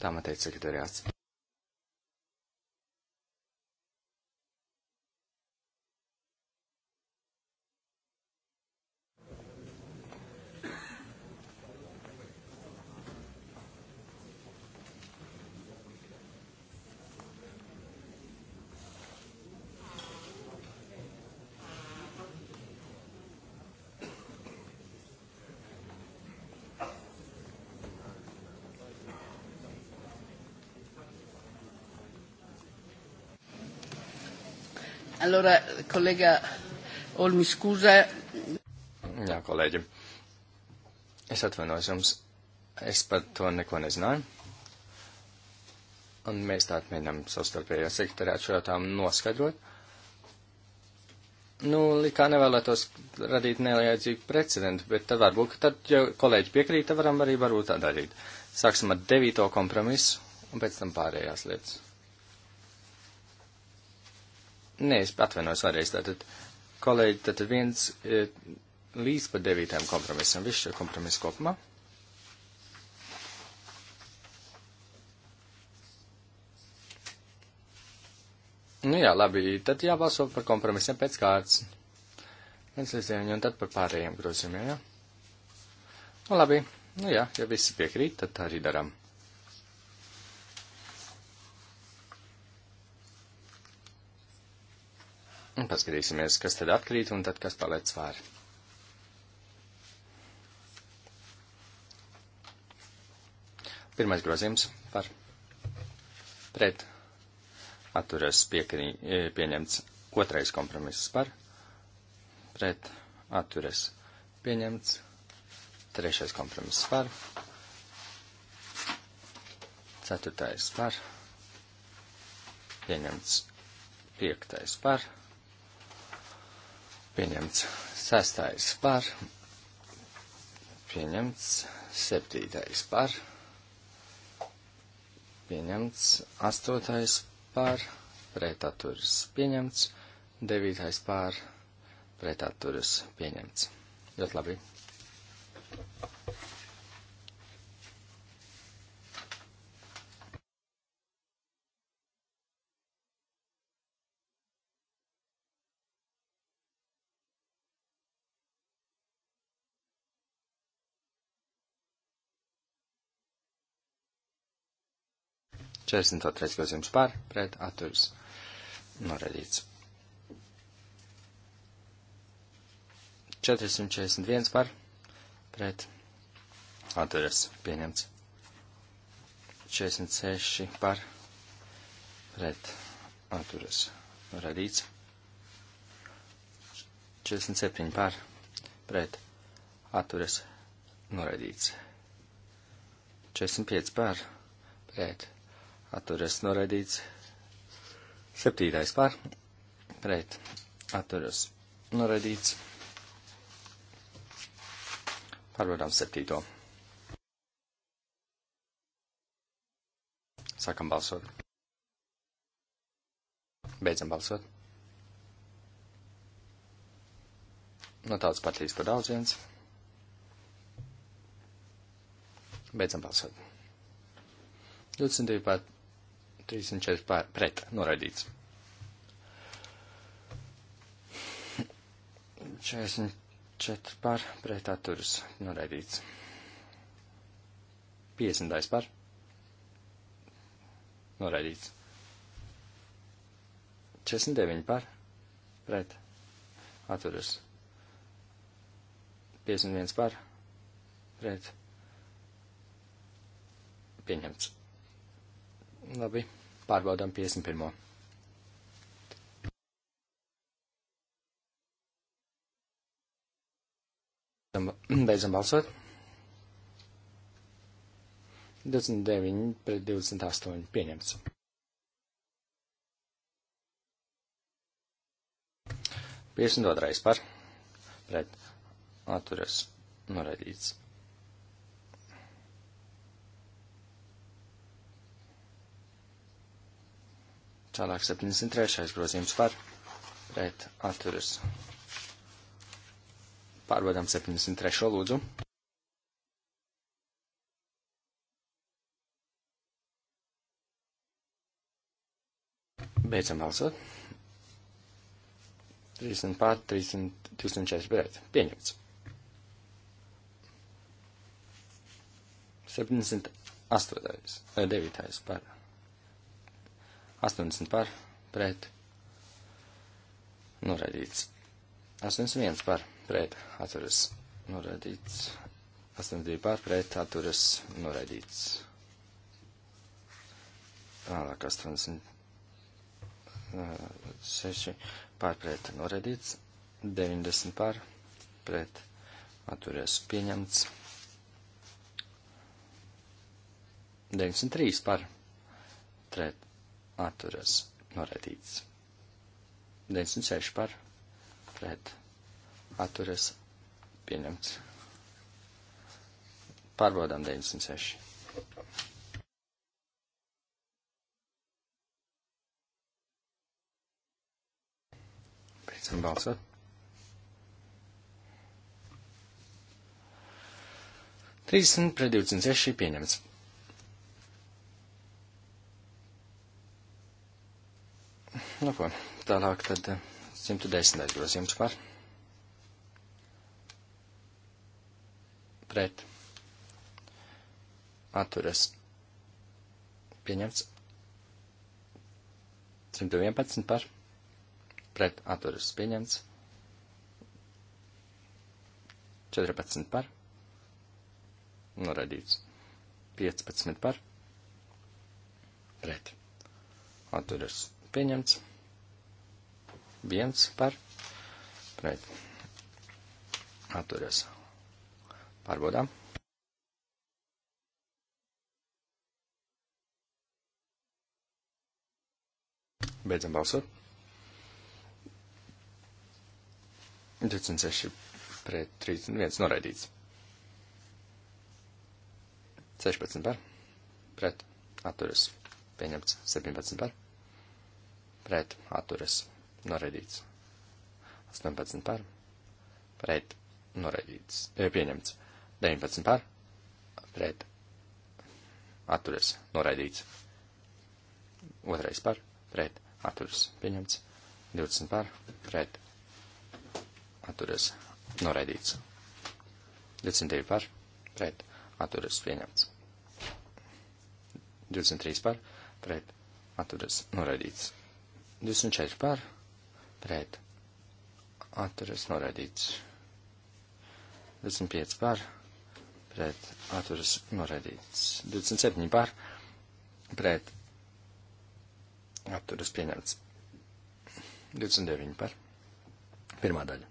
Tā man teica sekretariāts. Allora, collega Olmi, scusa. Jā, kolēģi. Es atvainojos jums. Es par to neko nezināju. Un mēs tā mēģinām savstarpējā sekretariātu šo jautājumu noskaidrot. Nu, likā nevēlētos radīt nelieldzīgu precedentu, bet tad varbūt, ka tad, ja kolēģi piekrīt, tad varam arī varbūt tā darīt. Sāksim ar devīto kompromisu un pēc tam pārējās lietas. Nē, es atvainojos vēlreiz. Tātad, kolēģi, tātad viens e, līdz pat devītajam kompromisam. Viss šie kompromisi kopumā. Nu jā, labi, tad jābalso par kompromisiem pēc kārtas. Viens līdz deviņi un tad par pārējiem grozījumiem, jā? Nu labi, nu jā, ja visi piekrīt, tad tā arī daram. Un paskatīsimies, kas tad atkrīt un tad kas paliec svāri. Pirmais grozījums par pret atturas piekrī, e, pieņemts. Otrais kompromiss par pret atturas pieņemts. Trešais kompromiss par. Ceturtais par. Pieņemts. Piektais par Pieņemts. Sestais par. Pieņemts. Septītais par. Pieņemts. Astotais par. Pretaturis pieņemts. Devītais par. Pretaturis pieņemts. Ļoti labi. 42. grozījums par pret atturas noraidīts. 441 par pret atturas pieņemts. 46 par pret atturas noraidīts. 47 par pret atturas noraidīts. 45 par pret atturas noraidīts atturas noraidīts. Septītais par, pret, atturas noraidīts. Pārvarām septīto. Sākam balsot. Beidzam balsot. No nu, tādas partijas par daudz viens. Beidzam balsot. 22 pat 34 pār pret noraidīts. 44 pār pret atturas noraidīts. 50 pār noraidīts. 49 pār pret atturas. 51 pār pret pieņemts. Labi pārbaudām 51. Beidzam balsot. 29 pret 28 pieņemts. Piesundot reiz par pret atturas noraidīts. Tālāk 73. grozījums par pret atturas. Pārbaudām 73. lūdzu. Beidzam balsot. 30 pār 300, 204 pret. Pieņemts. 78. 9. Eh, par 80 par pret noraidīts. 81 par pret atturas noraidīts. 82 par pret atturas noraidīts. Vēlāk 86 par pret noraidīts. 90 par pret atturas pieņemts. 93 par pret atturas noraidīts. 96 par pret atturas pieņemts. Pārbaudām 96. Beidzam balsot. Trīsdesmit pret divdesmit seši pieņemts. Nu, ko, tālāk tad 110. Eh, grozījums par. Pret. Atturas. Pieņemts. 111 par. Pret. Atturas. Pieņemts. 14 par. Noraidīts. 15 par. Pret. Atturas. Pieņemts viens par pret. Atturies. Pārbaudām. Beidzam balsot. 26 pret 31 noraidīts. 16 par. Pret. Atturies. Pieņemts. 17 par. Pret. Atturies noraidīts. 18 par, pret, noraidīts, e, pieņemts. 19 par, pret, atturies, noraidīts. Otrais par, pret, atturies, pieņemts. 20 par, pret, atturies, noraidīts. 22 par, pret, atturies, pieņemts. 23 par, pret, atturies, noraidīts. 24 par, pret, pret atturas noraidīts. 25 par pret atturas noraidīts. 27 par pret atturas pieņemts. 29 par pirmā daļa.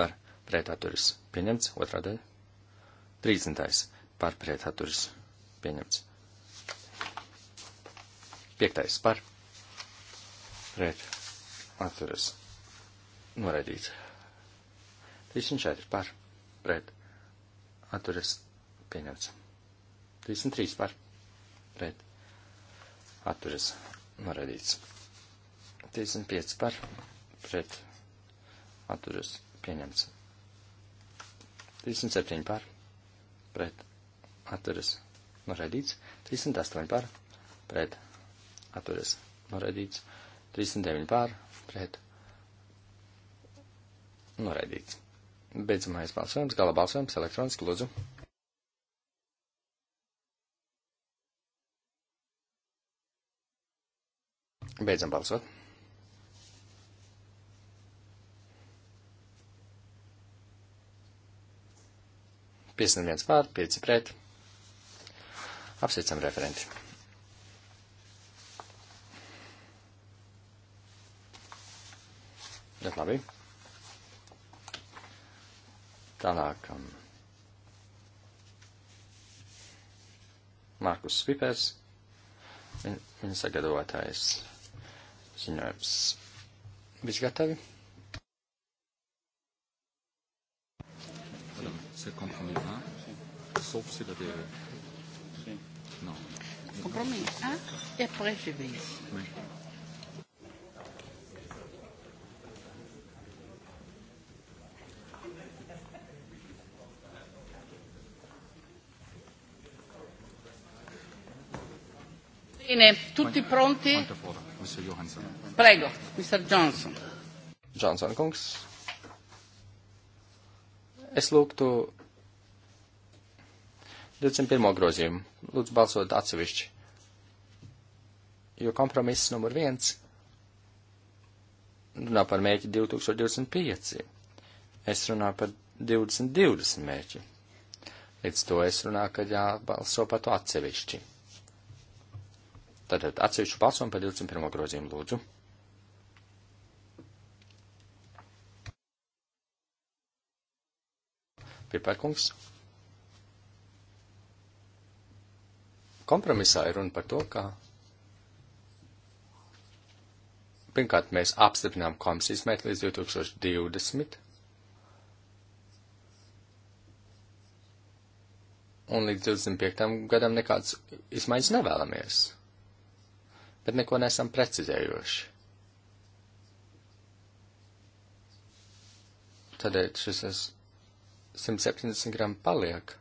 Par pret atturas pieņemts. Otrā daļa. 30. par pret atturas pieņemts. 5. par pret atturas noraidīts. 34 par pret atturas pieņemts. 33 par pret atturas noraidīts. 35 par pret atturas pieņemts. 37 par pret atturas noraidīts. 38 par pret atturas noraidīts. 39 par pret pret noraidīts. Beidzamais balsojums, gala balsojums elektroniski lūdzu. Beidzam balsot. Piesniedz viens pār, pieci pret. Apsveicam referenti. Bet labi. Tālāk. Um, Markus Vipers, viņa sagatavotājs ziņojums. Viss gatavi? Compromis 1 et après je vais ici. Oui. Bine, tutti pronti? Prego, Mr. Johnson. Johnson kungs. Es lūgtu 21. grozījumu. Lūdzu balsot atsevišķi. Jo kompromiss numur viens runā par mērķi 2025. Es runāju par 2020 mērķi. Līdz to es runāju, ka jābalso par to atsevišķi. Tātad atsevišķu balsojumu par 21. grozījumu lūdzu. Piepērkungs. Kompromisā ir runa par to, ka pirmkārt mēs apstiprinām komisijas mērķi līdz 2020. Un līdz 25. gadam nekāds izmaiņas nevēlamies bet neko nesam precizējuši. Tādēļ šis 170 gramu paliek.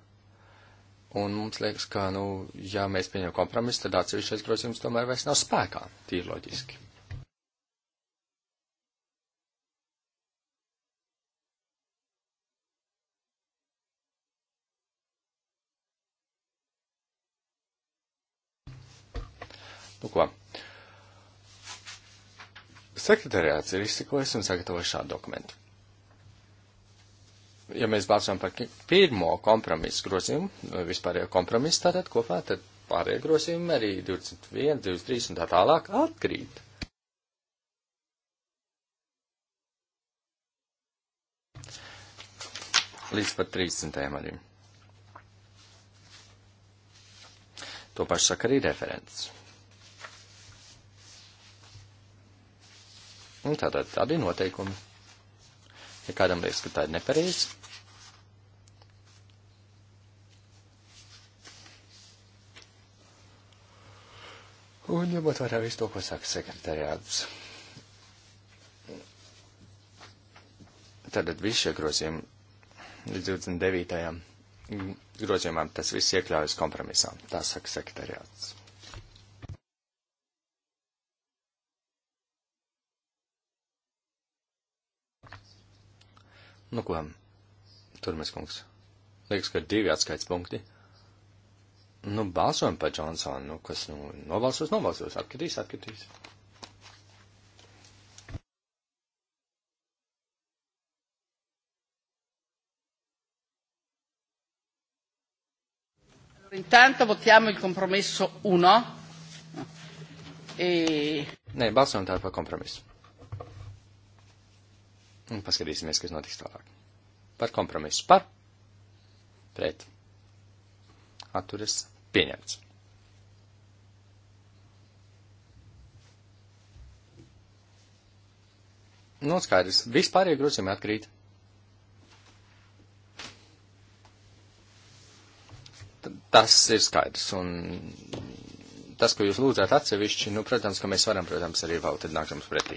Un mums liekas, ka, nu, ja mēs pieņemam kompromisu, tad atsevišķais grozījums tomēr vairs nav spēkā, tīri loģiski. Nu, ko? Sekretariāts ir izsekojis un sagatavojis šādu dokumentu. Ja mēs balsojam par pirmo kompromisu grozījumu, vispārējo kompromisu tātad kopā, tad pārējie grozījumi arī 21, 23 un tā tālāk atkrīt. Līdz pat 30. arī. To pašu saka arī referents. Un nu, tātad tādi noteikumi. Ja kādam liekas, ka tā ir nepareizi, Un ņemot vērā visu to, ko saka sekretariāts. Tātad visi šie grozījumi līdz 29. grozījumam tas viss iekļaujas kompromisā. Tā saka sekretariāts. Nu, ko? Tur mēs, kungs. Liekas, ka ir divi atskaits punkti. Nu, balsojam par Džonsonu, nu, kas, nu, nobalsos, nobalsos, atkritīs, atkritīs. Intanto votiamo il compromesso 1. E... Nē, balsojam tā par kompromisu. Un paskatīsimies, kas notiks tālāk. Par kompromisu. Par. Pret. Atturas. Pieņemts. Nu, skaidrs. Vispārējie grozījumi atkrīt. Tas ir skaidrs. Un tas, ko jūs lūdzat atsevišķi, nu, protams, ka mēs varam, protams, arī vēl tad nākam pret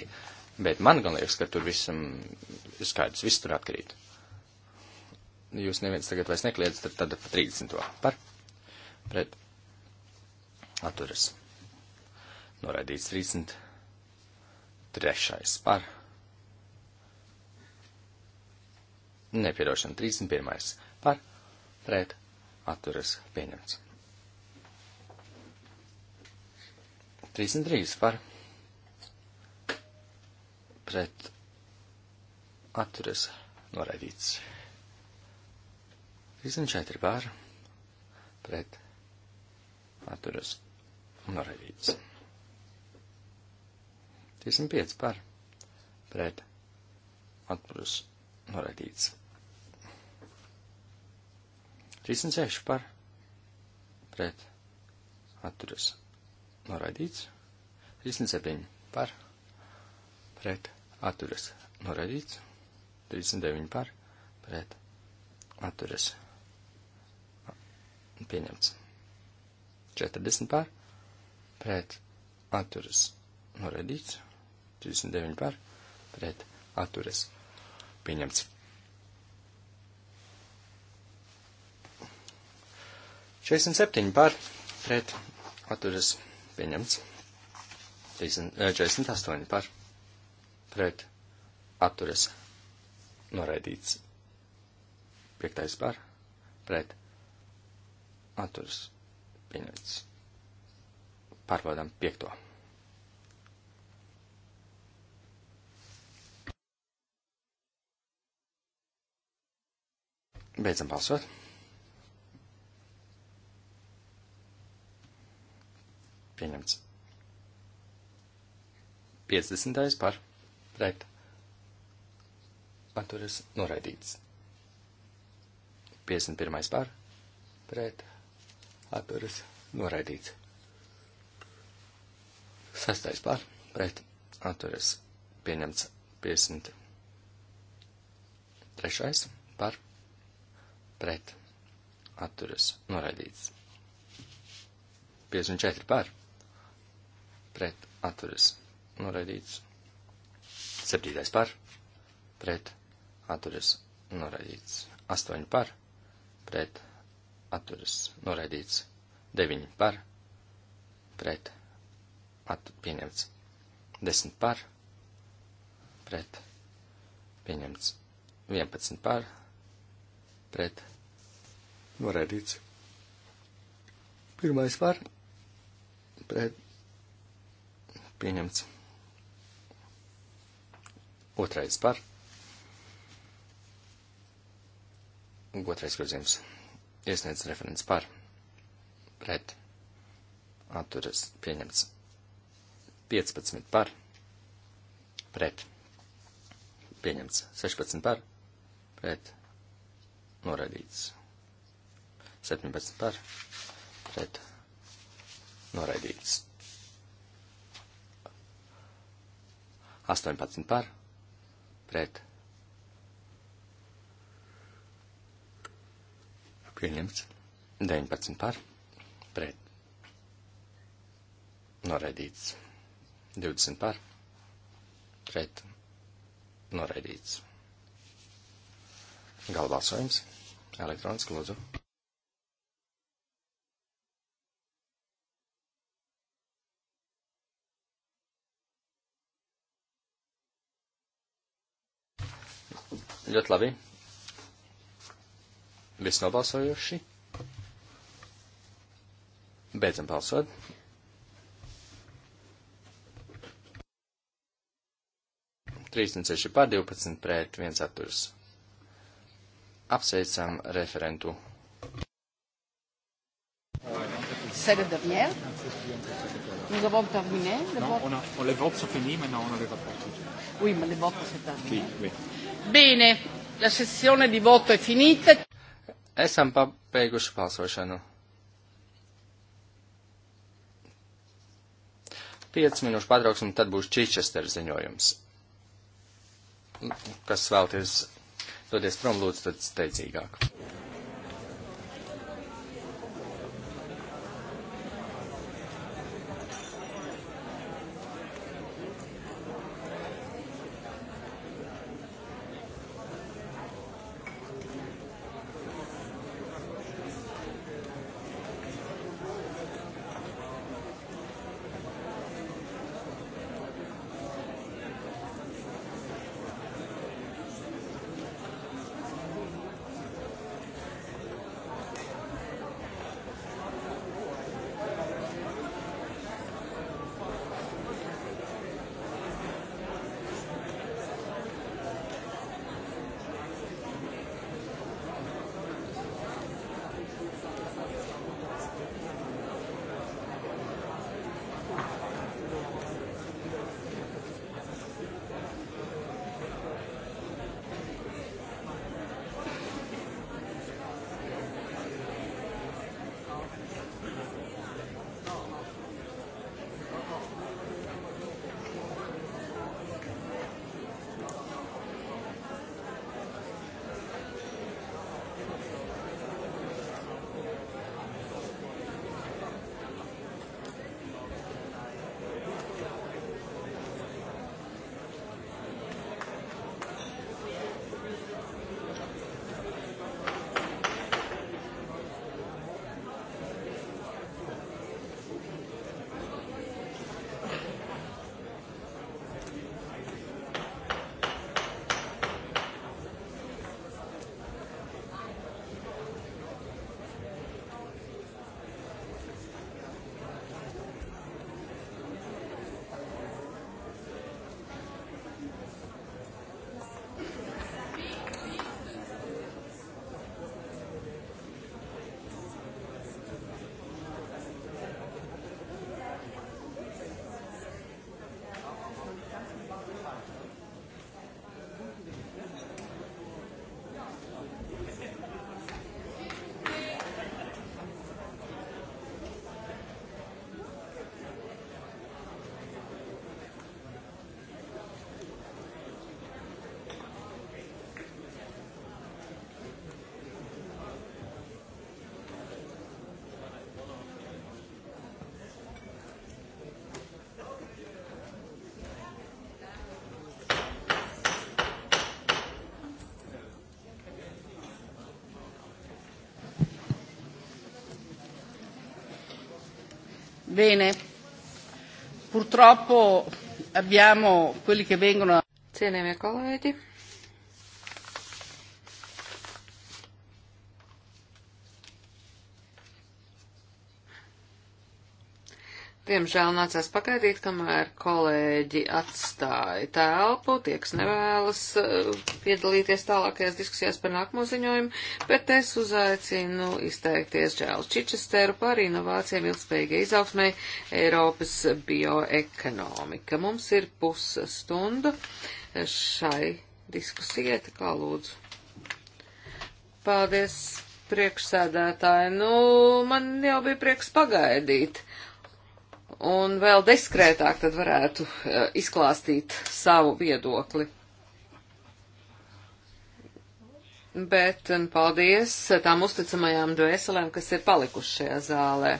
Bet man gan liekas, ka tur visam ir skaidrs, viss tur atkrīt. Jūs neviens tagad vairs nekliedz, tad tad pa 30. par pret atturas. Noraidīts 33. par. Nepiedošana 31. par pret atturas pieņemts. 33 par pret pret atturas noraidīts. 34 pār pret atturas noraidīts. 35 pār pret atturas noraidīts. 36 pār pret atturas noraidīts. 37 par pret atturas noraidīts, 39 par, pret, atturas pieņemts, 40 par, pret, atturas noraidīts, 39 par, pret, atturas pieņemts. 47 par, pret, atturas pieņemts, 48 eh, par, pret, pret atturas noraidīts. Piektais par pret atturas pieņemts. Pārbaudām piekto. Beidzam balsot. Pieņemts. 50. par pret atturas noraidīts. 51. par pret atturas noraidīts. 6. par pret atturas pieņemts 53. par pret atturas noraidīts. 54 par pret atturas noraidīts. Septītais par, pret, atturas, noraidīts. Astoņi par, pret, atturas, noraidīts. Deviņi par, pret, atturas, pieņemts. Desmit par, pret, pieņemts. Vienpadsmit par, pret, noraidīts. Pirmais var pret pieņemts. Otrais par. Otrais grozījums. Iesniedz referents par. Pret. Atturas pieņemts. 15 par. Pret. Pieņemts. 16 par. Pret. Noraidīts. 17 par. Pret. Noraidīts. 18 par pret. Pieņemts. 19 par. Pret. Noraidīts. 20 par. Pret. Noraidīts. Galvāsojums. Elektroniski lūdzu. Ļoti labi. Viss nobalsojuši. Beidzam balsot. Trīsdesmit seši pār divpadsmit pret viens atturs. Apsveicam referentu celle dernière. Nous avons terminé le non, vote. On, a, on, les votes sont finis, maintenant on n'aveva pas tutti. Oui, ma le vote c'est terminé. Sì, oui. Bene, la sessione di voto è finita. Esam pabeiguši balsošanu. 5 minūšu patrauksim, tad būs Čičester ziņojums. Kas vēlties doties prom, lūdzu, tad steidzīgāk. Bene, purtroppo abbiamo quelli che vengono. Cienējamie kolēģi, Diemžēl nācās pagaidīt, kamēr kolēģi atstāja telpu, tie, kas nevēlas eh, piedalīties tālākajās diskusijās par nākamo ziņojumu, bet es uzaicinu izteikties Džēlu Čičesteru par inovācijām ilgspējīgai izaugsmai Eiropas bioekonomika. Mums ir pusstunda šai diskusijai, tā kā lūdzu. Paldies, priekšsēdētāji. Nu, man jau bija prieks pagaidīt un vēl diskrētāk tad varētu eh, izklāstīt savu viedokli. Bet paldies tām uzticamajām dvēselēm, kas ir palikušas šajā zālē.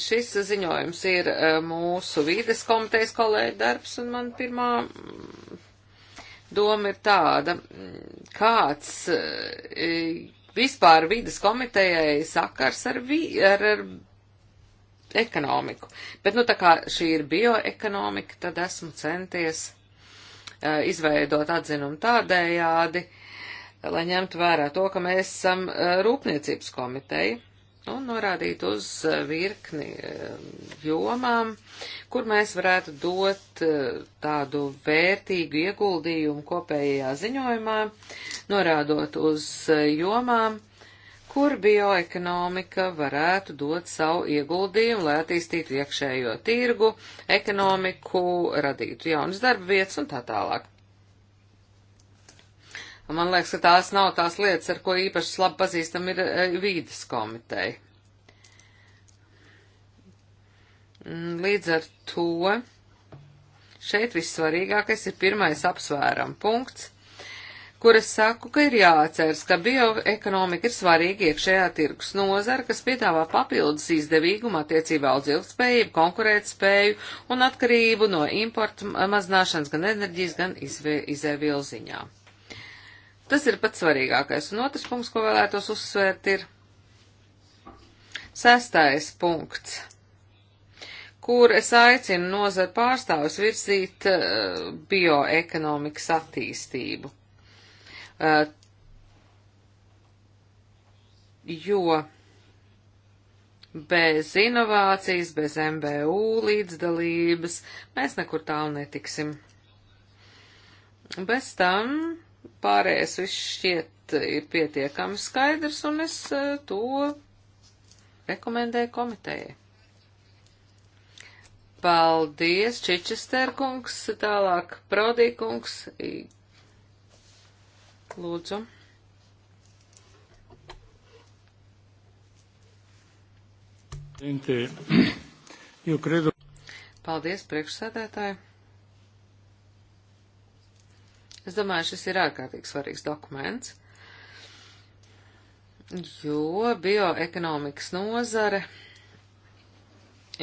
Šis ziņojums ir eh, mūsu vīdes komitejas kolēģi darbs, un man pirmā mm, doma ir tāda, mm, kāds eh, vispār vīdes komitejai sakars ar, vi, ar, ar ekonomiku. Bet, nu, tā kā šī ir bioekonomika, tad esmu centies uh, izveidot atzinumu tādējādi, lai ņemtu vērā to, ka mēs esam uh, rūpniecības komiteja un norādīt uz virkni jomām, kur mēs varētu dot tādu vērtīgu ieguldījumu kopējā ziņojumā, norādot uz jomām, kur bioekonomika varētu dot savu ieguldījumu, lai attīstītu iekšējo tirgu, ekonomiku, radītu jaunas darba vietas un tā tālāk. Man liekas, ka tās nav tās lietas, ar ko īpaši labi pazīstam ir e, vīdes komiteja. Mm, līdz ar to šeit vissvarīgākais ir pirmais apsvēram punkts, kur es saku, ka ir jāatceras, ka bioekonomika ir svarīga iekšējā tirgus nozara, kas piedāvā papildus izdevīgumu attiecībā uz ilgspējību, konkurētspēju un atkarību no importu mazināšanas gan enerģijas, gan izēvielu ziņā. Tas ir pats svarīgākais. Un otrs punkts, ko vēlētos uzsvērt, ir sestais punkts kur es aicinu nozar pārstāvis virzīt eh, bioekonomikas attīstību. Eh, jo bez inovācijas, bez MBU līdzdalības mēs nekur tālu netiksim. Bez tam pārējais viss šķiet ir pietiekami skaidrs, un es eh, to rekomendēju komitejai. Paldies, Čičesterkungs, tālāk Prodīkungs, Lūdzu. Paldies, priekšsēdētāji. Es domāju, šis ir ārkārtīgi svarīgs dokuments, jo bioekonomikas nozare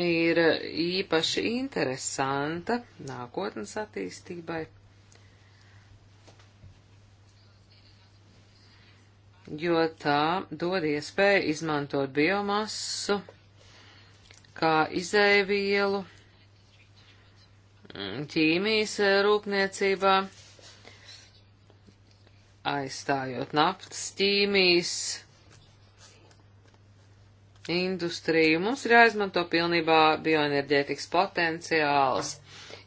ir īpaši interesanta nākotnes attīstībai. jo tā dod iespēju izmantot biomasu kā izēvielu ķīmijas rūpniecībā, aizstājot naftas ķīmijas industriju. Mums ir jāizmanto pilnībā bioenerģētikas potenciāls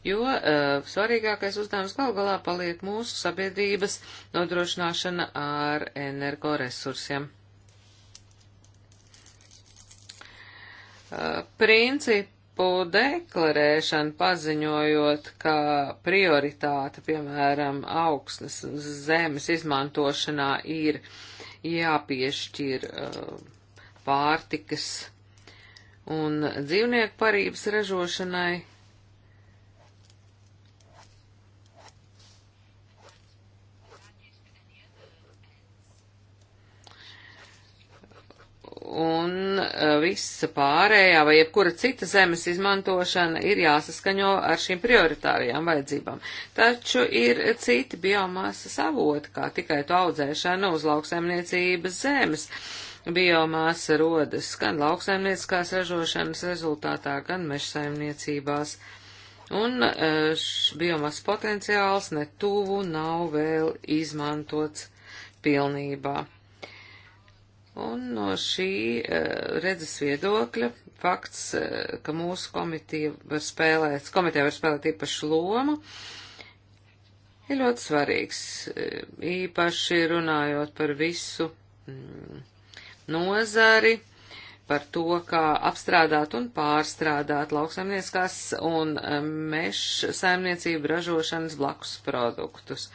jo uh, svarīgākais uzdevums gal galā paliek mūsu sabiedrības nodrošināšana ar energoresursiem. Uh, principu deklarēšana paziņojot, ka prioritāte, piemēram, augsnes zemes izmantošanā ir jāpiešķir uh, pārtikas un dzīvnieku parības ražošanai un e, visa pārējā vai jebkura cita zemes izmantošana ir jāsaskaņo ar šīm prioritārajām vajadzībām. Taču ir citi biomasas avoti, kā tikai to audzēšana uz lauksaimniecības zemes. Biomasa rodas gan lauksaimnieciskās ražošanas rezultātā, gan mežsaimniecībās. Un e, biomasa potenciāls netuvu nav vēl izmantots pilnībā. Un no šī eh, redzes viedokļa fakts, eh, ka mūsu komiteja var spēlēt, komiteja var spēlēt īpašu lomu, ir ļoti svarīgs, eh, īpaši runājot par visu mm, nozari, par to, kā apstrādāt un pārstrādāt lauksaimniecās un meža saimniecību ražošanas blakus produktus.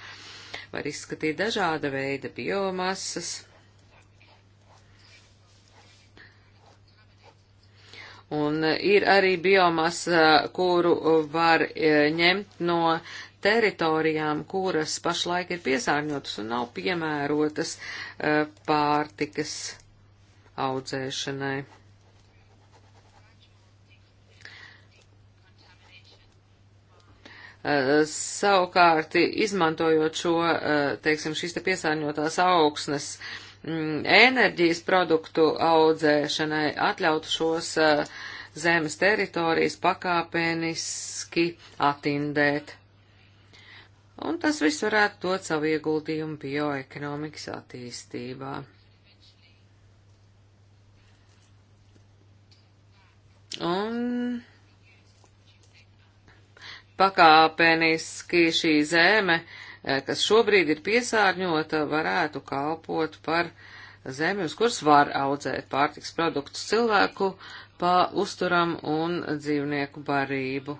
Var izskatīt dažāda veida biomasas Un ir arī biomasa, kuru var e, ņemt no teritorijām, kuras pašlaik ir piesārņotas un nav piemērotas e, pārtikas audzēšanai. E, savukārt, izmantojot šo, teiksim, šīs te piesārņotās augsnes, uh, Mm, enerģijas produktu audzēšanai atļautu šos eh, zemes teritorijas pakāpeniski atindēt. Un tas viss varētu dot savu ieguldījumu bioekonomikas attīstībā. Un pakāpeniski šī zeme uh, Eh, kas šobrīd ir piesārņota, varētu kalpot par zemi, uz kuras var audzēt pārtiks produktus cilvēku pa uzturam un dzīvnieku barību.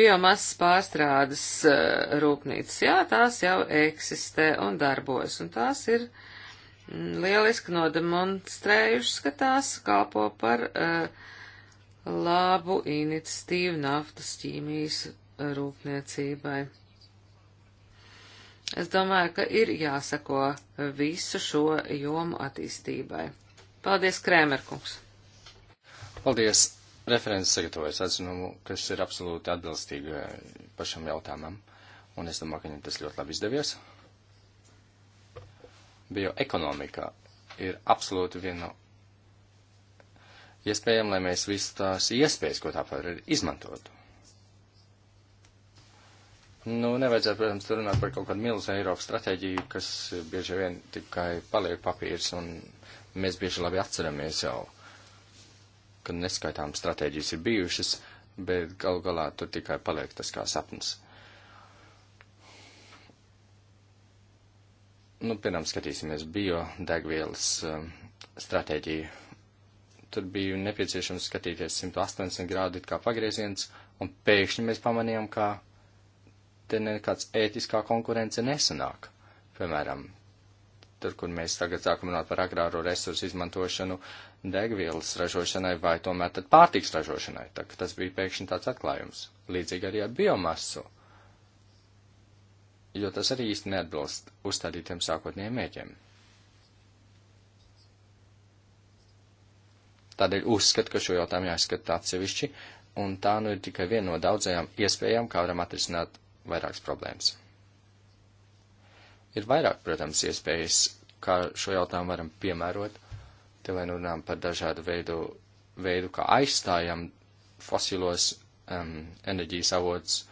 Biomasas pārstrādes eh, rūpnīcas, jā, tās jau eksistē un darbojas, un tās ir mm, lieliski nodemonstrējušas, ka tās kalpo par uh, labu iniciatīvu naftas ķīmijas rūpniecībai. Es domāju, ka ir jāsako visu šo jomu attīstībai. Paldies, Krēmerkungs! Paldies! Referents sagatavojas atzinumu, kas ir absolūti atbilstīga eh, pašam jautājumam, un es domāju, ka viņam tas ļoti labi izdevies. Bioekonomika ir absolūti viena no iespējām, lai mēs visu tās iespējas, ko tā var izmantotu. Nu, nevajadzētu, protams, runāt par kaut kādu milzu Eiropas stratēģiju, kas bieži vien tikai paliek papīrs, un mēs bieži labi atceramies jau, ka neskaitām stratēģijas ir bijušas, bet gal galā tur tikai paliek tas kā sapnis. Nu, piemēram, skatīsimies biodegvielas um, stratēģiju. Tur bija nepieciešams skatīties 180 grādu it kā pagrieziens, un pēkšņi mēs pamanījām, ka te nekāds ētiskā konkurence nesanāk. Piemēram, tur, kur mēs tagad sākam runāt par agrāro resursu izmantošanu degvielas ražošanai vai tomēr tad pārtiks ražošanai. Tā, tas bija pēkšņi tāds atklājums. Līdzīgi arī ar biomasu. Jo tas arī īsti neatbilst uzstādītiem sākotnējiem mēķiem. Tādēļ uzskatu, ka šo jautājumu jāizskata atsevišķi, un tā nu ir tikai viena no daudzajām iespējām, kā varam atrisināt vairākas problēmas. Ir vairāk, protams, iespējas, kā šo jautājumu varam piemērot, te vai nu runājam par dažādu veidu, veidu kā aizstājam fosilos um, enerģijas avots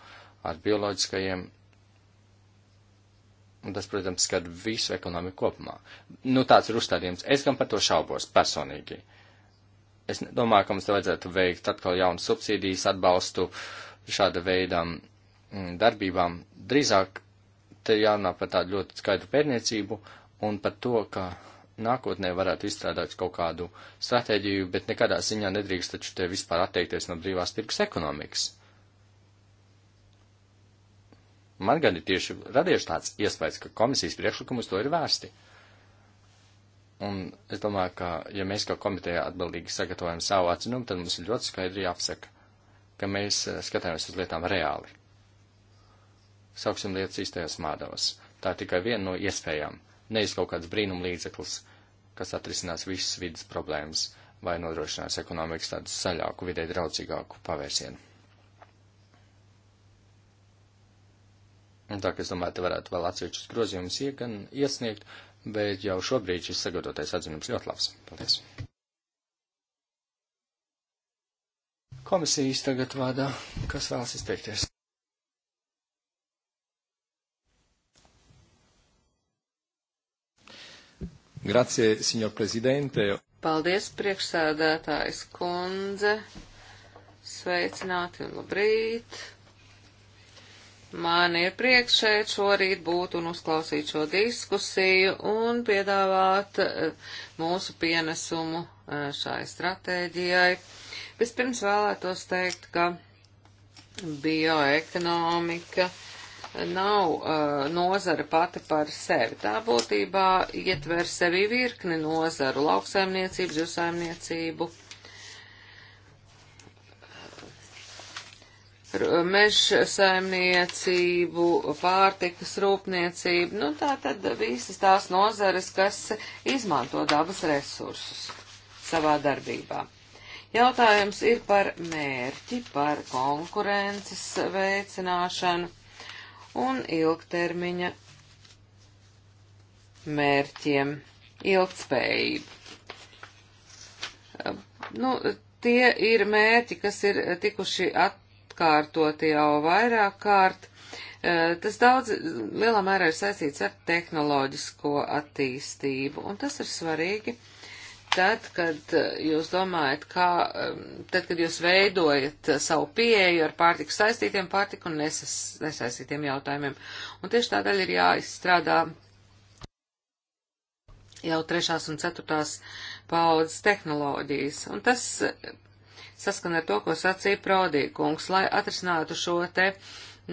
ar bioloģiskajiem Un tas, protams, skar visu ekonomiku kopumā. Nu, tāds ir uzstādījums. Es gan par to šaubos personīgi. Es domāju, ka mums te vajadzētu veikt atkal jaunu subsīdijas atbalstu šāda veidam Mm, darbībām. Drīzāk te jārunā par tādu ļoti skaidru pērniecību un par to, ka nākotnē varētu izstrādāt kaut kādu stratēģiju, bet nekādā ziņā nedrīkst taču te vispār atteikties no brīvās tirgus ekonomikas. Man gan ir tieši radies tāds iespējas, ka komisijas priekšlikumi uz to ir vērsti. Un es domāju, ka, ja mēs kā komiteja atbildīgi sagatavojam savu atzinumu, tad mums ir ļoti skaidri jāapsaka, ka mēs eh, skatāmies uz lietām reāli sauksim lietas īstajās mādavas. Tā ir tikai viena no iespējām, nevis kaut kāds brīnum līdzeklis, kas atrisinās visas vidas problēmas vai nodrošinās ekonomikas tādu zaļāku, vidē draudzīgāku pavērsienu. Un tā, ka es domāju, te varētu vēl atsevišķus grozījumus iesniegt, bet jau šobrīd šis sagatavotais atzinums ļoti labs. Paldies. Komisijas tagad vada, kas vēlas izteikties. Grazie, signor prezidente. Paldies, priekšsēdētājs kundze. Sveicināti un labrīt. Man ir prieks šeit šorīt būt un uzklausīt šo diskusiju un piedāvāt eh, mūsu pienesumu eh, šai stratēģijai. Vispirms vēlētos teikt, ka bioekonomika nav uh, nozara pati par sevi. Tā būtībā ietver sevi virkni nozaru - lauksaimniecību, zivsaimniecību, mežsaimniecību, pārtikas rūpniecību, nu tā tad visas tās nozares, kas izmanto dabas resursus savā darbībā. Jautājums ir par mērķi, par konkurences veicināšanu un ilgtermiņa mērķiem - ilgtspējību. Nu, tie ir mērķi, kas ir tikuši atkārtoti jau vairāk kārt. Tas daudz lielā mērā ir saistīts ar tehnoloģisko attīstību, un tas ir svarīgi tad, kad eh, jūs domājat, kā, tad, kad jūs veidojat eh, savu pieeju ar pārtiku saistītiem pārtiku un nesas, nesaistītiem jautājumiem. Un tieši tādēļ ir jāizstrādā jau trešās un ceturtās paudzes tehnoloģijas. Un tas eh, saskan ar to, ko sacīja Prodīkungs, lai atrisinātu šo te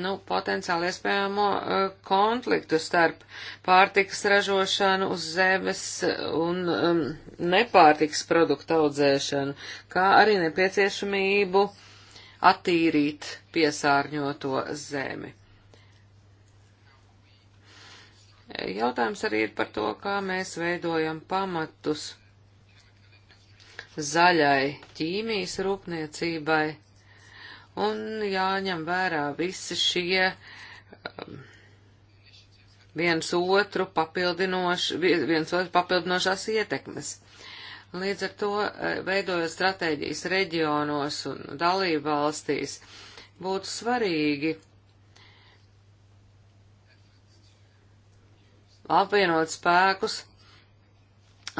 nu, potenciāli iespējamo eh, konfliktu starp pārtikas ražošanu uz zemes eh, un um, nepārtikas produktu audzēšanu, kā arī nepieciešamību attīrīt piesārņoto zemi. Jautājums arī ir par to, kā mēs veidojam pamatus zaļai ķīmijas rūpniecībai un jāņem vērā visi šie um, viens otru papildinoši, viens otru papildinošās ietekmes. Līdz ar to, eh, veidojot stratēģijas reģionos un dalību valstīs, būtu svarīgi apvienot spēkus,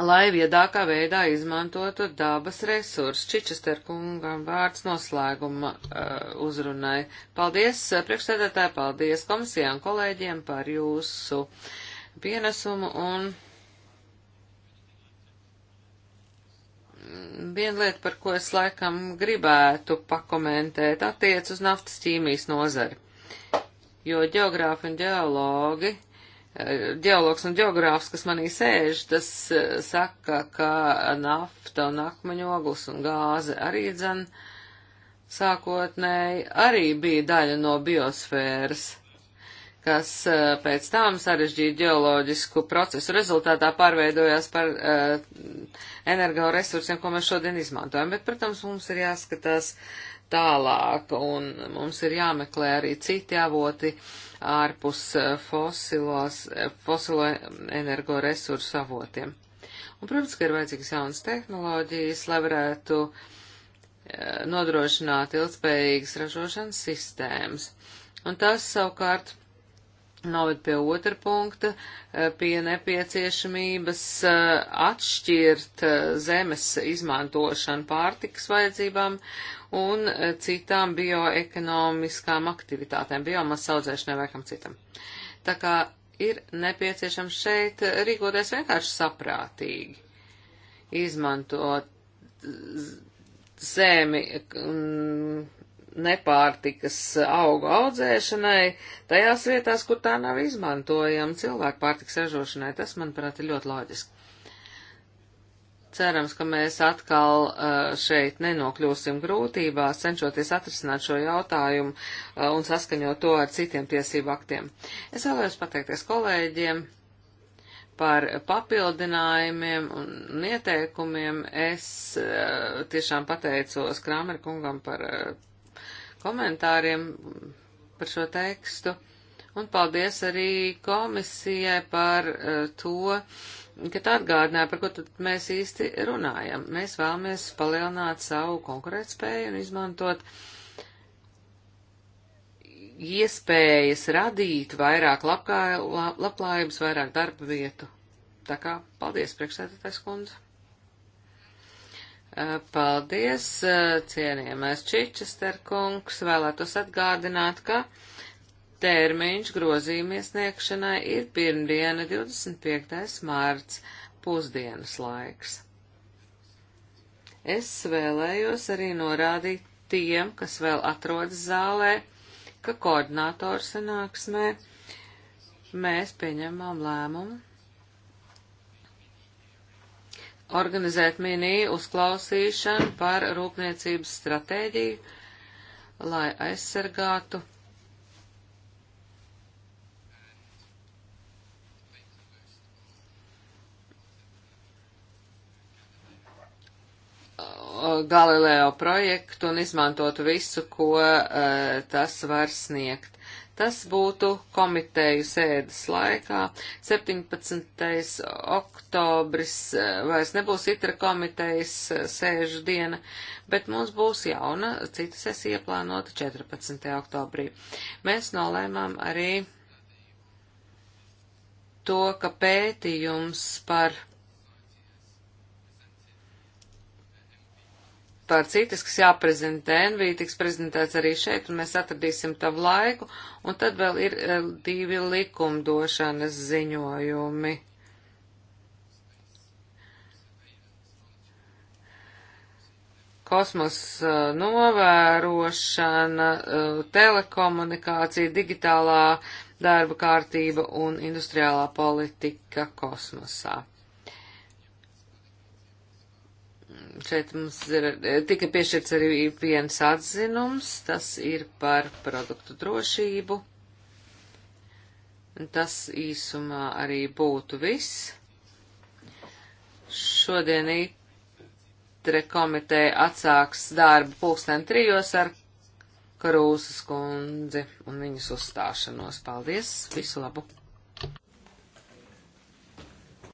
lai viedākā veidā izmantotu dabas resursus. Čičester kungam vārds noslēguma uh, uzrunai. Paldies eh, priekšstādātāji, paldies komisijām kolēģiem par jūsu pienesumu un viena lieta, par ko es laikam gribētu pakomentēt, attiec uz naftas ķīmijas nozari. Jo ģeogrāfi un ģeologi uh, ģeologs un geogrāfs, kas manī sēž, tas eh, saka, ka nafta un akmeņoglis un gāze arī dzen sākotnēji arī bija daļa no biosfēras, kas eh, pēc tam sarežģīja ģeoloģisku procesu rezultātā pārveidojās par uh, energoresursiem, ko mēs šodien izmantojam. Bet, protams, mums ir jāskatās tālāk un mums ir jāmeklē arī citi avoti. Uh, ārpus eh, fosilās, eh, fosilo energoresursu avotiem. Un, protams, ka ir vajadzīgas jaunas tehnoloģijas, lai varētu eh, nodrošināt ilgspējīgas ražošanas sistēmas. Un tas savukārt noved pie otra punkta, pie nepieciešamības atšķirt zemes izmantošanu pārtikas vajadzībām un eh, citām bioekonomiskām aktivitātēm, biomasa audzēšanai vai kam citam. Tā kā ir nepieciešams šeit eh, rīkoties vienkārši saprātīgi, izmantot zemi mm, nepārtikas augu audzēšanai, tajās vietās, kur tā nav izmantojama cilvēku pārtikas ražošanai. Tas, manuprāt, ir ļoti loģiski. Cerams, ka mēs atkal eh, šeit nenokļūsim grūtībās, cenšoties atrisināt šo jautājumu eh, un saskaņot to ar citiem tiesību aktiem. Es vēlējos pateikties kolēģiem par papildinājumiem un ieteikumiem. Es eh, tiešām pateicos Krāmer kungam par komentāriem par šo tekstu. Un paldies arī komisijai par to, kad atgādināja, par ko tad mēs īsti runājam. Mēs vēlamies palielināt savu konkurētspēju un izmantot iespējas radīt vairāk labkā, labklājības, vairāk darba vietu. Tā kā paldies, priekšsēdētājs kundze. Eh, paldies, eh, cienījamais Čičester kungs, vēlētos atgādināt, ka Termiņš grozījuma iesniegšanai ir pirmdiena 25. mārts pusdienas laiks. Es vēlējos arī norādīt tiem, kas vēl atrodas zālē, ka koordinātoru sanāksmē mēs pieņemam lēmumu organizēt mini uzklausīšanu par rūpniecības stratēģiju, lai aizsargātu Uh, Galileo projektu un izmantotu visu, ko uh, tas var sniegt. Tas būtu komiteju sēdes laikā. 17. oktobris uh, vairs nebūs itra komitejas uh, sēžu diena, bet mums būs jauna cita sesija plānota 14. oktobrī. Mēs nolēmām arī to, ka pētījums par par citas, kas jāprezentē NV, tiks prezentēts arī šeit, un mēs atradīsim tavu laiku, un tad vēl ir eh, divi likumdošanas ziņojumi. Kosmos eh, novērošana, eh, telekomunikācija, digitālā darba kārtība un industriālā politika kosmosā. Šeit mums ir, eh, tika piešķirts arī viens atzinums, tas ir par produktu drošību. Tas īsumā arī būtu viss. Šodien ITRE komiteja atsāks darbu pulksten trijos ar Karūzas kundzi un viņas uzstāšanos. Paldies! Visu labu!